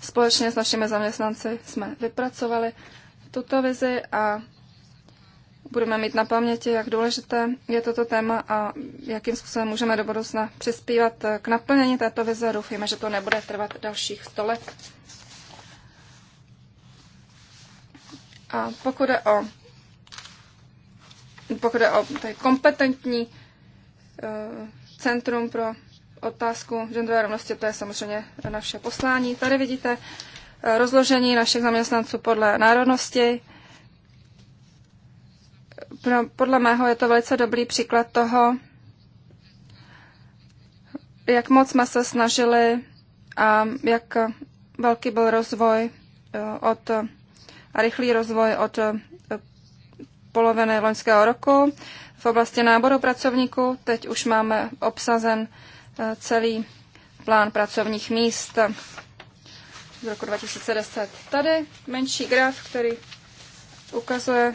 Společně s našimi zaměstnanci jsme vypracovali tuto vizi a budeme mít na paměti, jak důležité je toto téma a jakým způsobem můžeme do budoucna přispívat eh, k naplnění této vize. Doufejme, že to nebude trvat dalších 100 let. A pokud je o pokud je o tady kompetentní uh, centrum pro otázku genderové rovnosti, to je samozřejmě naše poslání. Tady vidíte eh, rozložení našich zaměstnanců podle národnosti. Pro, podle mého je to velice dobrý příklad toho, jak moc jsme se snažili a jak velký byl rozvoj eh, od a rychlý rozvoj od poloviny loňského roku. V oblasti náboru pracovníků teď už máme obsazen eh, celý plán pracovních míst z roku 2010. Tady menší graf, který ukazuje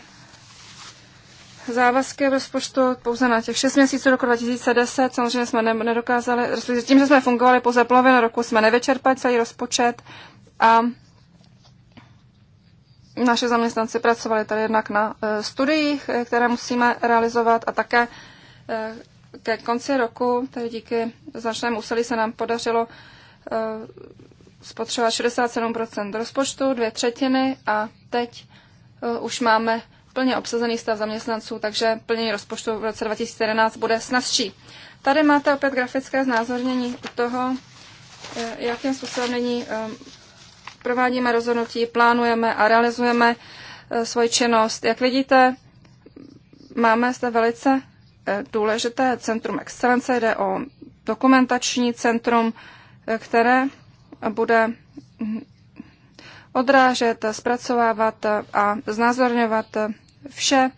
závazky v rozpočtu pouze na těch 6 měsíců roku 2010. Samozřejmě jsme nedokázali, tím, že jsme fungovali pouze polovinu roku, jsme nevyčerpali celý rozpočet a naše zaměstnanci pracovali tady jednak na e, studiích, e, které musíme realizovat a také e, ke konci roku, tedy díky značnému úsilí se nám podařilo spotřebovat 67% rozpočtu, dvě třetiny a teď už máme plně obsazený stav zaměstnanců, takže plnění rozpočtu v roce 2011 bude snazší. Tady máte opět grafické znázornění toho, jakým způsobem nyní provádíme rozhodnutí, plánujeme a realizujeme eh, svoji činnost. Jak vidíte, máme zde velice eh, důležité centrum excelence, jde o dokumentační centrum, eh, které bude hm, odrážet, zpracovávat a znázorňovat vše,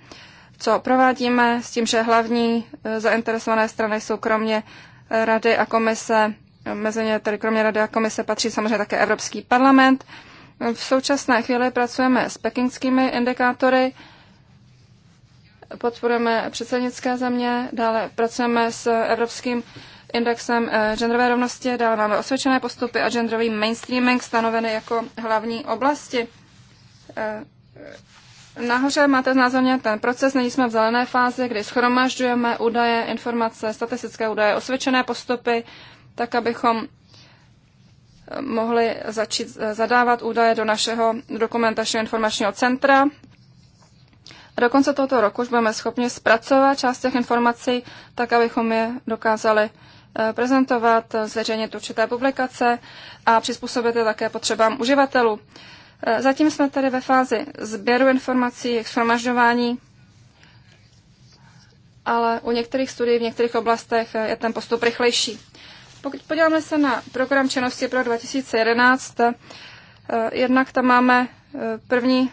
co provádíme, s tím, že hlavní zainteresované strany jsou kromě Rady a komise Mezi ně tedy kromě Rady a komise patří samozřejmě také Evropský parlament. V současné chvíli pracujeme s pekingskými indikátory, podporujeme předsednické země, dále pracujeme s Evropským indexem eh, genderové rovnosti, dále máme osvědčené postupy a genderový mainstreaming stanoveny jako hlavní oblasti. Eh, nahoře máte znázorně ten proces, nyní jsme v zelené fázi, kdy schromažďujeme údaje, informace, statistické údaje, osvědčené postupy, tak abychom eh, mohli začít eh, zadávat údaje do našeho dokumentačního informačního centra. A do konce tohoto roku už budeme schopni zpracovat část těch informací, tak abychom je dokázali eh, prezentovat, zveřejnit určité publikace a přizpůsobit je také potřebám uživatelů. Zatím jsme tedy ve fázi sběru informací, jejich shromažďování, ale u některých studií v některých oblastech je ten postup rychlejší. Pokud podíváme se na program činnosti pro 2011, eh, jednak tam máme eh, první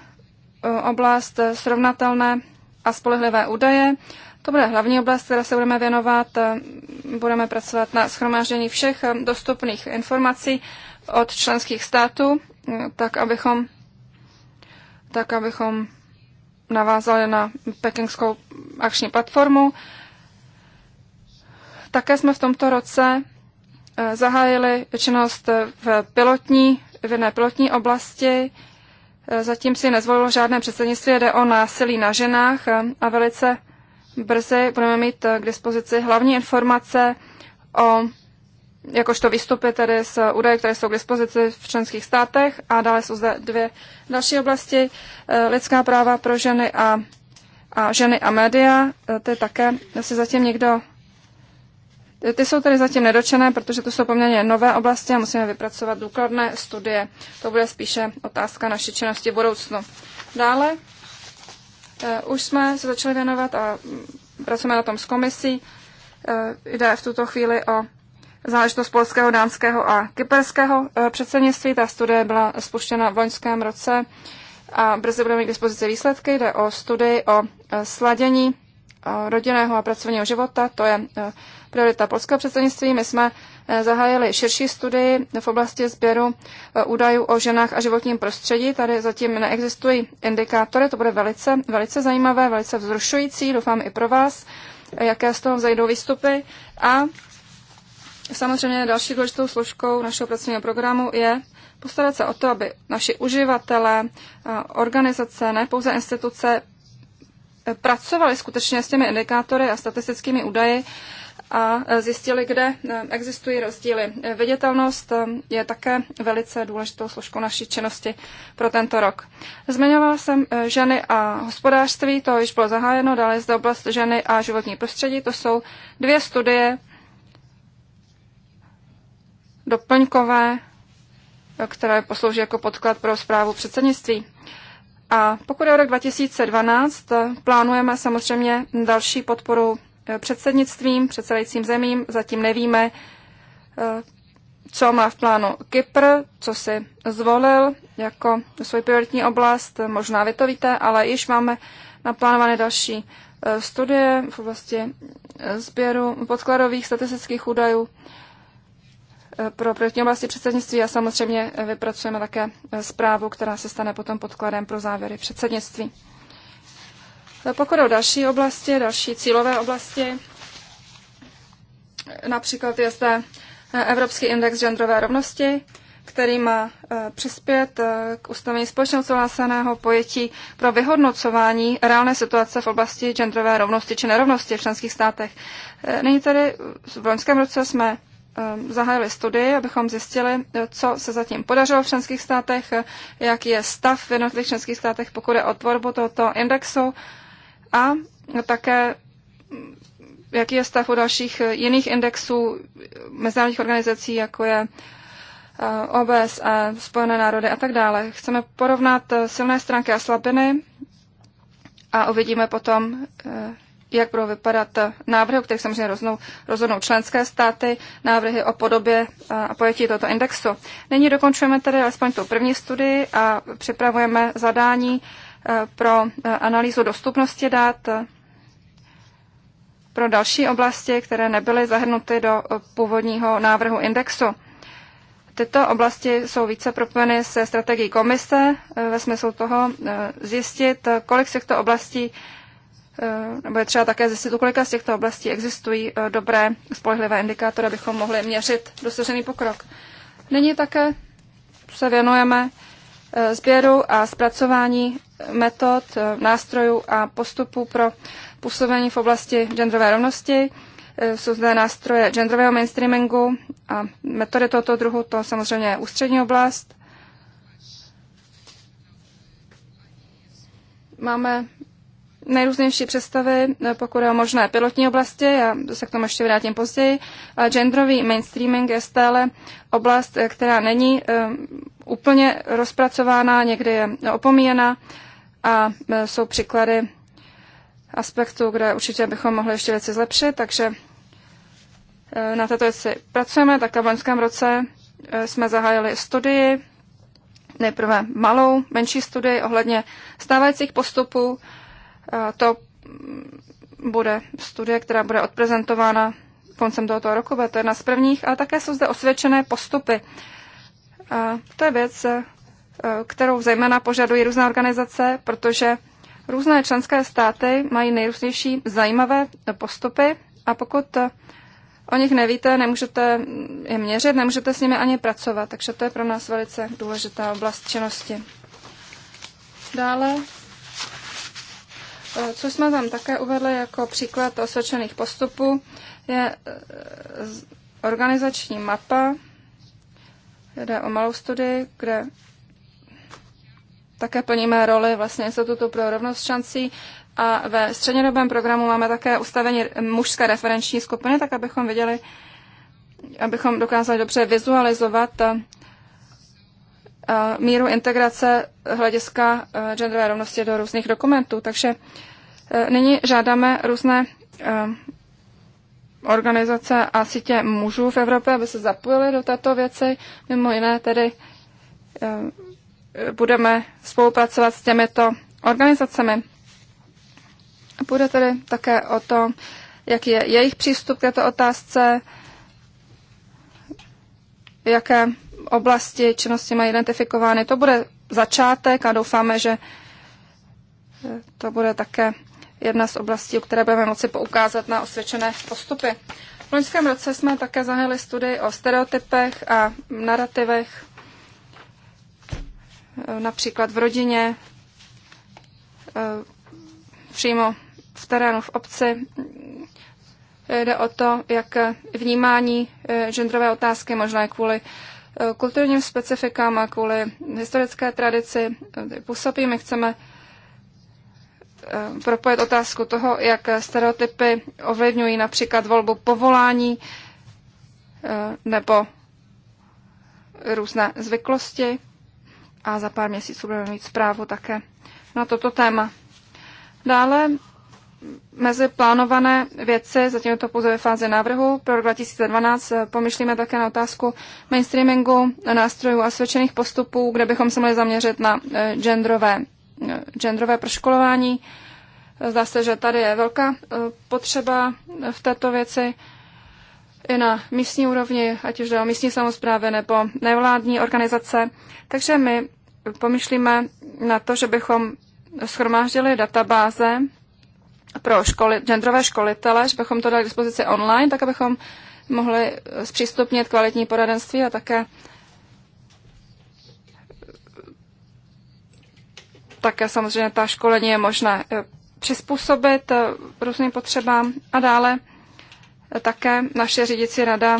eh, oblast srovnatelné a spolehlivé údaje. To bude hlavní oblast, které se budeme věnovat. Budeme pracovat na schromáždění všech dostupných informací od členských států, tak abychom, tak abychom navázali na pekingskou akční platformu. Také jsme v tomto roce Eh, zahájili činnost v pilotní, v jedné pilotní oblasti. Eh, zatím si nezvolilo žádné předsednictví, jde o násilí na ženách eh, a velice brzy budeme mít k dispozici hlavní informace o jakožto výstupy tedy z údajů, které jsou k dispozici v členských státech a dále jsou zde dvě další oblasti, lidská práva pro ženy a, a ženy a média, ty také jestli zatím někdo ty jsou tady zatím nedočené, protože to jsou poměrně nové oblasti a musíme vypracovat důkladné studie. To bude spíše otázka naší činnosti v budoucnu. Dále eh, už jsme se začali věnovat a pracujeme na tom s komisí. Eh, jde v tuto chvíli o záležitost polského, dánského a kyperského eh, předsednictví. Ta studie byla spuštěna v loňském roce a brzy budeme mít k dispozici výsledky. Jde o studii o sladění rodinného a pracovního života. To je priorita polského předsednictví. My jsme eh, zahájili širší studii v oblasti sběru eh, údajů o ženách a životním prostředí. Tady zatím neexistují indikátory, to bude velice, velice zajímavé, velice vzrušující, doufám i pro vás, eh, jaké z toho zajdou výstupy. A samozřejmě další důležitou složkou našeho pracovního programu je postarat se o to, aby naši uživatelé, organizace, ne pouze instituce, pracovali skutečně s těmi indikátory a statistickými údaji a zjistili, kde e, existují rozdíly. Viditelnost e, je také velice důležitou složkou naší činnosti pro tento rok. Zmiňovala jsem e, ženy a hospodářství, to již bylo zahájeno, dále zde oblast ženy a životní prostředí, to jsou dvě studie doplňkové, které poslouží jako podklad pro zprávu předsednictví. A pokud je o rok 2012, plánujeme samozřejmě další podporu Eh, předsednictvím, předsedajícím zemím. Zatím nevíme, eh, co má v plánu Kypr, co si zvolil jako svoji prioritní oblast. Možná vy to víte, ale již máme naplánované další eh, studie v oblasti sběru podkladových statistických údajů pro prioritní oblasti předsednictví a samozřejmě vypracujeme také zprávu, která se stane potom podkladem pro závěry předsednictví. Pokud o další oblasti, další cílové oblasti, například je zde eh, Evropský index genderové rovnosti, který má eh, přispět eh, k ustavení společného souhlaseného pojetí pro vyhodnocování reálné situace v oblasti genderové rovnosti či nerovnosti v členských státech. Nyní tedy v loňském roce jsme zahájili studii, abychom zjistili, co se zatím podařilo v členských státech, jaký je stav v jednotlivých členských státech, pokud je o tvorbu tohoto indexu a také jaký je stav u dalších jiných indexů mezinárodních organizací, jako je eh, OBS, a Spojené národy a tak dále. Chceme porovnat eh, silné stránky a slabiny a uvidíme potom, eh, jak budou vypadat návrhy, o kterých samozřejmě rozhodnou, rozhodnou členské státy, návrhy o podobě a pojetí tohoto indexu. Nyní dokončujeme tedy alespoň tu první studii a připravujeme zadání pro analýzu dostupnosti dat, pro další oblasti, které nebyly zahrnuty do původního návrhu indexu. Tyto oblasti jsou více propojeny se strategií komise ve smyslu toho eh, zjistit, kolik z těchto oblastí, eh, nebo je třeba také zjistit, kolika z těchto oblastí existují eh, dobré spolehlivé indikátory, abychom mohli měřit dosažený pokrok. Nyní také se věnujeme sběru a zpracování metod, eh, nástrojů a postupů pro působení v oblasti genderové rovnosti. Eh, jsou zde nástroje genderového mainstreamingu a metody tohoto druhu, to samozřejmě je ústřední oblast. Máme nejrůznější představy, eh, pokud je o možné pilotní oblasti, já se k tomu ještě vrátím později. A genderový mainstreaming je stále oblast, která není um, úplně rozpracována, někdy je opomíjena a e, jsou příklady aspektů, kde určitě bychom mohli ještě věci zlepšit, takže e, na této věci pracujeme. tak v loňském roce e, jsme zahájili studii, nejprve malou, menší studii ohledně stávajících postupů. To mm, bude studie, která bude odprezentována koncem tohoto roku, bude to jedna z prvních, ale také jsou zde osvědčené postupy. A to je věc, Eh, kterou zejména požadují různé organizace, protože různé členské státy mají nejrůznější zajímavé postupy a pokud o nich nevíte, nemůžete je měřit, nemůžete s nimi ani pracovat, takže to je pro nás velice důležitá oblast činnosti. Dále, eh, co jsme tam také uvedli jako příklad osvědčených postupů, je eh, organizační mapa, jde o malou studii, kde také plníme roli vlastně Institutu pro rovnost šancí a ve střednědobém programu máme také ustavení mužské referenční skupiny, tak abychom viděli, abychom dokázali dobře vizualizovat eh, míru integrace hlediska eh, genderové rovnosti do různých dokumentů. Takže eh, nyní žádáme různé organizace a sítě mužů v Evropě, aby se zapojili do této věci, mimo jiné tedy budeme spolupracovat s těmito organizacemi. Bude tedy také o to, jaký je jejich přístup k této otázce, jaké oblasti činnosti mají identifikovány. To bude začátek a doufáme, že to bude také jedna z oblastí, o které budeme moci poukázat na osvědčené postupy. V loňském roce jsme také zahájili studii o stereotypech a narrativech například v rodině, eh, přímo v terénu, v obci. Jde o to, jak vnímání eh, genderové otázky možná kvůli eh, kulturním specifikám a kvůli historické tradici působí. My chceme propojit otázku toho, jak stereotypy ovlivňují například volbu povolání nebo různé zvyklosti a za pár měsíců budeme mít zprávu také na toto téma. Dále mezi plánované věci, zatím je to pouze ve fázi návrhu, pro rok 2012 eh, pomyšlíme také na otázku mainstreamingu, nástrojů a svědčených postupů, kde bychom se měli zaměřit na eh, genderové, eh, genderové proškolování. Zdá se, že tady je velká potřeba v této věci i na místní úrovni, ať už jde o místní samozprávy nebo nevládní organizace. Takže my pomyšlíme na to, že bychom schromáždili databáze pro školy, genderové školitele, že bychom to dali k dispozici online, tak abychom mohli zpřístupnit kvalitní poradenství a také také samozřejmě ta školení je možné eh, přizpůsobit eh, různým potřebám a dále také naše řídící rada,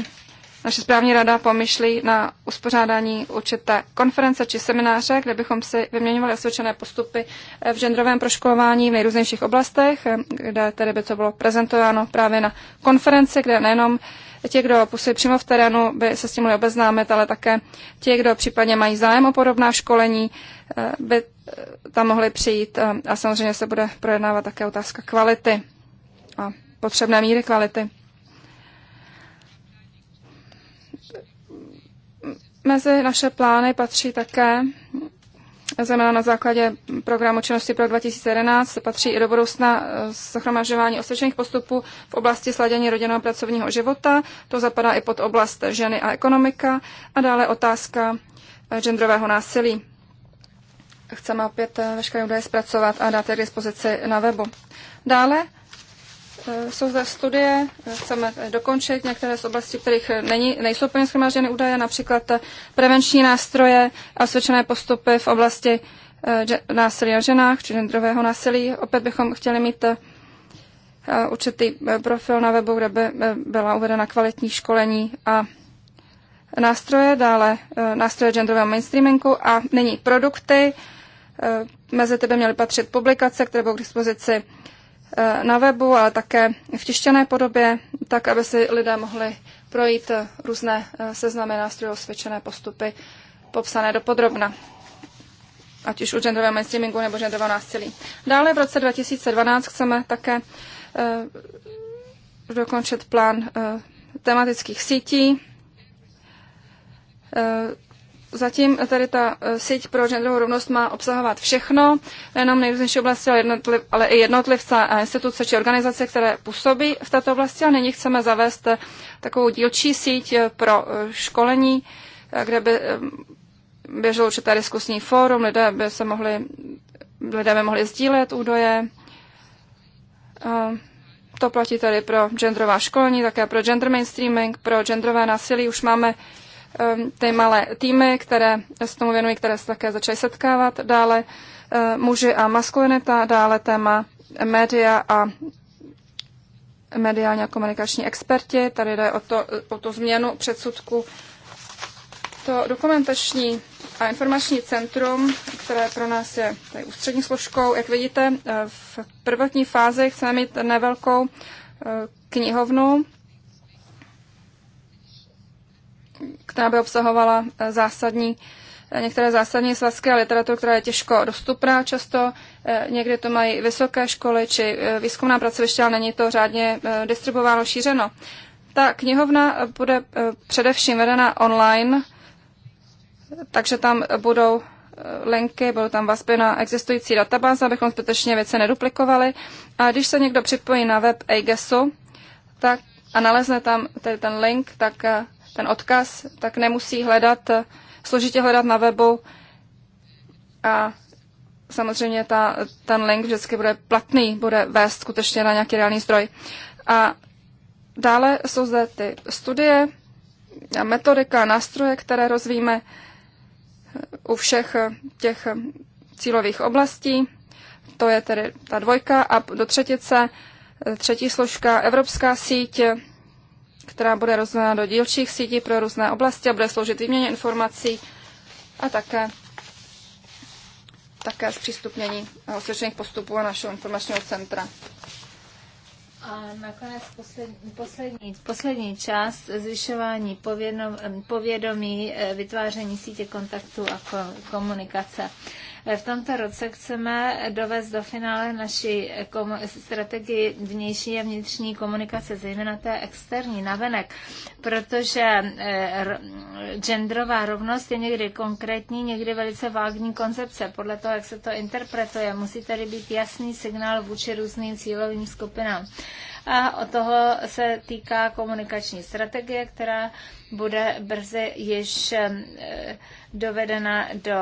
naše správní rada pomyšlí na uspořádání určité konference či semináře, kde bychom si vyměňovali osvědčené postupy v genderovém proškolování v nejrůznějších oblastech, kde tedy by to bylo prezentováno právě na konferenci, kde nejenom ti, kdo působí přímo v terénu, by se s tím mohli obeznámit, ale také ti, kdo případně mají zájem o podobná školení, eh, by eh, tam mohli přijít eh, a samozřejmě se bude projednávat také otázka kvality a potřebné míry kvality. Mezi naše plány patří také, zejména na základě programu činnosti pro 2011, patří i do budoucna eh, zachromažování osvědčených postupů v oblasti sladění rodinného pracovního života. To zapadá i pod oblast ženy a ekonomika. A dále otázka eh, genderového násilí. Chceme opět eh, veškeré údaje zpracovat a dát je k dispozici na webu. Dále Eh, jsou zde studie, eh, chceme dokončit některé z oblastí, kterých eh, není, nejsou plně schromážděny údaje, například prevenční nástroje a osvědčené postupy v oblasti násilí o ženách či genderového násilí. Opět bychom chtěli mít určitý profil na webu, kde by byla uvedena kvalitní školení a nástroje, dále nástroje genderového mainstreamingu a nyní produkty. Mezi ty by měly patřit publikace, které budou k dispozici Eh, na webu, ale také v tištěné podobě, tak aby si lidé mohli projít eh, různé eh, seznamy nástrojů osvědčené postupy popsané do podrobna ať už u genderového mainstreamingu nebo genderového násilí. Dále v roce 2012 chceme také e, dokončit plán e, tematických sítí. E, Zatím tady ta eh, síť pro genderovou rovnost má obsahovat všechno, nejenom nejrůznější oblasti, ale, jednotliv, ale i jednotlivce a instituce či organizace, které působí v této oblasti. A nyní chceme zavést eh, takovou dílčí síť eh, pro školení, kde by běželo určité diskusní fórum, lidé by se mohli, lidé by mohli sdílet údaje. To platí tady pro genderová školení, také pro gender mainstreaming, pro genderové násilí. Už máme Ehm, ty malé týmy, které se tomu věnují, které se také začaly setkávat, dále eh, muži a maskulinita, dále téma média a mediálně a komunikační experti. Tady jde o, to, o tu změnu předsudku. To dokumentační a informační centrum, které pro nás je tady ústřední složkou, jak vidíte, eh, v prvotní fázi chceme mít nevelkou eh, knihovnu, která by obsahovala eh, zásadní, eh, některé zásadní svazky a literaturu, která je těžko dostupná často. Eh, někdy to mají vysoké školy či výzkumná pracoviště, ale není to řádně distribuováno, šířeno. Ta knihovna bude především vedena online, takže tam budou linky, budou tam vazby na existující databáze, abychom zbytečně věci neduplikovali. A když se někdo připojí na web AGESu tak, a nalezne tam ten link, tak ten odkaz, tak nemusí hledat, složitě hledat na webu a samozřejmě ta, ten link vždycky bude platný, bude vést skutečně na nějaký reálný zdroj. A dále jsou zde ty studie, a metodika, nástroje, které rozvíjíme u všech těch cílových oblastí. To je tedy ta dvojka a do třetice třetí složka Evropská síť která bude rozdělena do dílčích sítí pro různé oblasti a bude sloužit výměně informací a také také zpřístupnění osvědčených postupů a našeho informačního centra. A nakonec poslední, poslední, poslední část zvyšování povědom, povědomí, eh, vytváření sítě kontaktů a komunikace. V tomto roce chceme dovést do finále naši strategii vnější a vnitřní komunikace, zejména té externí, navenek, protože eh, genderová rovnost je někdy konkrétní, někdy velice vágní koncepce. Podle toho, jak se to interpretuje, musí tady být jasný signál vůči různým cílovým skupinám a o toho se týká komunikační strategie, která bude brzy již eh, dovedena do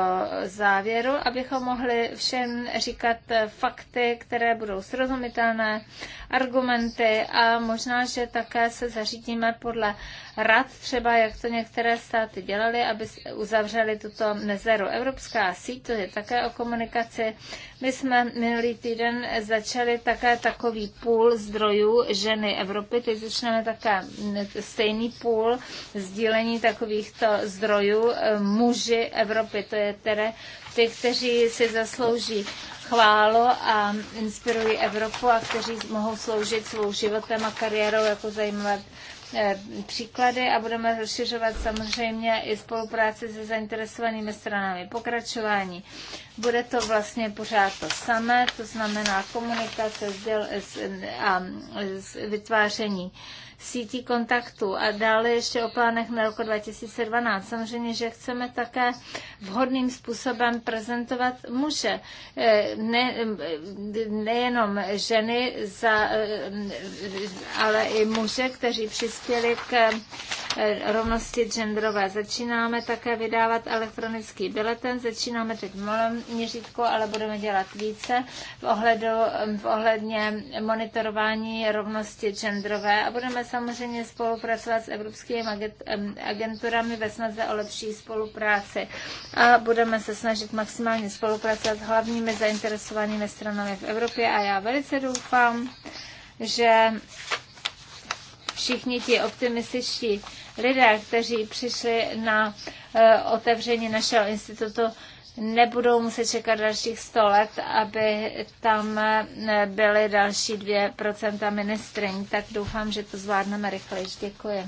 závěru, abychom mohli všem říkat fakty, které budou srozumitelné, argumenty a možná, že také se zařídíme podle rad třeba, jak to některé státy dělali, aby uzavřeli tuto nezeru Evropská síť, to je také o komunikaci. My jsme minulý týden začali také takový půl zdrojů ženy Evropy, teď začneme také stejný půl sdílení takovýchto zdrojů eh, mužů muži Evropy, to je tedy ty, kteří si zaslouží chválo a inspirují Evropu a kteří mohou sloužit svou životem a kariérou jako zajímavé eh, příklady a budeme rozšiřovat samozřejmě i spolupráci se zainteresovanými stranami. Pokračování. Bude to vlastně pořád to samé, to znamená komunikace a vytváření sítí kontaktů a dále ještě o plánech na roku 2012. Samozřejmě, že chceme také vhodným způsobem prezentovat muže. Eh, ne, eh, nejenom ženy, za, eh, ale i muže, kteří přispěli k rovnosti genderové. Začínáme také vydávat elektronický bileten, začínáme teď v malém měřítku, ale budeme dělat více v, ohledu, v ohledně monitorování rovnosti genderové a budeme samozřejmě spolupracovat s evropskými agenturami ve snaze o lepší spolupráci a budeme se snažit maximálně spolupracovat s hlavními zainteresovanými stranami v Evropě a já velice doufám, že všichni ti optimističtí lidé, kteří přišli na eh, otevření našeho institutu, nebudou muset čekat dalších 100 let, aby tam eh, byly další 2% ministrin. Tak doufám, že to zvládneme rychleji. Děkuji.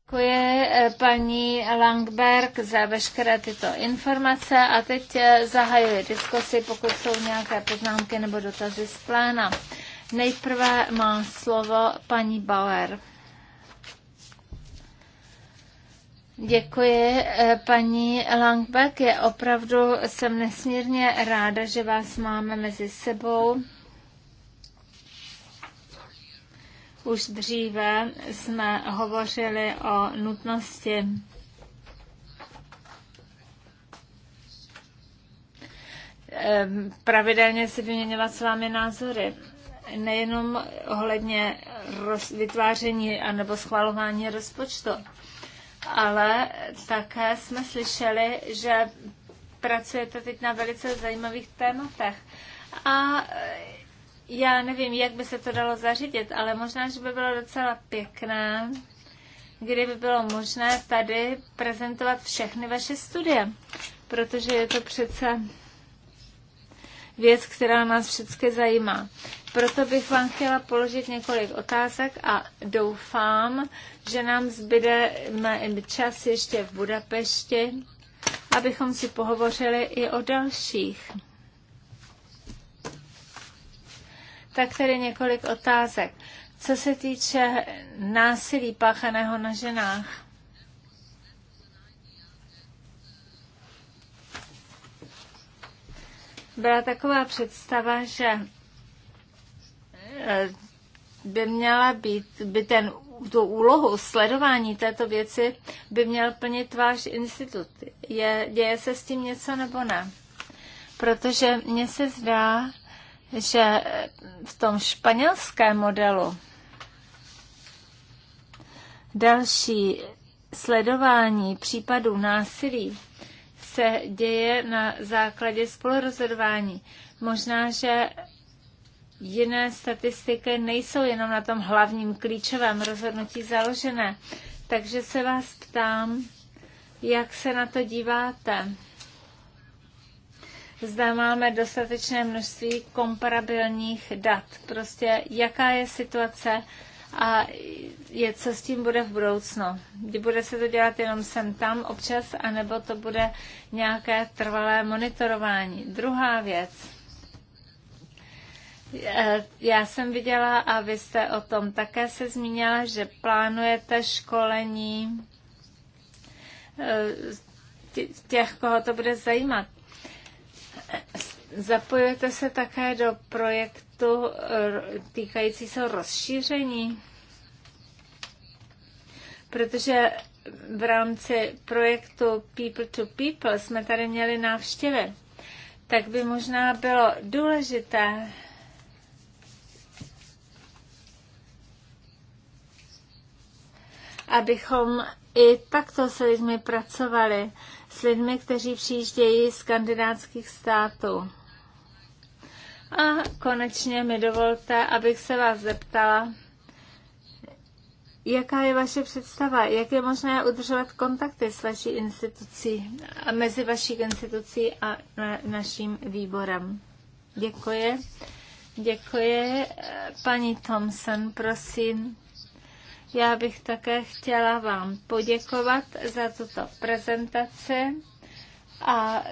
Děkuji eh, paní Langberg za veškeré tyto informace a teď eh, zahajuji diskusi, pokud jsou nějaké poznámky nebo dotazy z pléna. Nejprve má slovo paní Bauer. Děkuji, eh, paní Langbeck. Je opravdu, jsem nesmírně ráda, že vás máme mezi sebou. Už dříve jsme hovořili o nutnosti eh, pravidelně si vyměňovat s vámi názory nejenom ohledně roz, vytváření anebo schvalování rozpočtu, ale také jsme slyšeli, že pracujete teď na velice zajímavých tématech. A e, já nevím, jak by se to dalo zařídit, ale možná, že by bylo docela pěkné, kdyby bylo možné tady prezentovat všechny vaše studie, protože je to přece věc, která nás všechny zajímá. Proto bych vám chtěla položit několik otázek a doufám, že nám zbyde čas ještě v Budapešti, abychom si pohovořili i o dalších. Tak tedy několik otázek. Co se týče násilí páchaného na ženách, byla taková představa, že Eh, by měla být, by ten, tu úlohu sledování této věci by měl plnit váš institut. Je, děje se s tím něco nebo ne? Protože mně se zdá, že v tom španělském modelu další sledování případů násilí se děje na základě spolurozhodování. Možná, že jiné statistiky nejsou jenom na tom hlavním klíčovém rozhodnutí založené. Takže se vás ptám, jak se na to díváte? Zda máme dostatečné množství komparabilních dat. Prostě jaká je situace a je, co s tím bude v budoucnu. Kdy bude se to dělat jenom sem tam občas, anebo to bude nějaké trvalé monitorování. Druhá věc Eh, já jsem viděla a vy jste o tom také se zmínila, že plánujete školení eh, těch, koho to bude zajímat. Zapojujete se také do projektu eh, týkající se rozšíření, protože v rámci projektu People to People jsme tady měli návštěvy, tak by možná bylo důležité abychom i takto s lidmi pracovali, s lidmi, kteří přijíždějí z kandidátských států. A konečně mi dovolte, abych se vás zeptala, jaká je vaše představa, jak je možné udržovat kontakty s vaší institucí, mezi vaší institucí a na, naším výborem. Děkuji. Děkuji. Paní Thompson, prosím. Já bych také chtěla vám poděkovat za tuto prezentaci a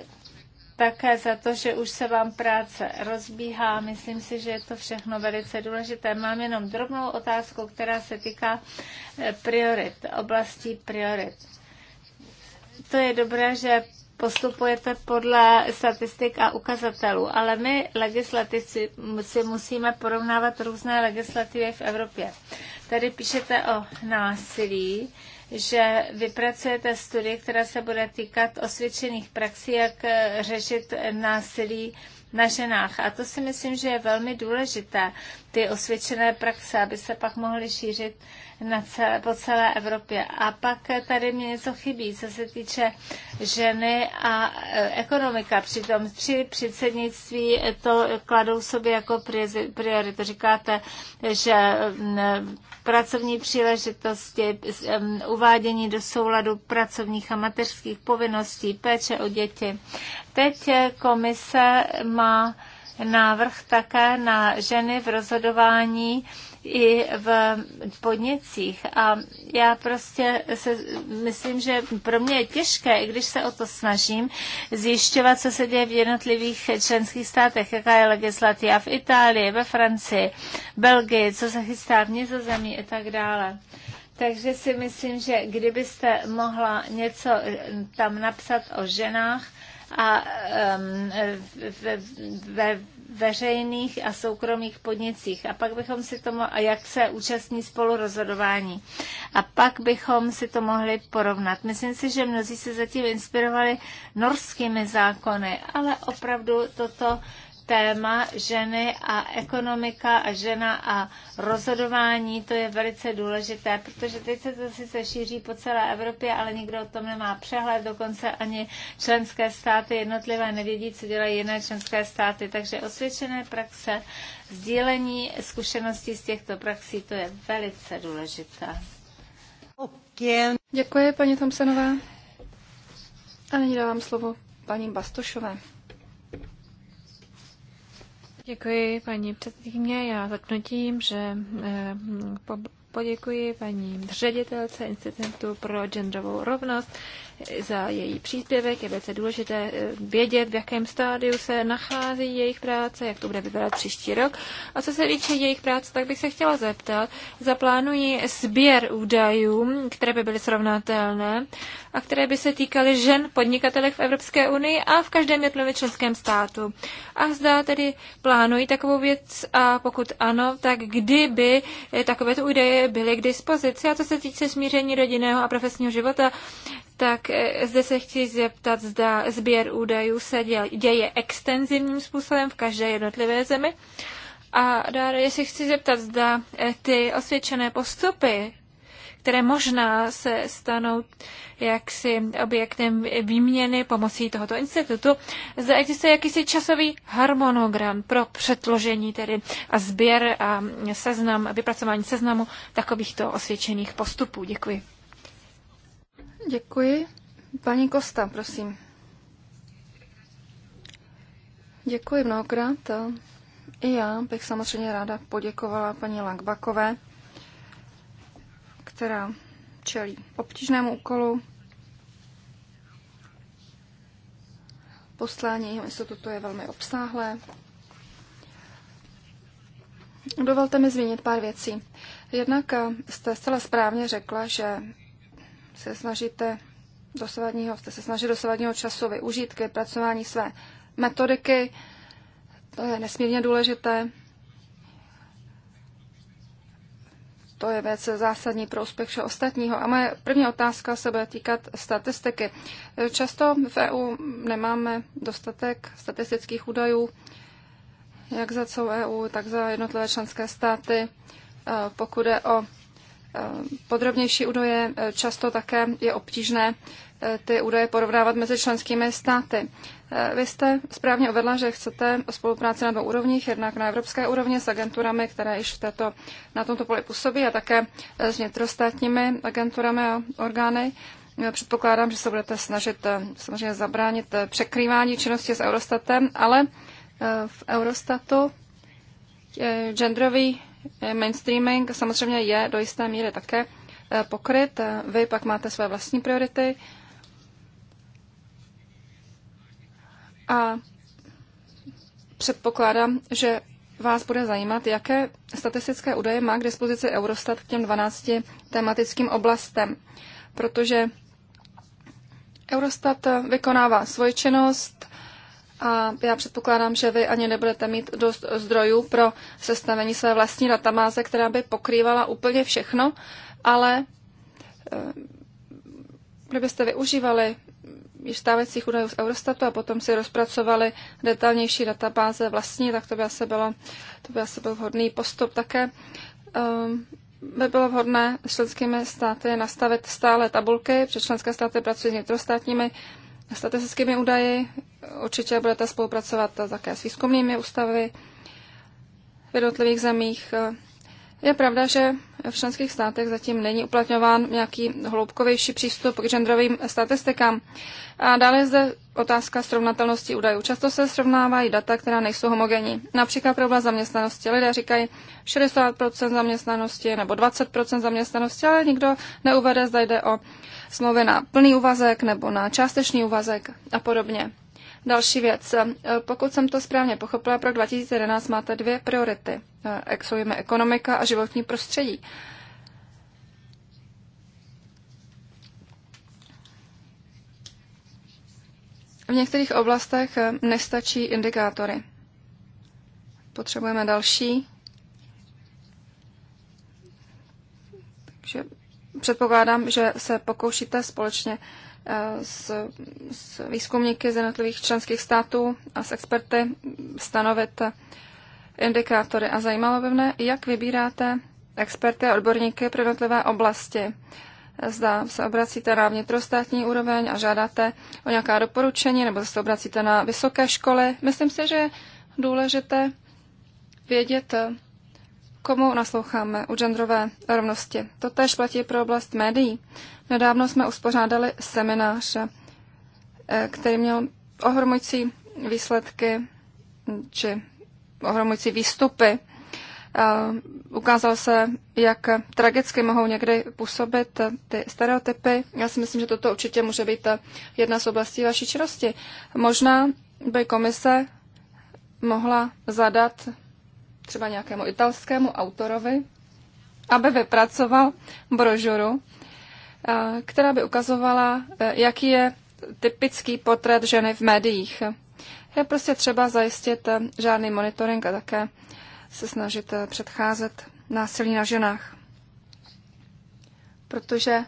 také za to, že už se vám práce rozbíhá. Myslím si, že je to všechno velice důležité. Mám jenom drobnou otázku, která se týká eh, priorit, oblastí priorit. To je dobré, že postupujete podle statistik a ukazatelů, ale my legislativci si musíme porovnávat různé legislativy v Evropě. Tady píšete o násilí, že vypracujete studii, která se bude týkat osvědčených praxí, jak řešit násilí na ženách. A to si myslím, že je velmi důležité, ty osvědčené praxe, aby se pak mohly šířit na celé, po celé Evropě. A pak tady mě něco chybí, co se týče ženy a e, ekonomika. Přitom tři předsednictví to kladou sobě jako prioritu. Říkáte, že pracovní příležitosti, uvádění do souladu pracovních a mateřských povinností, péče o děti. Teď e, komise má návrh také na ženy v rozhodování i v podnicích. A já prostě se myslím, že pro mě je těžké, i když se o to snažím, zjišťovat, co se děje v jednotlivých členských státech, jaká je legislativa v Itálii, ve Francii, Belgii, co se chystá v Nizozemí a tak dále. Takže si myslím, že kdybyste mohla něco tam napsat o ženách, a ve, ve veřejných a soukromých podnicích. A pak bychom si to, a jak se účastní rozhodování. A pak bychom si to mohli porovnat. Myslím si, že mnozí se zatím inspirovali norskými zákony, ale opravdu toto téma ženy a ekonomika a žena a rozhodování, to je velice důležité, protože teď se to sice šíří po celé Evropě, ale nikdo o tom nemá přehled, dokonce ani členské státy jednotlivé nevědí, co dělají jiné členské státy, takže osvědčené praxe, sdílení zkušeností z těchto praxí, to je velice důležité. Děkuji, paní Tomsenová. A nyní dávám slovo paní Bastošové. Děkuji, paní předsedkyně. Já začnu tím, že eh, poděkuji paní ředitelce Institutu pro genderovou rovnost za její příspěvek. Je velice důležité eh, vědět, v jakém stádiu se nachází jejich práce, jak to bude vypadat příští rok. A co se týče jejich práce, tak bych se chtěla zeptat, zaplánují sběr údajů, které by byly srovnatelné a které by se týkaly žen podnikatelek v Evropské unii a v každém jednotlivém členském státu. A zda tedy plánují takovou věc a pokud ano, tak kdyby eh, takovéto údaje byly k dispozici. A co se týče smíření rodinného a profesního života, tak e, zde se chci zeptat, zda sběr údajů se děje extenzivním způsobem v každé jednotlivé zemi. A dále se chci zeptat, zda e, ty osvědčené postupy, které možná se stanou jaksi objektem výměny pomocí tohoto institutu. zda existuje jakýsi časový harmonogram pro předložení tedy a sběr a seznam, vypracování seznamu takovýchto osvědčených postupů. Děkuji. Děkuji. Paní Kosta, prosím. Děkuji mnohokrát. I já bych samozřejmě ráda poděkovala paní Langbakové, která čelí obtížnému úkolu. Poslání jeho institutu je velmi obsáhlé. Dovolte mi zmínit pár věcí. Jednak jste zcela správně řekla, že se snažíte dosavadního, jste se snažili dosavadního času využít k vypracování své metodiky. To je nesmírně důležité. To je věc zásadní pro úspěch všeho ostatního. A moje první otázka se bude týkat statistiky. Často v EU nemáme dostatek statistických údajů, jak za celou EU, tak za jednotlivé členské státy, eh, pokud je o podrobnější údaje, eh, často také je obtížné eh, ty údaje porovnávat mezi členskými státy. Eh, vy jste správně uvedla, že chcete spolupráci na dvou úrovních, jednak na evropské úrovni s agenturami, které již v této, na tomto poli působí, a také s vnitrostátními agenturami a orgány. Předpokládám, že se budete snažit samozřejmě zabránit překrývání činnosti s Eurostatem, ale v Eurostatu genderový mainstreaming samozřejmě je do jisté míry také eh, pokryt. Vy pak máte své vlastní priority. A předpokládám, že vás bude zajímat, jaké statistické údaje má k dispozici Eurostat k těm 12 tematickým oblastem, protože Eurostat vykonává svoji činnost, a já předpokládám, že vy ani nebudete mít dost zdrojů pro sestavení své vlastní databáze, která by pokrývala úplně všechno, ale eh, kdybyste využívali již stávajících údajů z Eurostatu a potom si rozpracovali detailnější databáze vlastní, tak to by asi, bylo, to by asi byl vhodný postup. Také um, by bylo vhodné členskými státy nastavit stále tabulky, protože členské státy pracují s vnitrostátními uh, statistickými údaji. Určitě budete spolupracovat také s výzkumnými ústavy v jednotlivých zemích. Je pravda, že v členských státech zatím není uplatňován nějaký hloubkovější přístup k genderovým statistikám. A dále je zde otázka srovnatelnosti údajů. Často se srovnávají data, která nejsou homogenní. Například pro oblast zaměstnanosti. Lidé říkají 60% zaměstnanosti nebo 20% zaměstnanosti, ale nikdo neuvede, zda jde o smlouvy na plný úvazek nebo na částečný úvazek a podobně. Další věc. E, pokud jsem to správně pochopila, pro 2011 máte dvě priority. E, jim ekonomika a životní prostředí. V některých oblastech e, nestačí indikátory. Potřebujeme další. Takže předpokládám, že se pokoušíte společně eh, s, s výzkumníky z jednotlivých členských států a s experty stanovit indikátory. A zajímalo by mne, jak vybíráte experty a odborníky pro jednotlivé oblasti. Zda se obracíte na vnitrostátní úroveň a žádáte o nějaká doporučení, nebo se obracíte na vysoké školy. Myslím si, že je důležité vědět, komu nasloucháme u genderové rovnosti. To též platí pro oblast médií. Nedávno jsme uspořádali seminář, eh, který měl ohromující výsledky hm, či ohromující výstupy. Ukázalo se, jak tragicky mohou někdy působit eh, ty stereotypy. Já si myslím, že toto určitě může být eh, jedna z oblastí vaší činnosti. Možná by komise mohla zadat třeba nějakému italskému autorovi, aby vypracoval brožuru, eh, která by ukazovala, eh, jaký je typický portrét ženy v médiích. Je prostě třeba zajistit eh, žádný monitoring a také se snažit předcházet násilí na ženách. Protože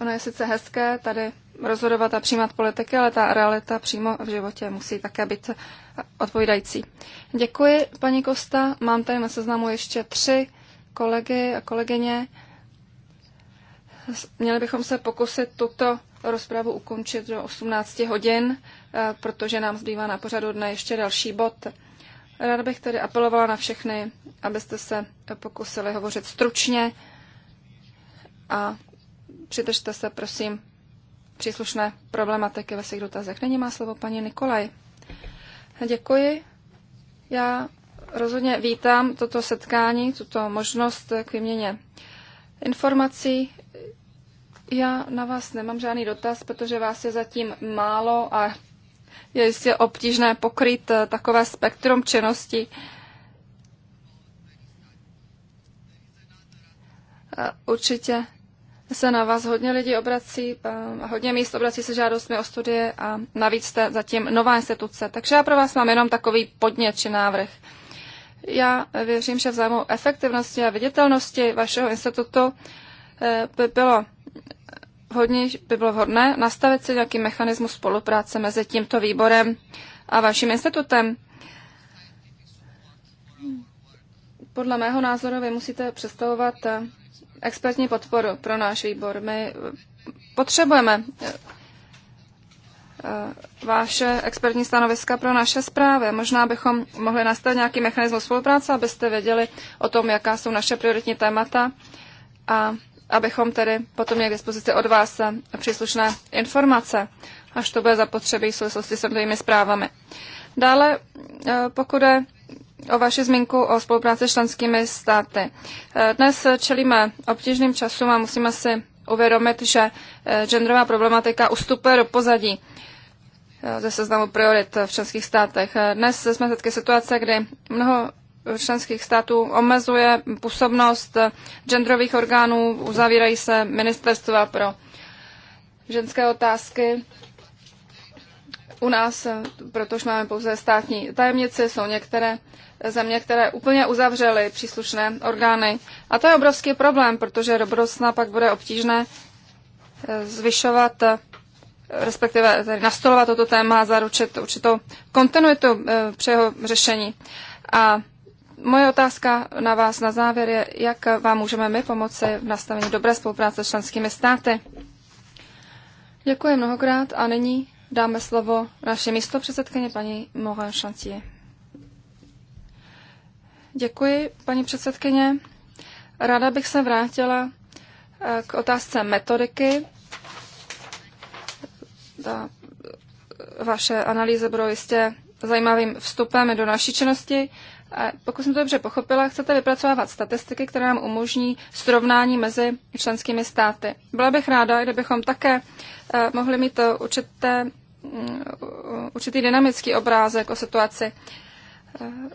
ono je sice hezké tady rozhodovat a přijímat politiky, ale ta realita přímo v životě musí také být odpovídající. Děkuji, paní Kosta. Mám tady na seznamu ještě tři kolegy a kolegyně. Měli bychom se pokusit tuto rozpravu ukončit do 18 hodin, eh, protože nám zbývá na pořadu dne ještě další bod. Ráda bych tedy apelovala na všechny, abyste se pokusili hovořit stručně a přidržte se prosím příslušné problematiky ve svých dotazech. Není má slovo paní Nikolaj. Děkuji. Já rozhodně vítám toto setkání, tuto možnost k výměně informací. Já na vás nemám žádný dotaz, protože vás je zatím málo a je jistě obtížné pokryt eh, takové spektrum činnosti. Eh, určitě se na vás hodně lidí obrací, hodně míst obrací se žádostmi o studie a navíc jste zatím nová instituce. Takže já pro vás mám jenom takový podnět či návrh. Já věřím, že v zájmu efektivnosti a viditelnosti vašeho institutu eh, by bylo vhodně, by bylo vhodné nastavit si nějaký mechanismus spolupráce mezi tímto výborem a vaším institutem. Podle mého názoru vy musíte představovat eh, expertní podporu pro náš výbor. My potřebujeme eh, eh, vaše expertní stanoviska pro naše zprávy. Možná bychom mohli nastavit nějaký mechanismus spolupráce, abyste věděli o tom, jaká jsou naše prioritní témata a abychom tedy potom měli k dispozici od vás příslušné informace, až to bude zapotřebí v souvislosti s jednotlivými zprávami. Dále, eh, pokud je o vaši zmínku o spolupráci s členskými státy. E, dnes čelíme obtížným časům a musíme si uvědomit, že e, genderová problematika ustupuje do pozadí e, ze seznamu priorit v členských státech. Dnes jsme svědky situace, kdy mnoho členských států omezuje působnost genderových orgánů, uzavírají se ministerstva pro ženské otázky. U nás, protože máme pouze státní tajemnice, jsou některé země, které úplně uzavřely příslušné orgány. A to je obrovský problém, protože do budoucna pak bude obtížné eh, zvyšovat, eh, respektive tedy nastolovat toto téma a zaručit určitou kontinuitu eh, při jeho řešení. A moje otázka na vás na závěr je, jak vám můžeme my pomoci v nastavení dobré spolupráce s členskými státy. Děkuji mnohokrát a nyní dáme slovo naše místo předsedkyně paní Morin Chantier. Děkuji, paní předsedkyně. Ráda bych se vrátila eh, k otázce metodiky. Ta eh, vaše analýze. budou jistě zajímavým vstupem do naší činnosti. pokud jsem to dobře pochopila, chcete vypracovávat statistiky, které nám umožní srovnání mezi členskými státy. Byla bych ráda, kdybychom také eh, mohli mít určité, mm, určitý dynamický obrázek o situaci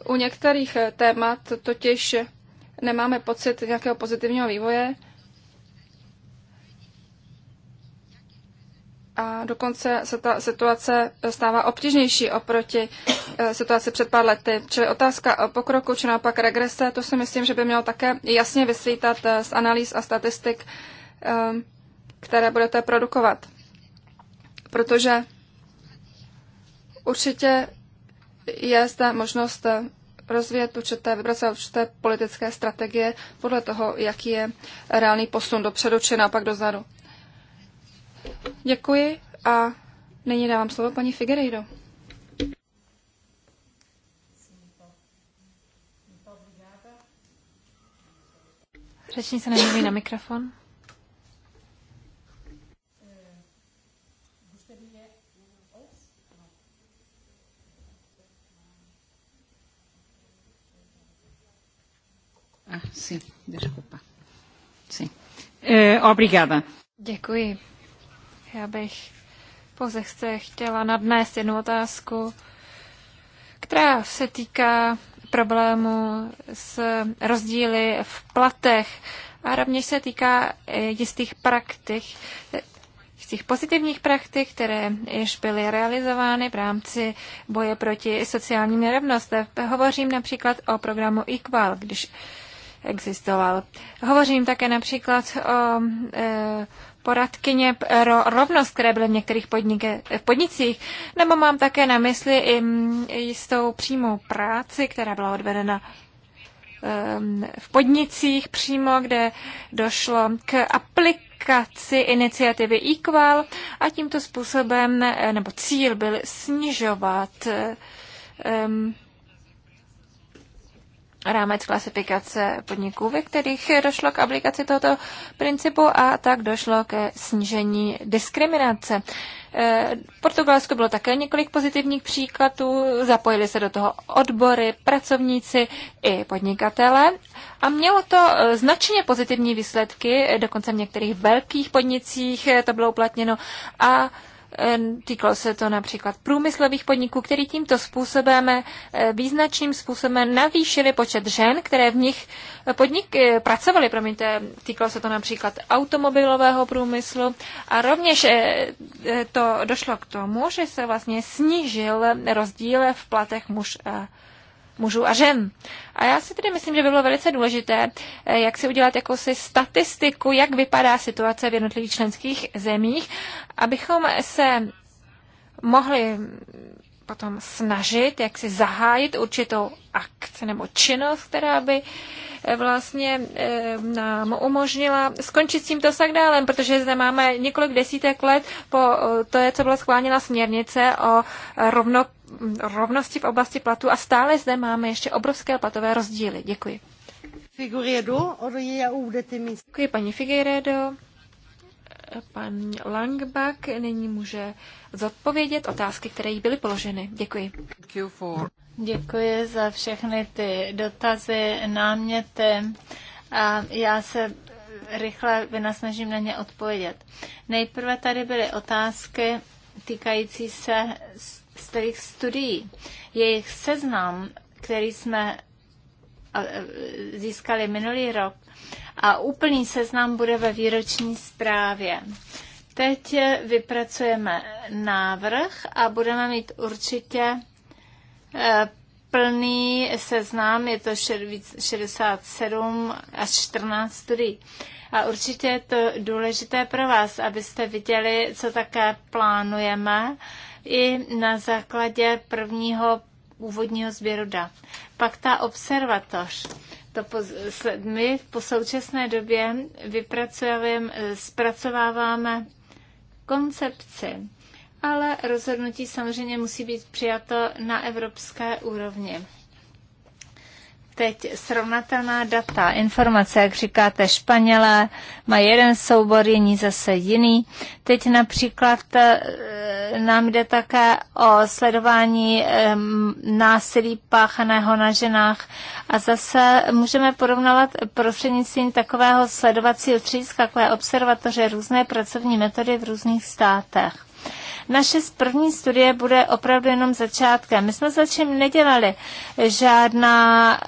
u některých témat totiž nemáme pocit nějakého pozitivního vývoje a dokonce se ta situace stává obtížnější oproti eh, situaci před pár lety. Čili otázka o pokroku či naopak regrese, to si myslím, že by mělo také jasně vysvítat eh, z analýz a statistik, eh, které budete produkovat. Protože určitě je zde možnost rozvíjet určité, vypracovat určité politické strategie podle toho, jaký je reálný posun dopředu či naopak dozadu. Děkuji a nyní dávám slovo paní Figueiredo. se nemluví na mikrofon. Ah, eh, Děkuji. Já bych pouze chtěla nadnést jednu otázku, která se týká problému s rozdíly v platech a rovněž se týká eh, jistých praktik, jistých pozitivních praktik, které již byly realizovány v rámci boje proti sociálním nerovnostem. Hovořím například o programu Equal, když existoval. Hovořím také například o e, poradkyně pro rovnost, které byly v některých podnike, v podnicích, nebo mám také na mysli i jistou přímou práci, která byla odvedena e, v podnicích přímo, kde došlo k aplikaci iniciativy Equal a tímto způsobem, e, nebo cíl byl snižovat um, rámec klasifikace podniků, ve kterých došlo k aplikaci tohoto principu a tak došlo ke snížení diskriminace. Eh, v Portugalsku bylo také několik pozitivních příkladů, zapojili se do toho odbory, pracovníci i podnikatele a mělo to eh, značně pozitivní výsledky, eh, dokonce v některých velkých podnicích to bylo uplatněno a Eh, týkalo se to například průmyslových podniků, který tímto způsobem, eh, význačným způsobem navýšili počet žen, které v nich eh, podnik, pracovaly. Promiňte, týkalo se to například automobilového průmyslu a rovněž to došlo k tomu, že se vlastně snížil rozdíl v platech muž a mužů a žen. A já si tedy myslím, že by bylo velice důležité, eh, jak si udělat jakousi statistiku, jak vypadá situace v jednotlivých členských zemích, abychom se mohli potom snažit, jak si zahájit určitou akci nebo činnost, která by eh, vlastně eh, nám umožnila skončit s tímto sakdálem, protože zde máme několik desítek let po to, co byla schválněna směrnice o rovnok rovnosti v oblasti platu a stále zde máme ještě obrovské platové rozdíly. Děkuji. Děkuji paní Figueredo. Pan Langbach nyní může zodpovědět otázky, které jí byly položeny. Děkuji. Děkuji za všechny ty dotazy, náměty a já se rychle vynasnažím na ně odpovědět. Nejprve tady byly otázky týkající se z těch studií. Jejich seznam, který jsme získali minulý rok, a úplný seznam bude ve výroční zprávě. Teď vypracujeme návrh a budeme mít určitě e, plný seznam, je to 67 až 14 studií. A určitě je to důležité pro vás, abyste viděli, co také plánujeme i na základě prvního úvodního sběru dat. Pak ta observatoř. To po, my po současné době vypracujeme, zpracováváme koncepci, ale rozhodnutí samozřejmě musí být přijato na evropské úrovni teď srovnatelná data, informace, jak říkáte, Španělé mají jeden soubor, jiní zase jiný. Teď například eh, nám jde také o sledování násilí páchaného na ženách a zase můžeme porovnávat prostřednictvím takového sledovacího střediska, takové observatoře, různé pracovní metody v různých státech. Naše první studie bude opravdu jenom začátkem. My jsme zatím nedělali žádná,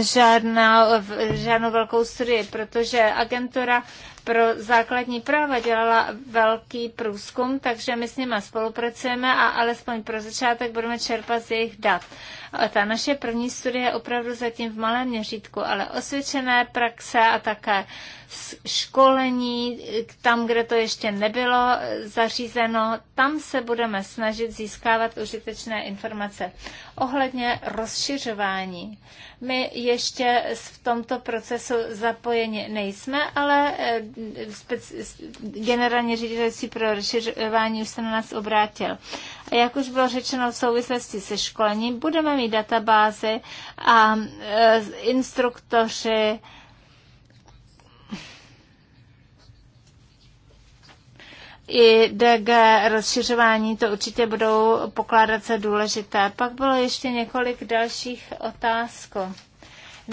žádná, žádnou velkou studii, protože agentura pro základní práva dělala velký průzkum, takže my s nimi spolupracujeme a alespoň pro začátek budeme čerpat z jejich dat. A ta naše první studie je opravdu zatím v malém měřítku, ale osvědčené praxe a také školení tam, kde to ještě nebylo zařízeno, tam se budeme snažit získávat užitečné informace. Ohledně rozšiřování. My ještě v tomto procesu zapojeni nejsme, ale eh, generálně ředitelství pro rozšiřování už se na nás obrátil. Jak už bylo řečeno v souvislosti se školením, budeme mít databáze a e, instruktoři i DG rozšiřování to určitě budou pokládat za důležité. Pak bylo ještě několik dalších otázek.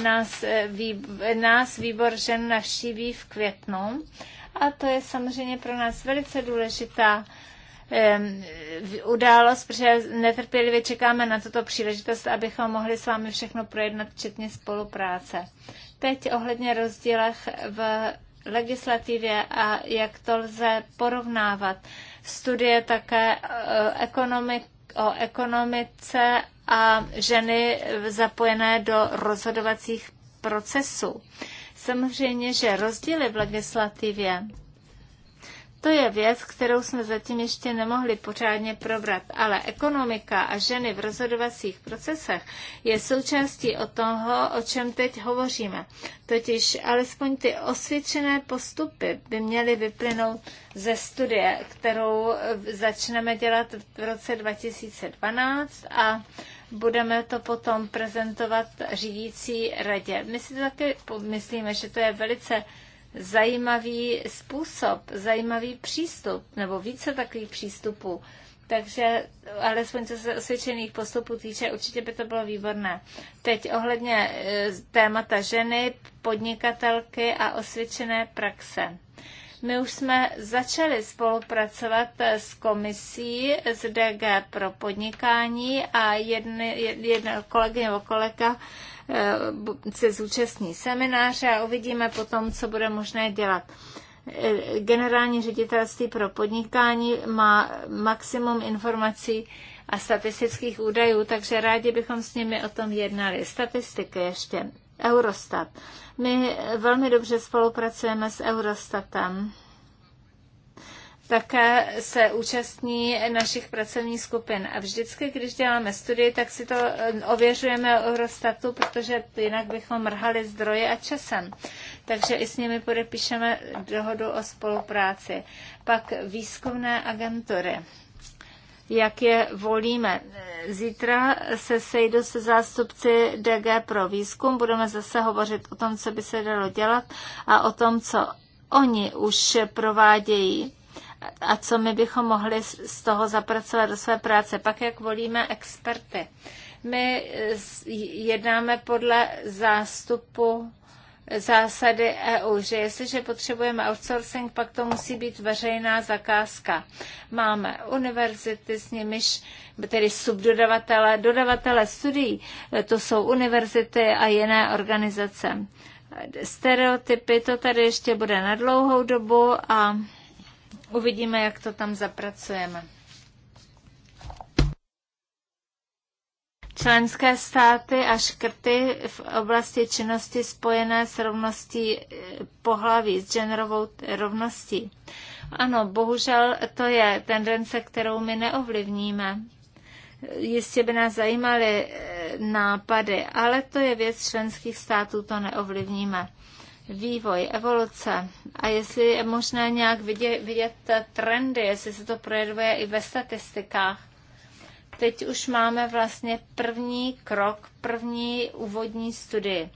Nás, e, vý, nás výbor žen navštíví v květnu a to je samozřejmě pro nás velice důležitá událost, protože netrpělivě čekáme na tuto příležitost, abychom mohli s vámi všechno projednat, včetně spolupráce. Teď ohledně rozdílech v legislativě a jak to lze porovnávat. Studie také eh, ekonomik, o ekonomice a ženy zapojené do rozhodovacích procesů. Samozřejmě, že rozdíly v legislativě to je věc, kterou jsme zatím ještě nemohli pořádně probrat, ale ekonomika a ženy v rozhodovacích procesech je součástí o toho, o čem teď hovoříme. Totiž alespoň ty osvědčené postupy by měly vyplynout ze studie, kterou začneme dělat v roce 2012 a budeme to potom prezentovat řídící radě. My si taky myslíme, že to je velice zajímavý způsob, zajímavý přístup, nebo více takových přístupů. Takže alespoň co se osvědčených postupů týče, určitě by to bylo výborné. Teď ohledně e, témata ženy, podnikatelky a osvědčené praxe. My už jsme začali spolupracovat e, s komisí z DG pro podnikání a jedny, jedna kolegyně nebo kolega Eh, se zúčastní semináře a uvidíme potom, co bude možné dělat. Eh, Generální ředitelství pro podnikání má maximum informací a statistických údajů, takže rádi bychom s nimi o tom jednali. Statistiky ještě. Eurostat. My velmi dobře spolupracujeme s Eurostatem také se účastní našich pracovních skupin. A vždycky, když děláme studii, tak si to eh, ověřujeme o Eurostatu, protože jinak bychom mrhali zdroje a časem. Takže i s nimi podepíšeme dohodu o spolupráci. Pak výzkumné agentury jak je volíme. Zítra se sejdu se zástupci DG pro výzkum, budeme zase hovořit o tom, co by se dalo dělat a o tom, co oni už provádějí a co my bychom mohli z toho zapracovat do své práce. Pak, jak volíme experty. My eh, jednáme podle zástupu eh, zásady EU, že jestliže potřebujeme outsourcing, pak to musí být veřejná zakázka. Máme univerzity, s nimiž tedy subdodavatele, dodavatele studií, eh, to jsou univerzity a jiné organizace. Stereotypy to tady ještě bude na dlouhou dobu a Uvidíme, jak to tam zapracujeme. Členské státy a škrty v oblasti činnosti spojené s rovností eh, pohlaví, s genderovou rovností. Ano, bohužel to je tendence, kterou my neovlivníme. Jistě by nás zajímaly eh, nápady, ale to je věc členských států, to neovlivníme vývoj, evoluce a jestli je možné nějak vidět, vidět trendy, jestli se to projevuje i ve statistikách. Teď už máme vlastně první krok, první úvodní studii.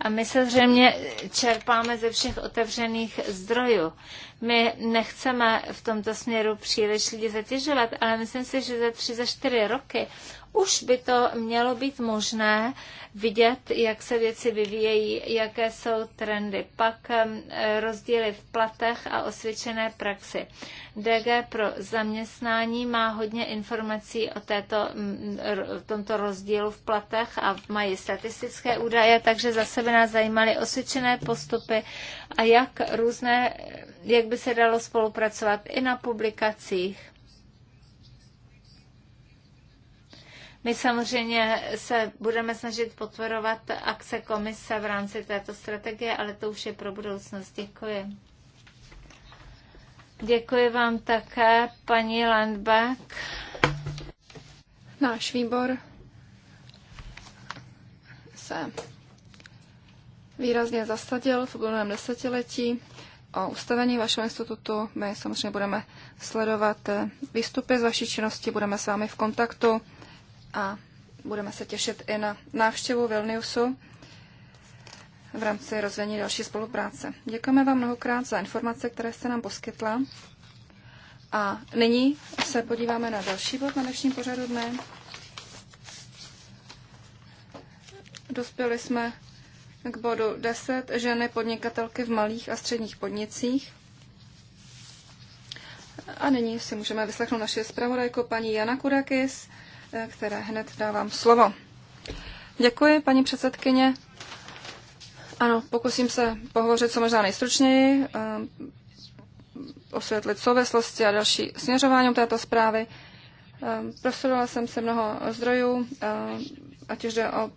A my se samozřejmě čerpáme ze všech otevřených zdrojů. My nechceme v tomto směru příliš lidi zatěžovat, ale myslím si, že za tři, za čtyři roky už by to mělo být možné vidět, jak se věci vyvíjejí, jaké jsou trendy. Pak rozdíly v platech a osvědčené praxi. DG pro zaměstnání má hodně informací o této, tomto rozdílu v platech a mají statistické údaje, takže zase by nás zajímaly osvědčené postupy a jak různé jak by se dalo spolupracovat i na publikacích. My samozřejmě se budeme snažit potvorovat akce komise v rámci této strategie, ale to už je pro budoucnost. Děkuji. Děkuji vám také, paní Landbach. Náš výbor se výrazně zasadil v uplynulém desetiletí o ustavení vašeho institutu. My samozřejmě budeme sledovat eh, výstupy z vaší činnosti, budeme s vámi v kontaktu a budeme se těšit i na návštěvu Vilniusu v rámci rozvíjení další spolupráce. Děkujeme vám mnohokrát za informace, které jste nám poskytla. A nyní se podíváme na další bod na dnešním pořadu dne. Dospěli jsme k bodu 10 ženy podnikatelky v malých a středních podnicích. A nyní si můžeme vyslechnout naše zpravodajku paní Jana Kurakis, eh, které hned dávám slovo. Děkuji, paní předsedkyně. Ano, pokusím se pohovořit co možná nejstručněji, eh, osvětlit souvislosti a další směřování této zprávy. Eh, Prostudovala jsem se mnoho zdrojů, ať už jde o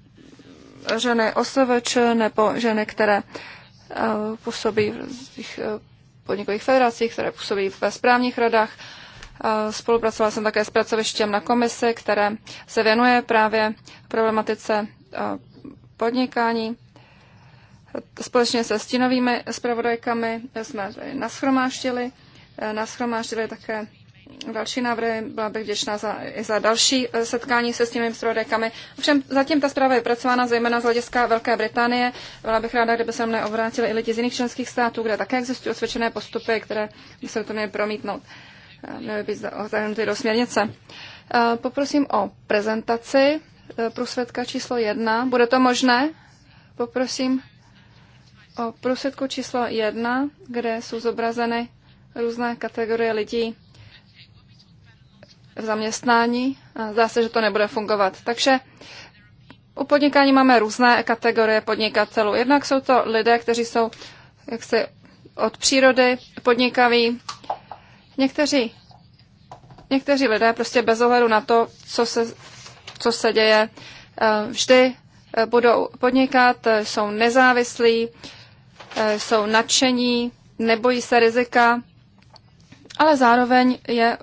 ženy OSVČ nebo ženy, které eh, působí v těch eh, podnikových federacích, které působí ve správních radách. Eh, spolupracovala jsem také s pracovištěm na komisi, které se věnuje právě problematice podnikání. Společně se stínovými zpravodajkami jsme nashromáštili, nashromáštili také další návrhy. Byla bych vděčná za, i za další e, setkání se s těmi zpravodajkami. Ovšem zatím ta zpráva je pracována zejména z hlediska Velké Británie. Byla bych ráda, kdyby se mne obrátili i lidi z jiných členských států, kde také existují osvědčené postupy, které by se to měly promítnout. E, měly být zahrnuty do směrnice. E, poprosím o prezentaci průsvědka číslo jedna. Bude to možné? Poprosím o průsvědku číslo jedna, kde jsou zobrazeny různé kategorie lidí v zaměstnání. Zdá se, že to nebude fungovat. Takže u podnikání máme různé kategorie podnikatelů. Jednak jsou to lidé, kteří jsou jaksi od přírody podnikaví. Někteří, někteří lidé prostě bez ohledu na to, co se, co se děje, eh, vždy eh, budou podnikat, eh, jsou nezávislí, jsou nadšení, nebojí se rizika, ale zároveň je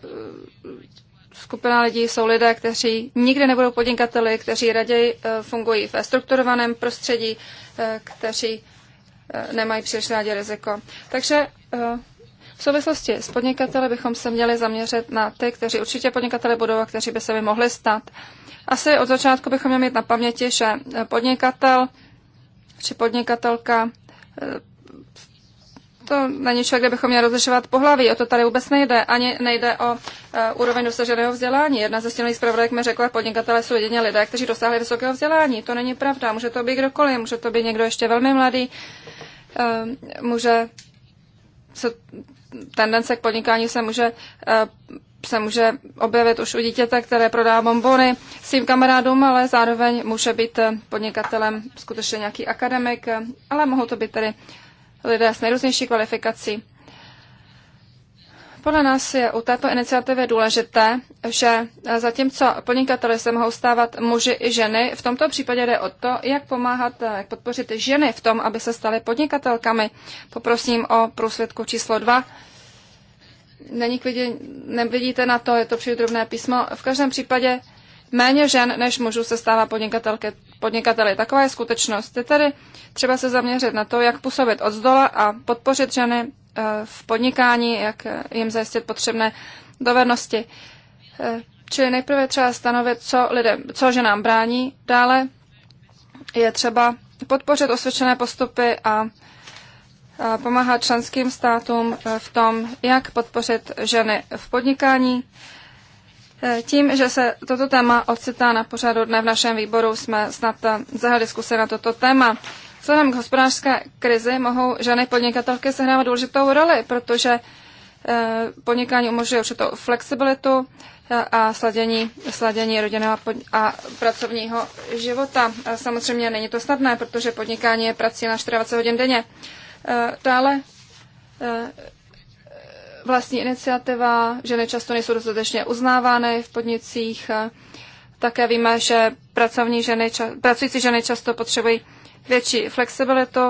skupina lidí jsou lidé, kteří nikdy nebudou podnikateli, kteří raději eh, fungují ve strukturovaném prostředí, eh, kteří eh, nemají příliš rádi riziko. Takže v souvislosti s podnikateli bychom se měli zaměřit na ty, kteří určitě podnikateli budou a kteří by se by mohli stát. Asi od začátku bychom měli mít na paměti, že podnikatel či podnikatelka to není člověk, kde bychom měli rozlišovat pohlaví. O to tady vůbec nejde. Ani nejde o e, úroveň dosaženého vzdělání. Jedna ze stěnových zpravodajek mi řekla, podnikatelé jsou jedině lidé, kteří dosáhli vysokého vzdělání. To není pravda. Může to být kdokoliv, může to být někdo ještě velmi mladý, e, může se, tendence k podnikání se může e, se může objevit už u dítěte, které prodá bombony svým kamarádům, ale zároveň může být podnikatelem skutečně nějaký akademik, ale mohou to být tedy lidé s nejrůznější kvalifikací. Podle nás je u této iniciativy důležité, že zatímco podnikateli se mohou stávat muži i ženy, v tomto případě jde o to, jak pomáhat, jak podpořit ženy v tom, aby se staly podnikatelkami. Poprosím o průsvědku číslo 2. Není k vidě, nevidíte na to, je to příliš písmo. V každém případě méně žen než mužů se stává podnikatelky, podnikateli. Taková je skutečnost. Je tedy třeba se zaměřit na to, jak působit od zdola a podpořit ženy eh, v podnikání, jak eh, jim zajistit potřebné dovednosti. Eh, čili nejprve třeba stanovit, co, lidem, co ženám brání. Dále je třeba podpořit osvědčené postupy a pomáhat členským státům v tom, jak podpořit ženy v podnikání. Eh, tím, že se toto téma ocitá na pořadu dne v našem výboru, jsme snad eh, zahali diskuse na toto téma. Vzhledem k hospodářské krizi mohou ženy podnikatelky sehrávat důležitou roli, protože eh, podnikání umožňuje určitou flexibilitu a sladění, sladění rodinného a pracovního života. A samozřejmě není to snadné, protože podnikání je prací na 24 hodin denně. Dále vlastní iniciativa, ženy často nejsou dostatečně uznávány v podnicích. Také víme, že pracovní ženy, ča, pracující ženy často potřebují větší flexibilitu,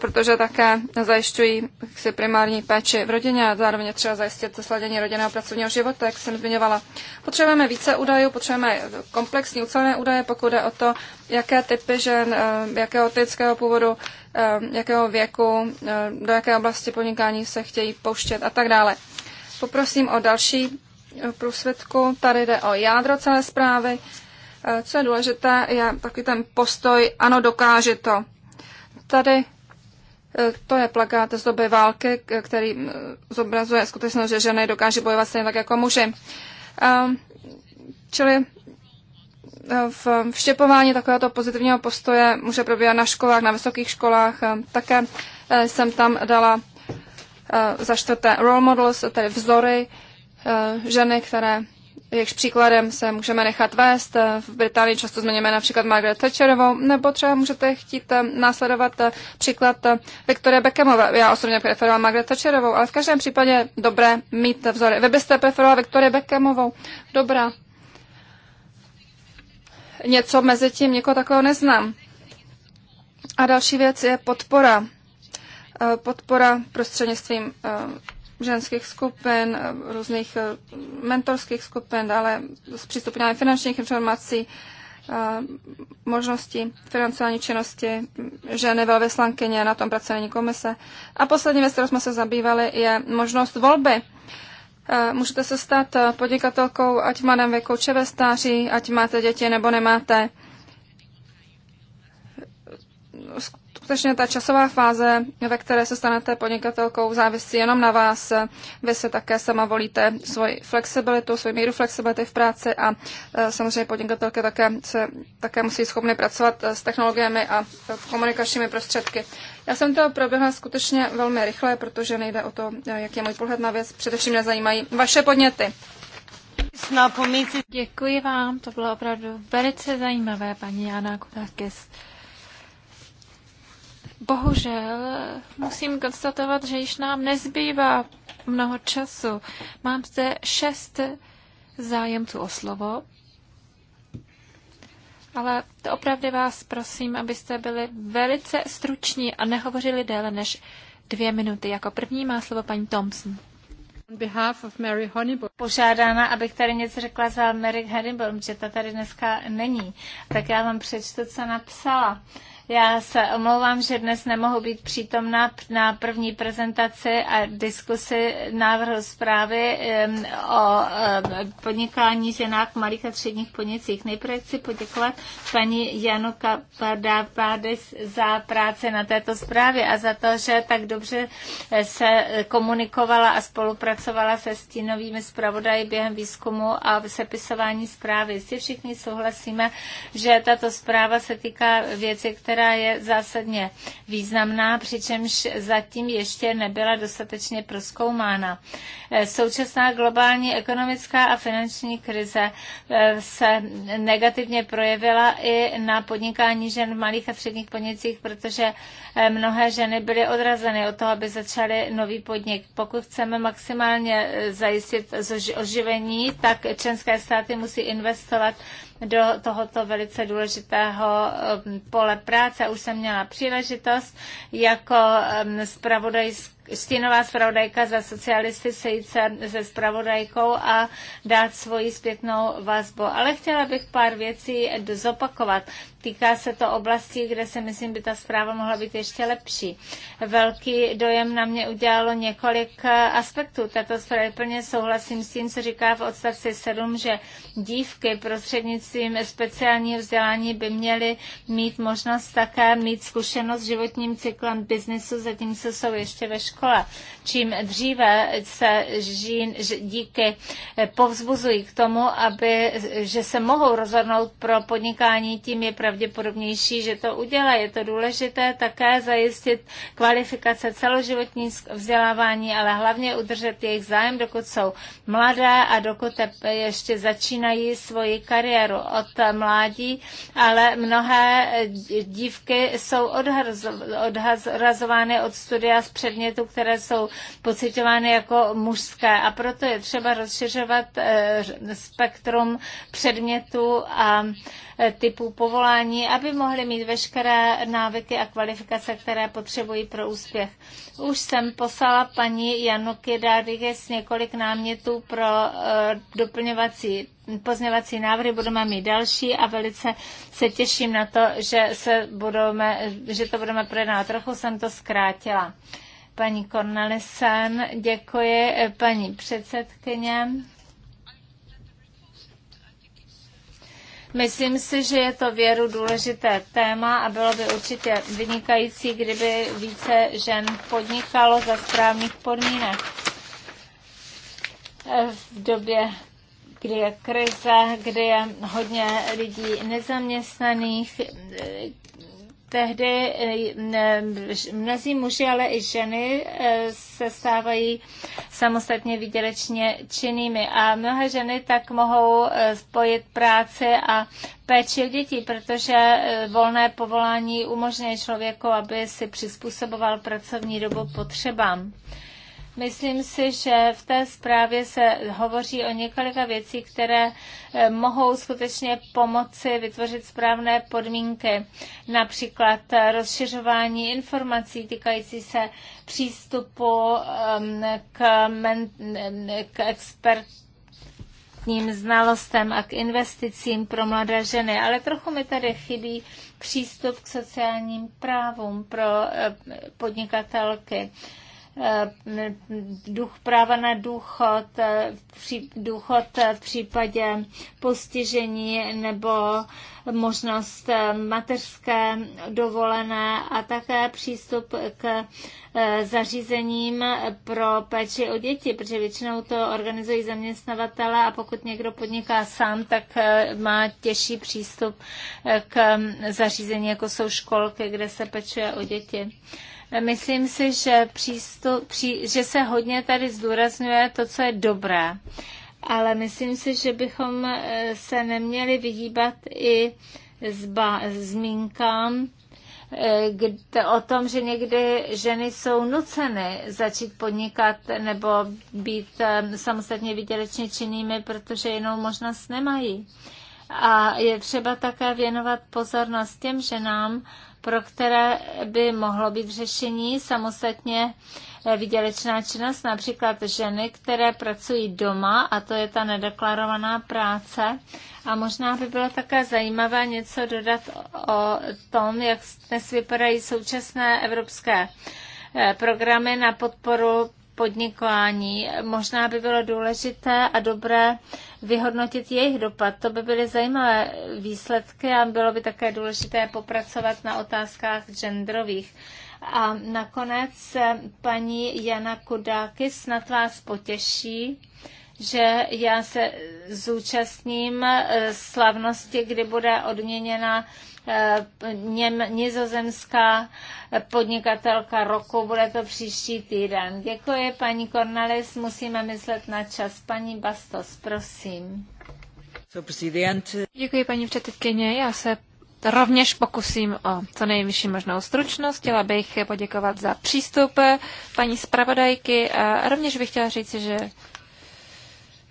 protože také zajišťují si primární péči v rodině a zároveň třeba zajistit sladění rodinného a pracovního života, jak jsem zmiňovala. Potřebujeme více údajů, potřebujeme komplexní ucelené údaje, pokud jde o to, jaké typy žen, eh, jakého otického původu, Eh, jakého věku, eh, do jaké oblasti podnikání se chtějí pouštět a tak dále. Poprosím o další eh, průsvědku. Tady jde o jádro celé zprávy. Co je důležité, je takový ten postoj, ano, dokáže to. Tady to je plakát z doby války, který zobrazuje skutečnost, že ženy dokáže bojovat stejně tak jako muži. Čili v vštěpování takovéto pozitivního postoje může probíhat na školách, na vysokých školách. Ehm, také eh, jsem tam dala eh, za čtvrté role models, tedy vzory eh, ženy, které jejichž příkladem se můžeme nechat vést. V Británii často zmiňujeme například Margaret Thatcherovou, nebo třeba můžete chtít následovat příklad Viktorie Beckhamové. Já osobně preferovala Margaret Thatcherovou, ale v každém případě dobré mít vzory. Vy byste preferovala Viktorie Beckhamovou. Dobrá, něco mezi tím, někoho takového neznám. A další věc je podpora. Eh, podpora prostřednictvím eh, ženských skupin, eh, různých mentorských skupin, ale zpřístupňování finančních informací, možnosti financování činnosti hm, ženy velvyslankyně, na tom pracuje komise. A poslední věc, kterou jsme se zabývali, je možnost volby Eh, můžete se stát eh, podnikatelkou, ať v mladém věku, či ve stáří, ať máte děti nebo nemáte skutečně ta časová fáze, ve které se stanete podnikatelkou, závisí jenom na vás. Vy se také sama volíte svoji flexibilitu, svoji míru flexibility v práci a e, samozřejmě podnikatelky také, se, také musí schopny pracovat e, s technologiemi a e, komunikačními prostředky. Já jsem to proběhla skutečně velmi rychle, protože nejde o to, jak je můj pohled na věc. Především mě zajímají vaše podněty. Děkuji vám, to bylo opravdu velice zajímavé, paní Jana Kutakis. Bohužel musím konstatovat, že již nám nezbývá mnoho času. Mám zde šest zájemců o slovo, ale to opravdu vás prosím, abyste byli velice struční a nehovořili déle než dvě minuty. Jako první má slovo paní Thompson. Požádána, abych tady něco řekla za Mary Honeyball, že ta tady dneska není. Tak já vám přečtu, co napsala. Uh, já se omlouvám, že dnes nemohu být přítomna na první prezentaci a diskusi návrhu zprávy o podnikání ženách malých a středních podnicích. Nejprve chci poděkovat paní Janu Kapadávádes za práci na této zprávě a za to, že tak dobře eh, se komunikovala a spolupracovala se stínovými zpravodaji během výzkumu a sepisování zprávy. Jistě všichni souhlasíme, že tato zpráva se týká věci, které která je zásadně významná, přičemž zatím ještě nebyla dostatečně proskoumána. Eh, současná globální ekonomická a finanční krize eh, se negativně projevila i na podnikání žen v malých a středních podnicích, protože eh, mnohé ženy byly odrazeny od toho, aby začaly nový podnik. Pokud chceme maximálně zajistit oživení, tak členské státy musí investovat do tohoto velice důležitého um, pole práce. Už jsem měla příležitost jako spravodajská um, stínová zpravodajka za socialisty sejít se se zpravodajkou a dát svoji zpětnou vazbu. Ale chtěla bych pár věcí zopakovat. Týká se to oblasti, kde se myslím, by ta zpráva mohla být ještě lepší. Velký dojem na mě udělalo několik aspektů. Tato zpráva plně souhlasím s tím, co říká v odstavci 7, že dívky prostřednictvím speciálního vzdělání by měly mít možnost také mít zkušenost s životním cyklem biznesu, zatímco jsou ještě ve škole škole. Čím dříve se žín, díky povzbuzují k tomu, aby, že se mohou rozhodnout pro podnikání, tím je pravděpodobnější, že to udělá. Je to důležité také zajistit kvalifikace celoživotní vzdělávání, ale hlavně udržet jejich zájem, dokud jsou mladé a dokud ještě začínají svoji kariéru od mládí, ale mnohé dívky jsou odhazovány od studia z předmětu států, které jsou pocitovány jako mužské. A proto je třeba rozšiřovat eh, spektrum předmětů a eh, typů povolání, aby mohli mít veškeré návyky a kvalifikace, které potřebují pro úspěch. Už jsem poslala paní Janoky Dádiges několik námětů pro eh, doplňovací pozněvací návrhy, budeme mít další a velice se těším na to, že, se budeme, že to budeme projednávat. Trochu jsem to zkrátila paní Cornelisen, děkuji paní předsedkyně. Myslím si, že je to věru důležité téma a bylo by určitě vynikající, kdyby více žen podnikalo za správných podmínek. V době, kdy je krize, kdy je hodně lidí nezaměstnaných, tehdy eh, mnozí muži, ale i ženy eh, se stávají samostatně výdělečně činnými a mnohé ženy tak mohou eh, spojit práci a péči o děti, protože volné povolání umožňuje člověku, aby si přizpůsoboval pracovní dobu potřebám. Myslím si, že v té zprávě se hovoří o několika věcí, které eh, mohou skutečně pomoci vytvořit správné podmínky, například eh, rozšiřování informací týkající se přístupu ehm, k, men, ehm, k expert znalostem a k investicím pro mladé ženy, ale trochu mi tady chybí přístup k sociálním právům pro eh, podnikatelky. Eh, duch, práva na důchod, eh, důchod eh, v případě postižení nebo možnost mateřské dovolené a také přístup k zařízením pro péči o děti, protože většinou to organizují zaměstnavatele a pokud někdo podniká sám, tak má těžší přístup k zařízení, jako jsou školky, kde se pečuje o děti. Myslím si, že, přístup, pří, že se hodně tady zdůrazňuje to, co je dobré, ale myslím si, že bychom eh, se neměli vyhýbat i zba, zmínkám eh, o tom, že někdy ženy jsou nuceny začít podnikat nebo být eh, samostatně výdělečně činnými, protože jinou možnost nemají. A je třeba také věnovat pozornost těm ženám, pro které by mohlo být řešení samostatně eh, vydělečná činnost, například ženy, které pracují doma, a to je ta nedeklarovaná práce. A možná by bylo také zajímavé něco dodat o tom, jak dnes vypadají současné evropské eh, programy na podporu podnikání. Možná by bylo důležité a dobré vyhodnotit jejich dopad. To by byly zajímavé výsledky a bylo by také důležité popracovat na otázkách genderových. A nakonec eh, paní Jana Kudáky snad vás potěší, že já se zúčastním eh, slavnosti, kdy bude odměněna eh, nizozemská podnikatelka roku. Bude to příští týden. Děkuji, paní Cornelis. Musíme myslet na čas. Paní Bastos, prosím. Eh, Děkuji, paní předsedkyně. Já se rovněž pokusím o co nejvyšší možnou stručnost. Chtěla bych poděkovat za přístup paní zpravodajky a rovněž bych chtěla říct, že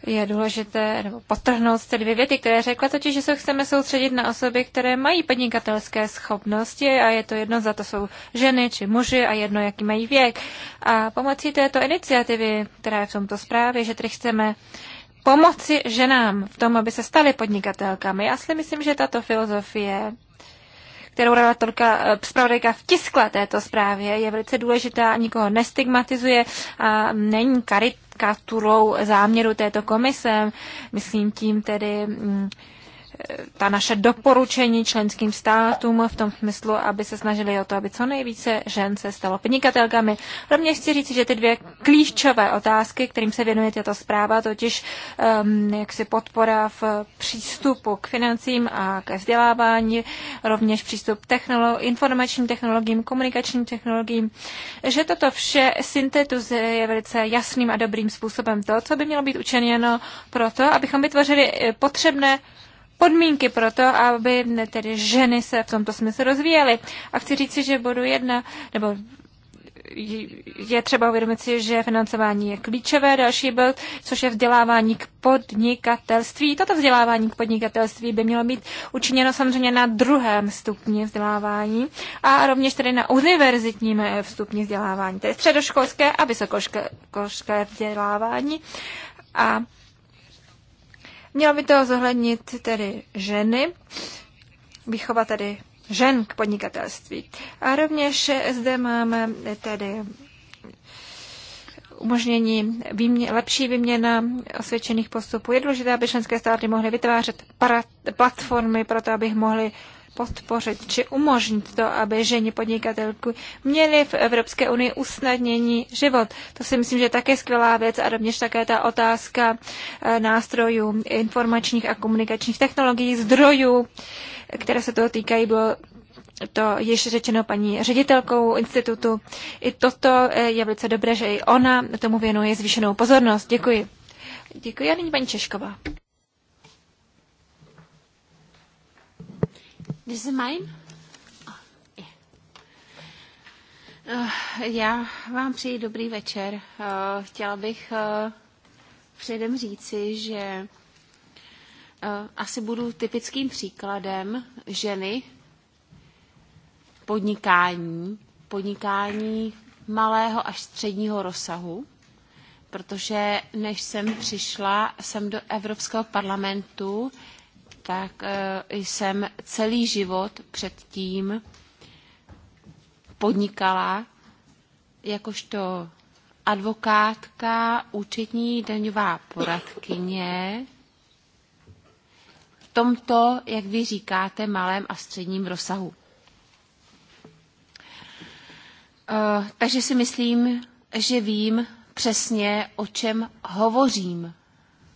je důležité nebo potrhnout ty dvě věty, které řekla, totiž, že se chceme soustředit na osoby, které mají podnikatelské schopnosti a je to jedno, za to jsou ženy či muži a jedno, jaký mají věk. A pomocí této iniciativy, která je v tomto zprávě, že tedy chceme pomoci ženám v tom, aby se staly podnikatelkami. Já si myslím, že tato filozofie kterou relatorka eh, zpravodajka vtiskla této zprávě, je velice důležitá, nikoho nestigmatizuje a není karit, karturou záměru této komise. Myslím tím tedy mm, Eh, ta naše doporučení členským státům v tom smyslu, aby se snažili o to, aby co nejvíce žen se stalo podnikatelkami. Rovněž chci říct, že ty dvě klíčové otázky, kterým se věnuje tato zpráva, totiž um, ehm, jak si podpora v přístupu k financím a ke vzdělávání, rovněž přístup technolo- informačním technologiím, komunikačním technologiím, že toto vše syntetizuje velice jasným a dobrým způsobem to, co by mělo být učiněno proto, abychom vytvořili eh, potřebné podmínky pro to, aby tedy ženy se v tomto smyslu rozvíjely. A chci říct si, že bodu jedna, nebo je třeba uvědomit si, že financování je klíčové. Další byl, což je vzdělávání k podnikatelství. Toto vzdělávání k podnikatelství by mělo být učiněno samozřejmě na druhém stupni vzdělávání a rovněž tedy na univerzitním eh, stupni vzdělávání, tedy středoškolské a vysokoškolské vzdělávání. A Mělo by to zohlednit tedy ženy, výchova tedy žen k podnikatelství. A rovněž zde máme tedy umožnění výmě, lepší výměna osvědčených postupů. Je důležité, aby členské státy mohly vytvářet platformy pro to, aby mohly podpořit či umožnit to, aby ženy podnikatelky měly v Evropské unii usnadnění život. To si myslím, že je také skvělá věc a rovněž také ta otázka eh, nástrojů informačních a komunikačních technologií, zdrojů, které se toho týkají, bylo to již řečeno paní ředitelkou institutu. I toto eh, je velice dobré, že i ona tomu věnuje zvýšenou pozornost. Děkuji. Děkuji a nyní paní Češková. This is uh, já vám přeji dobrý večer. Uh, chtěla bych uh, předem říci, že asi budu typickým příkladem ženy podnikání, podnikání malého až středního rozsahu, protože než jsem přišla sem do Evropského parlamentu, tak e, jsem celý život předtím podnikala jakožto advokátka, účetní daňová poradkyně v tomto, jak vy říkáte, malém a středním rozsahu. E, takže si myslím, že vím přesně, o čem hovořím,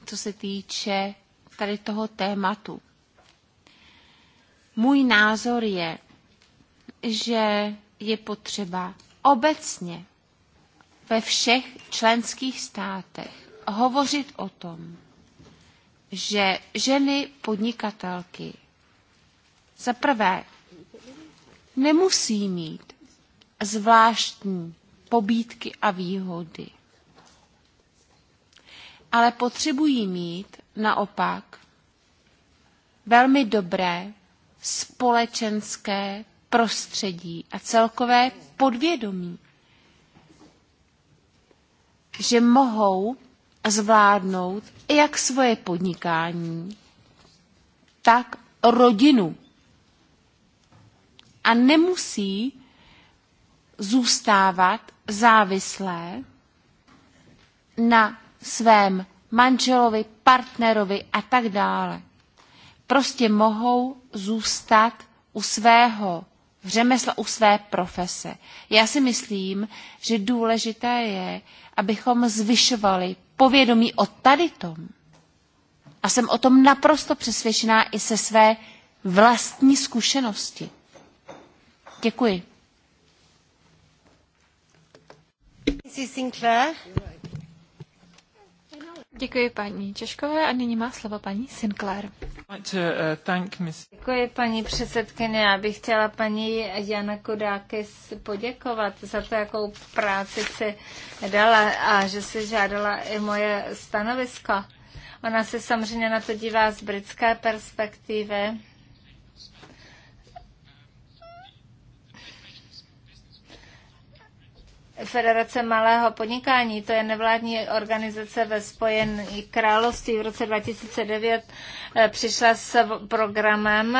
co se týče tady toho tématu. Můj názor je, že je potřeba obecně ve všech členských státech hovořit o tom, že ženy podnikatelky za prvé nemusí mít zvláštní pobídky a výhody, ale potřebují mít naopak velmi dobré společenské prostředí a celkové podvědomí, že mohou zvládnout jak svoje podnikání, tak rodinu. A nemusí zůstávat závislé na svém manželovi, partnerovi a tak dále. Prostě mohou zůstat u svého řemesla, u své profese. Já si myslím, že důležité je, abychom zvyšovali povědomí o tady tom. A jsem o tom naprosto přesvědčená i se své vlastní zkušenosti. Děkuji. Mrs. Sinclair. Děkuji paní Češkové a nyní má slovo paní Sinclair. Eh, Děkuji paní předsedkyně. Já bych chtěla paní Jana Kodákis poděkovat za to, jakou práci si dala a že si žádala i moje stanovisko. Ona se samozřejmě na to dívá z britské perspektivy Federace malého podnikání, to je nevládní organizace ve Spojené království v roce 2009, eh, přišla s programem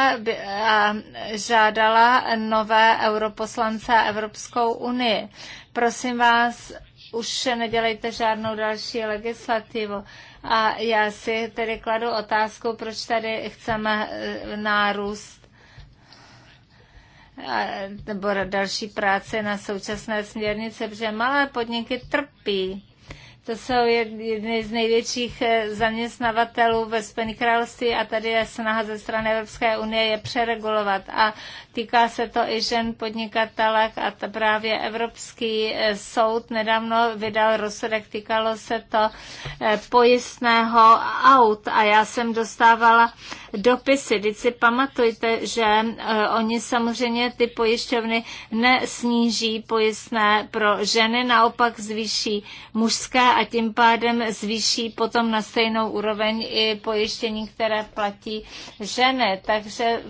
a žádala nové europoslance a Evropskou unii. Prosím vás, už nedělejte žádnou další legislativu. A já si tedy kladu otázku, proč tady chceme eh, nárůst nebo další práce na současné směrnice, protože malé podniky trpí. To jsou jedny z největších eh, zaměstnavatelů ve Spojené království a tady je snaha ze strany Evropské unie je přeregulovat. A týká se to i žen podnikatelek a to právě Evropský eh, soud nedávno vydal rozsudek, týkalo se to eh, pojistného aut a já jsem dostávala dopisy. Vždyť si pamatujte, že e, oni samozřejmě ty pojišťovny nesníží pojistné pro ženy, naopak zvýší mužské a tím pádem zvýší potom na stejnou úroveň i pojištění, které platí ženy. Takže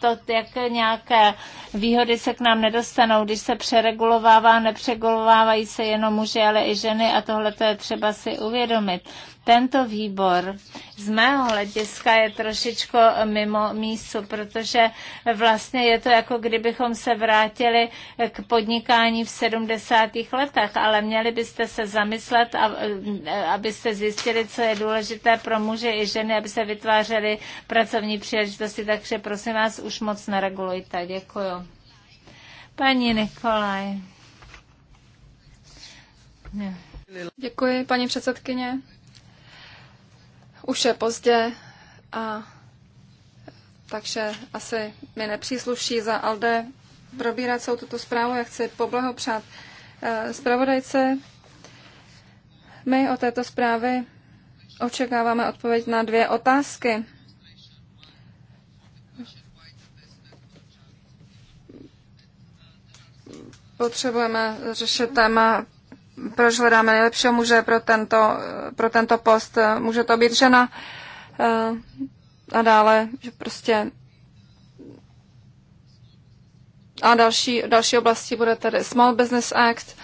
to jak nějaké výhody se k nám nedostanou, když se přeregulovává, nepřeregulovávají se jenom muži, ale i ženy a tohle to je třeba si uvědomit tento výbor z mého hlediska je trošičku mimo mísu, protože vlastně je to jako kdybychom se vrátili k podnikání v 70. letech, ale měli byste se zamyslet, eh, abyste zjistili, co je důležité pro muže i ženy, aby se vytvářely pracovní příležitosti, takže prosím vás, už moc neregulujte. Děkuju. Paní Nikolaj. Děkuji, paní předsedkyně. Už je pozdě a takže asi mi nepřísluší za Alde probírat celou tuto zprávu. Já chci poblahopřát eh, zpravodajce. My o této zprávy očekáváme odpověď na dvě otázky. Potřebujeme řešit téma proč hledáme nejlepšího muže pro tento, pro tento post. Může to být žena eh, a dále, že prostě a další, další oblasti bude tedy Small Business Act,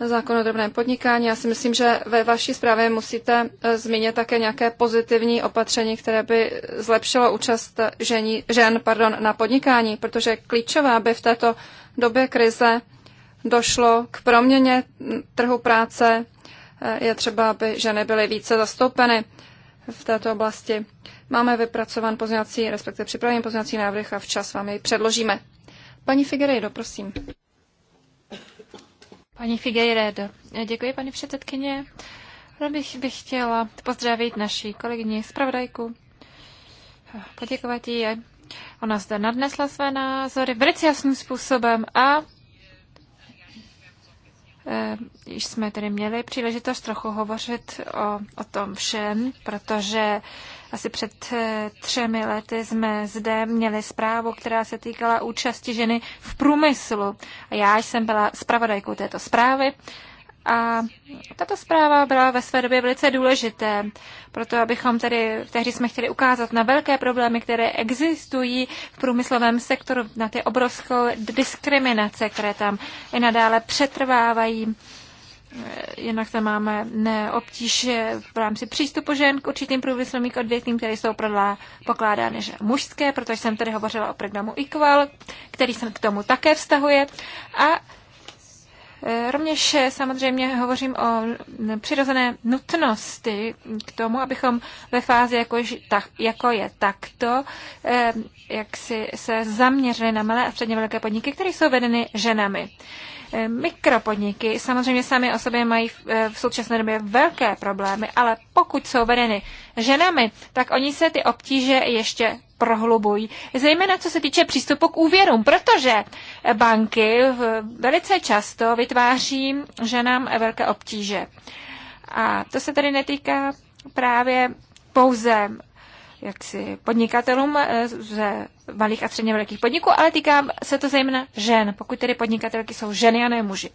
zákon o drobném podnikání. Já si myslím, že ve vaší zprávě musíte eh, zmínit také nějaké pozitivní opatření, které by zlepšilo účast žení, žen pardon, na podnikání, protože klíčová by v této době krize došlo k proměně trhu práce. Je třeba, aby ženy byly více zastoupeny v této oblasti. Máme vypracovan pozněvací, respektive připravený pozněvací návrh a včas vám jej předložíme. Paní Figueiredo, prosím. Paní Figueiredo, děkuji, paní předsedkyně. bych, bych chtěla pozdravit naší kolegyni zpravodajku, poděkovat jí. Ona zde nadnesla své názory velice jasným způsobem a Eh, již jsme tedy měli příležitost trochu hovořit o, o tom všem, protože asi před eh, třemi lety jsme zde měli zprávu, která se týkala účasti ženy v průmyslu. A já jsem byla zpravodajkou této zprávy. A tato zpráva byla ve své době velice důležité, proto abychom tedy, tehdy jsme chtěli ukázat na velké problémy, které existují v průmyslovém sektoru, na ty obrovskou diskriminace, které tam i nadále přetrvávají. Eh, Jinak tam máme obtíž eh, v rámci přístupu žen k určitým průmyslovým odvětvím, které jsou prodlá, pokládány že mužské, protože jsem tady hovořila o programu Equal, který se k tomu také vztahuje. A Eh, rovněž eh, samozřejmě hovořím o přirozené nutnosti k tomu, abychom ve fázi, jako, jako je takto, eh, jak si se zaměřili na malé a středně velké podniky, které jsou vedeny ženami. Eh, mikropodniky samozřejmě sami o sobě mají eh, v současné době velké problémy, ale pokud jsou vedeny ženami, tak oni se ty obtíže ještě prohlubují. Zejména co se týče přístupu k úvěrům, protože banky velice často vytváří ženám velké obtíže. A to se tedy netýká právě pouze jaksi podnikatelům eh, ze malých a středně velkých podniků, ale týká se to zejména žen, pokud tedy podnikatelky jsou ženy a ne muži.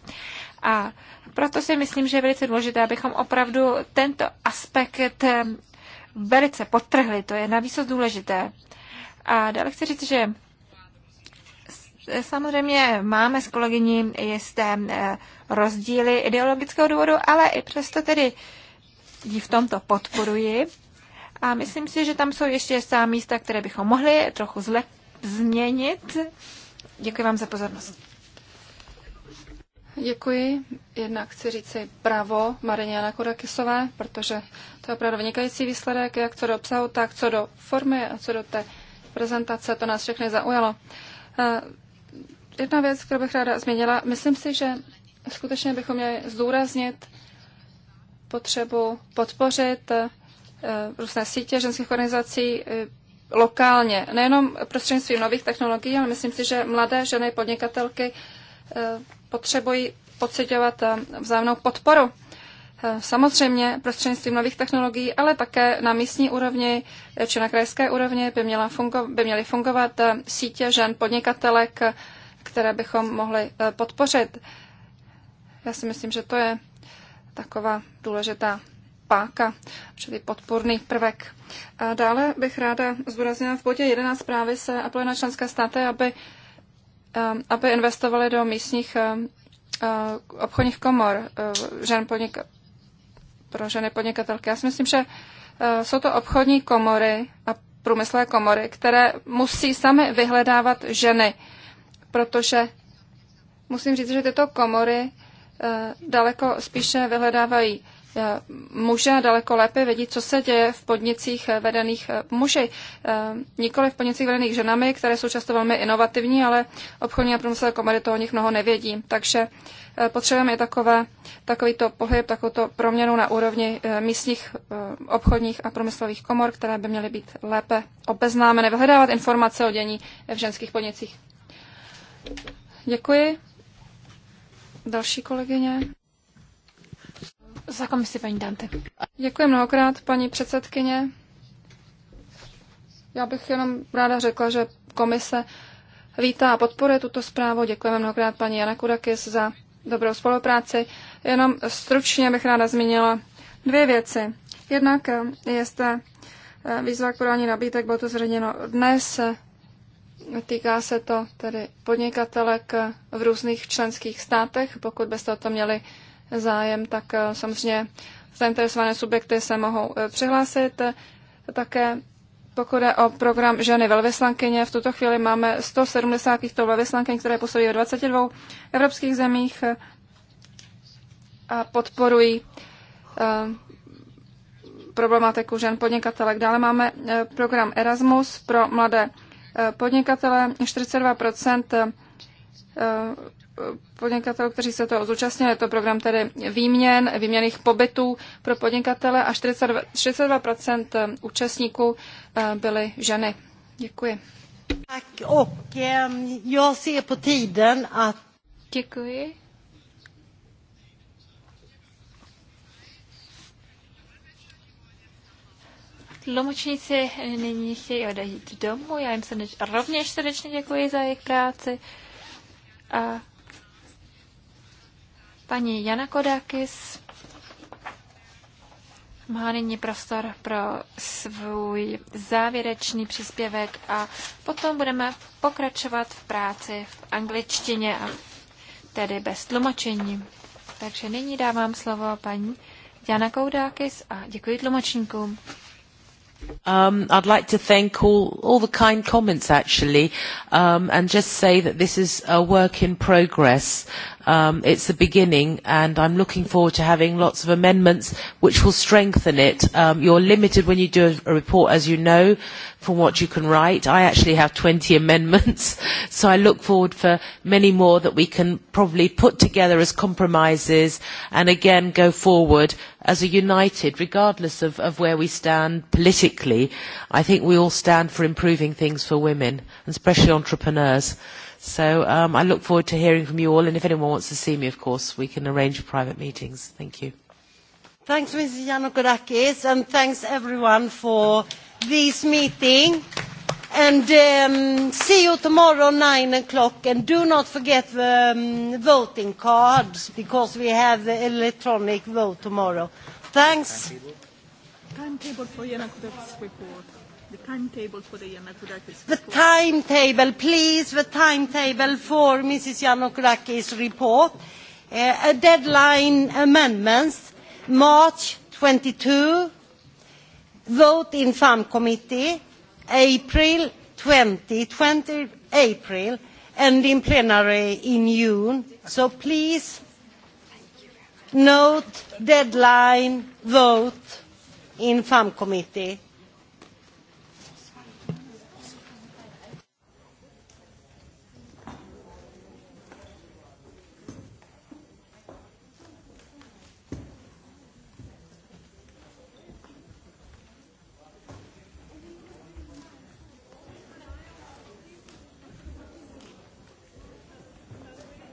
A proto si myslím, že je velice důležité, abychom opravdu tento aspekt eh, velice potrhli. to je navíc důležité. A dále chci říct, že eh, samozřejmě máme s kolegyní jisté rozdíly ideologického důvodu, ale i přesto tedy ji v tomto podporuji a myslím si, že tam jsou ještě stá místa, které bychom mohli trochu zle změnit. Děkuji vám za pozornost. Děkuji. Jednak chci říci bravo Mariana Kodakisové, protože to je opravdu vynikající výsledek, jak co do obsahu, tak co do formy a co do té prezentace. To nás všechny zaujalo. Eh, jedna věc, kterou bych ráda změnila, myslím si, že skutečně bychom měli zdůraznit potřebu podpořit Eh, různé sítě ženských organizací eh, lokálně, nejenom prostřednictvím nových technologií, ale myslím si, že mladé ženy podnikatelky eh, potřebují pocitovat vzájemnou podporu. Samozřejmě prostřednictvím nových technologií, ale také na místní úrovni či na krajské úrovni by, měla fungo- by měly fungovat sítě žen podnikatelek, které bychom mohli podpořit. Já si myslím, že to je taková důležitá páka, čili podporný prvek. A dále bych ráda zdůraznila v bodě 11 zprávy se apeluje na členské státy, aby, um, aby investovali do místních um, uh, obchodních komor uh, žen podnik, pro ženy podnikatelky. Já si myslím, že uh, jsou to obchodní komory a průmyslové komory, které musí sami vyhledávat ženy, protože musím říct, že tyto komory daleko spíše vyhledávají Eh, muže daleko lépe vědí, co se děje v podnicích eh, vedených eh, muži. Nikoli v podnicích vedených ženami, které jsou často velmi inovativní, ale obchodní a průmyslové komory to o nich mnoho nevědí. Takže potřebujeme je takové, takovýto pohyb, takovouto proměnu na úrovni místních obchodních a průmyslových komor, které by měly být lépe obeznámeny, vyhledávat informace o dění v ženských podnicích. Děkuji. Další kolegyně. Za komisi paní Dante. Děkuji mnohokrát, paní předsedkyně. Já bych jenom ráda řekla, že komise vítá a podporuje tuto zprávu. Děkujeme mnohokrát paní Jana Kudakis za dobrou spolupráci. Jenom stručně bych ráda zmínila dvě věci. Jednak je zde eh, výzva k podání nabídek, bylo to zředěno dnes. Týká se to tedy podnikatelek v různých členských státech. Pokud byste o tom měli zájem, tak eh, samozřejmě zainteresované subjekty se mohou eh, přihlásit. Také pokud je o program ženy velvyslankyně, v tuto chvíli máme 170 těchto velvyslankyň, které působí v 22 evropských zemích eh, a podporují problematiku žen podnikatelek. Dále máme program Erasmus pro mladé podnikatele. 42 podnikatelů, kteří se toho zúčastnili. Je to program tedy výměn, výměných pobytů pro podnikatele a 42, eh, účastníků eh, byly ženy. Děkuji. Tak, och ehm, jag ser po tiden att... Děkuji. Tlumočníci nyní chtějí odejít domů. Já jim se rovněž srdečně děkuji za jejich práci. A Paní Jana Kodakis má nyní prostor pro svůj závěrečný příspěvek a potom budeme pokračovat v práci v angličtině a tedy bez tlumočení. Takže nyní dávám slovo paní Jana Koudákis a děkuji tlumočníkům. Um, I'd like to thank all, all the kind comments, actually, um, and just say that this is a work in progress. Um, it's the beginning, and I'm looking forward to having lots of amendments which will strengthen it. Um, you're limited when you do a, a report, as you know, from what you can write. I actually have 20 amendments, so I look forward for many more that we can probably put together as compromises and again go forward as a united, regardless of, of where we stand politically, I think we all stand for improving things for women, and especially entrepreneurs. So um, I look forward to hearing from you all, and if anyone wants to see me, of course, we can arrange private meetings. Thank you. Thanks, Mrs. Yanokorakis, and thanks everyone for this meeting. And um, see you tomorrow, 9 o'clock. And do not forget the um, voting cards, because we have the electronic vote tomorrow. Thanks. Timetable for Yanakudakis report. The timetable for the Yanakudakis report. The timetable, please, the timetable for Mrs. Yanakudakis report. Uh, a deadline amendments, March 22, vote in farm committee, April 20, 20 April, and in plenary in June. So please note deadline vote in FAM committee.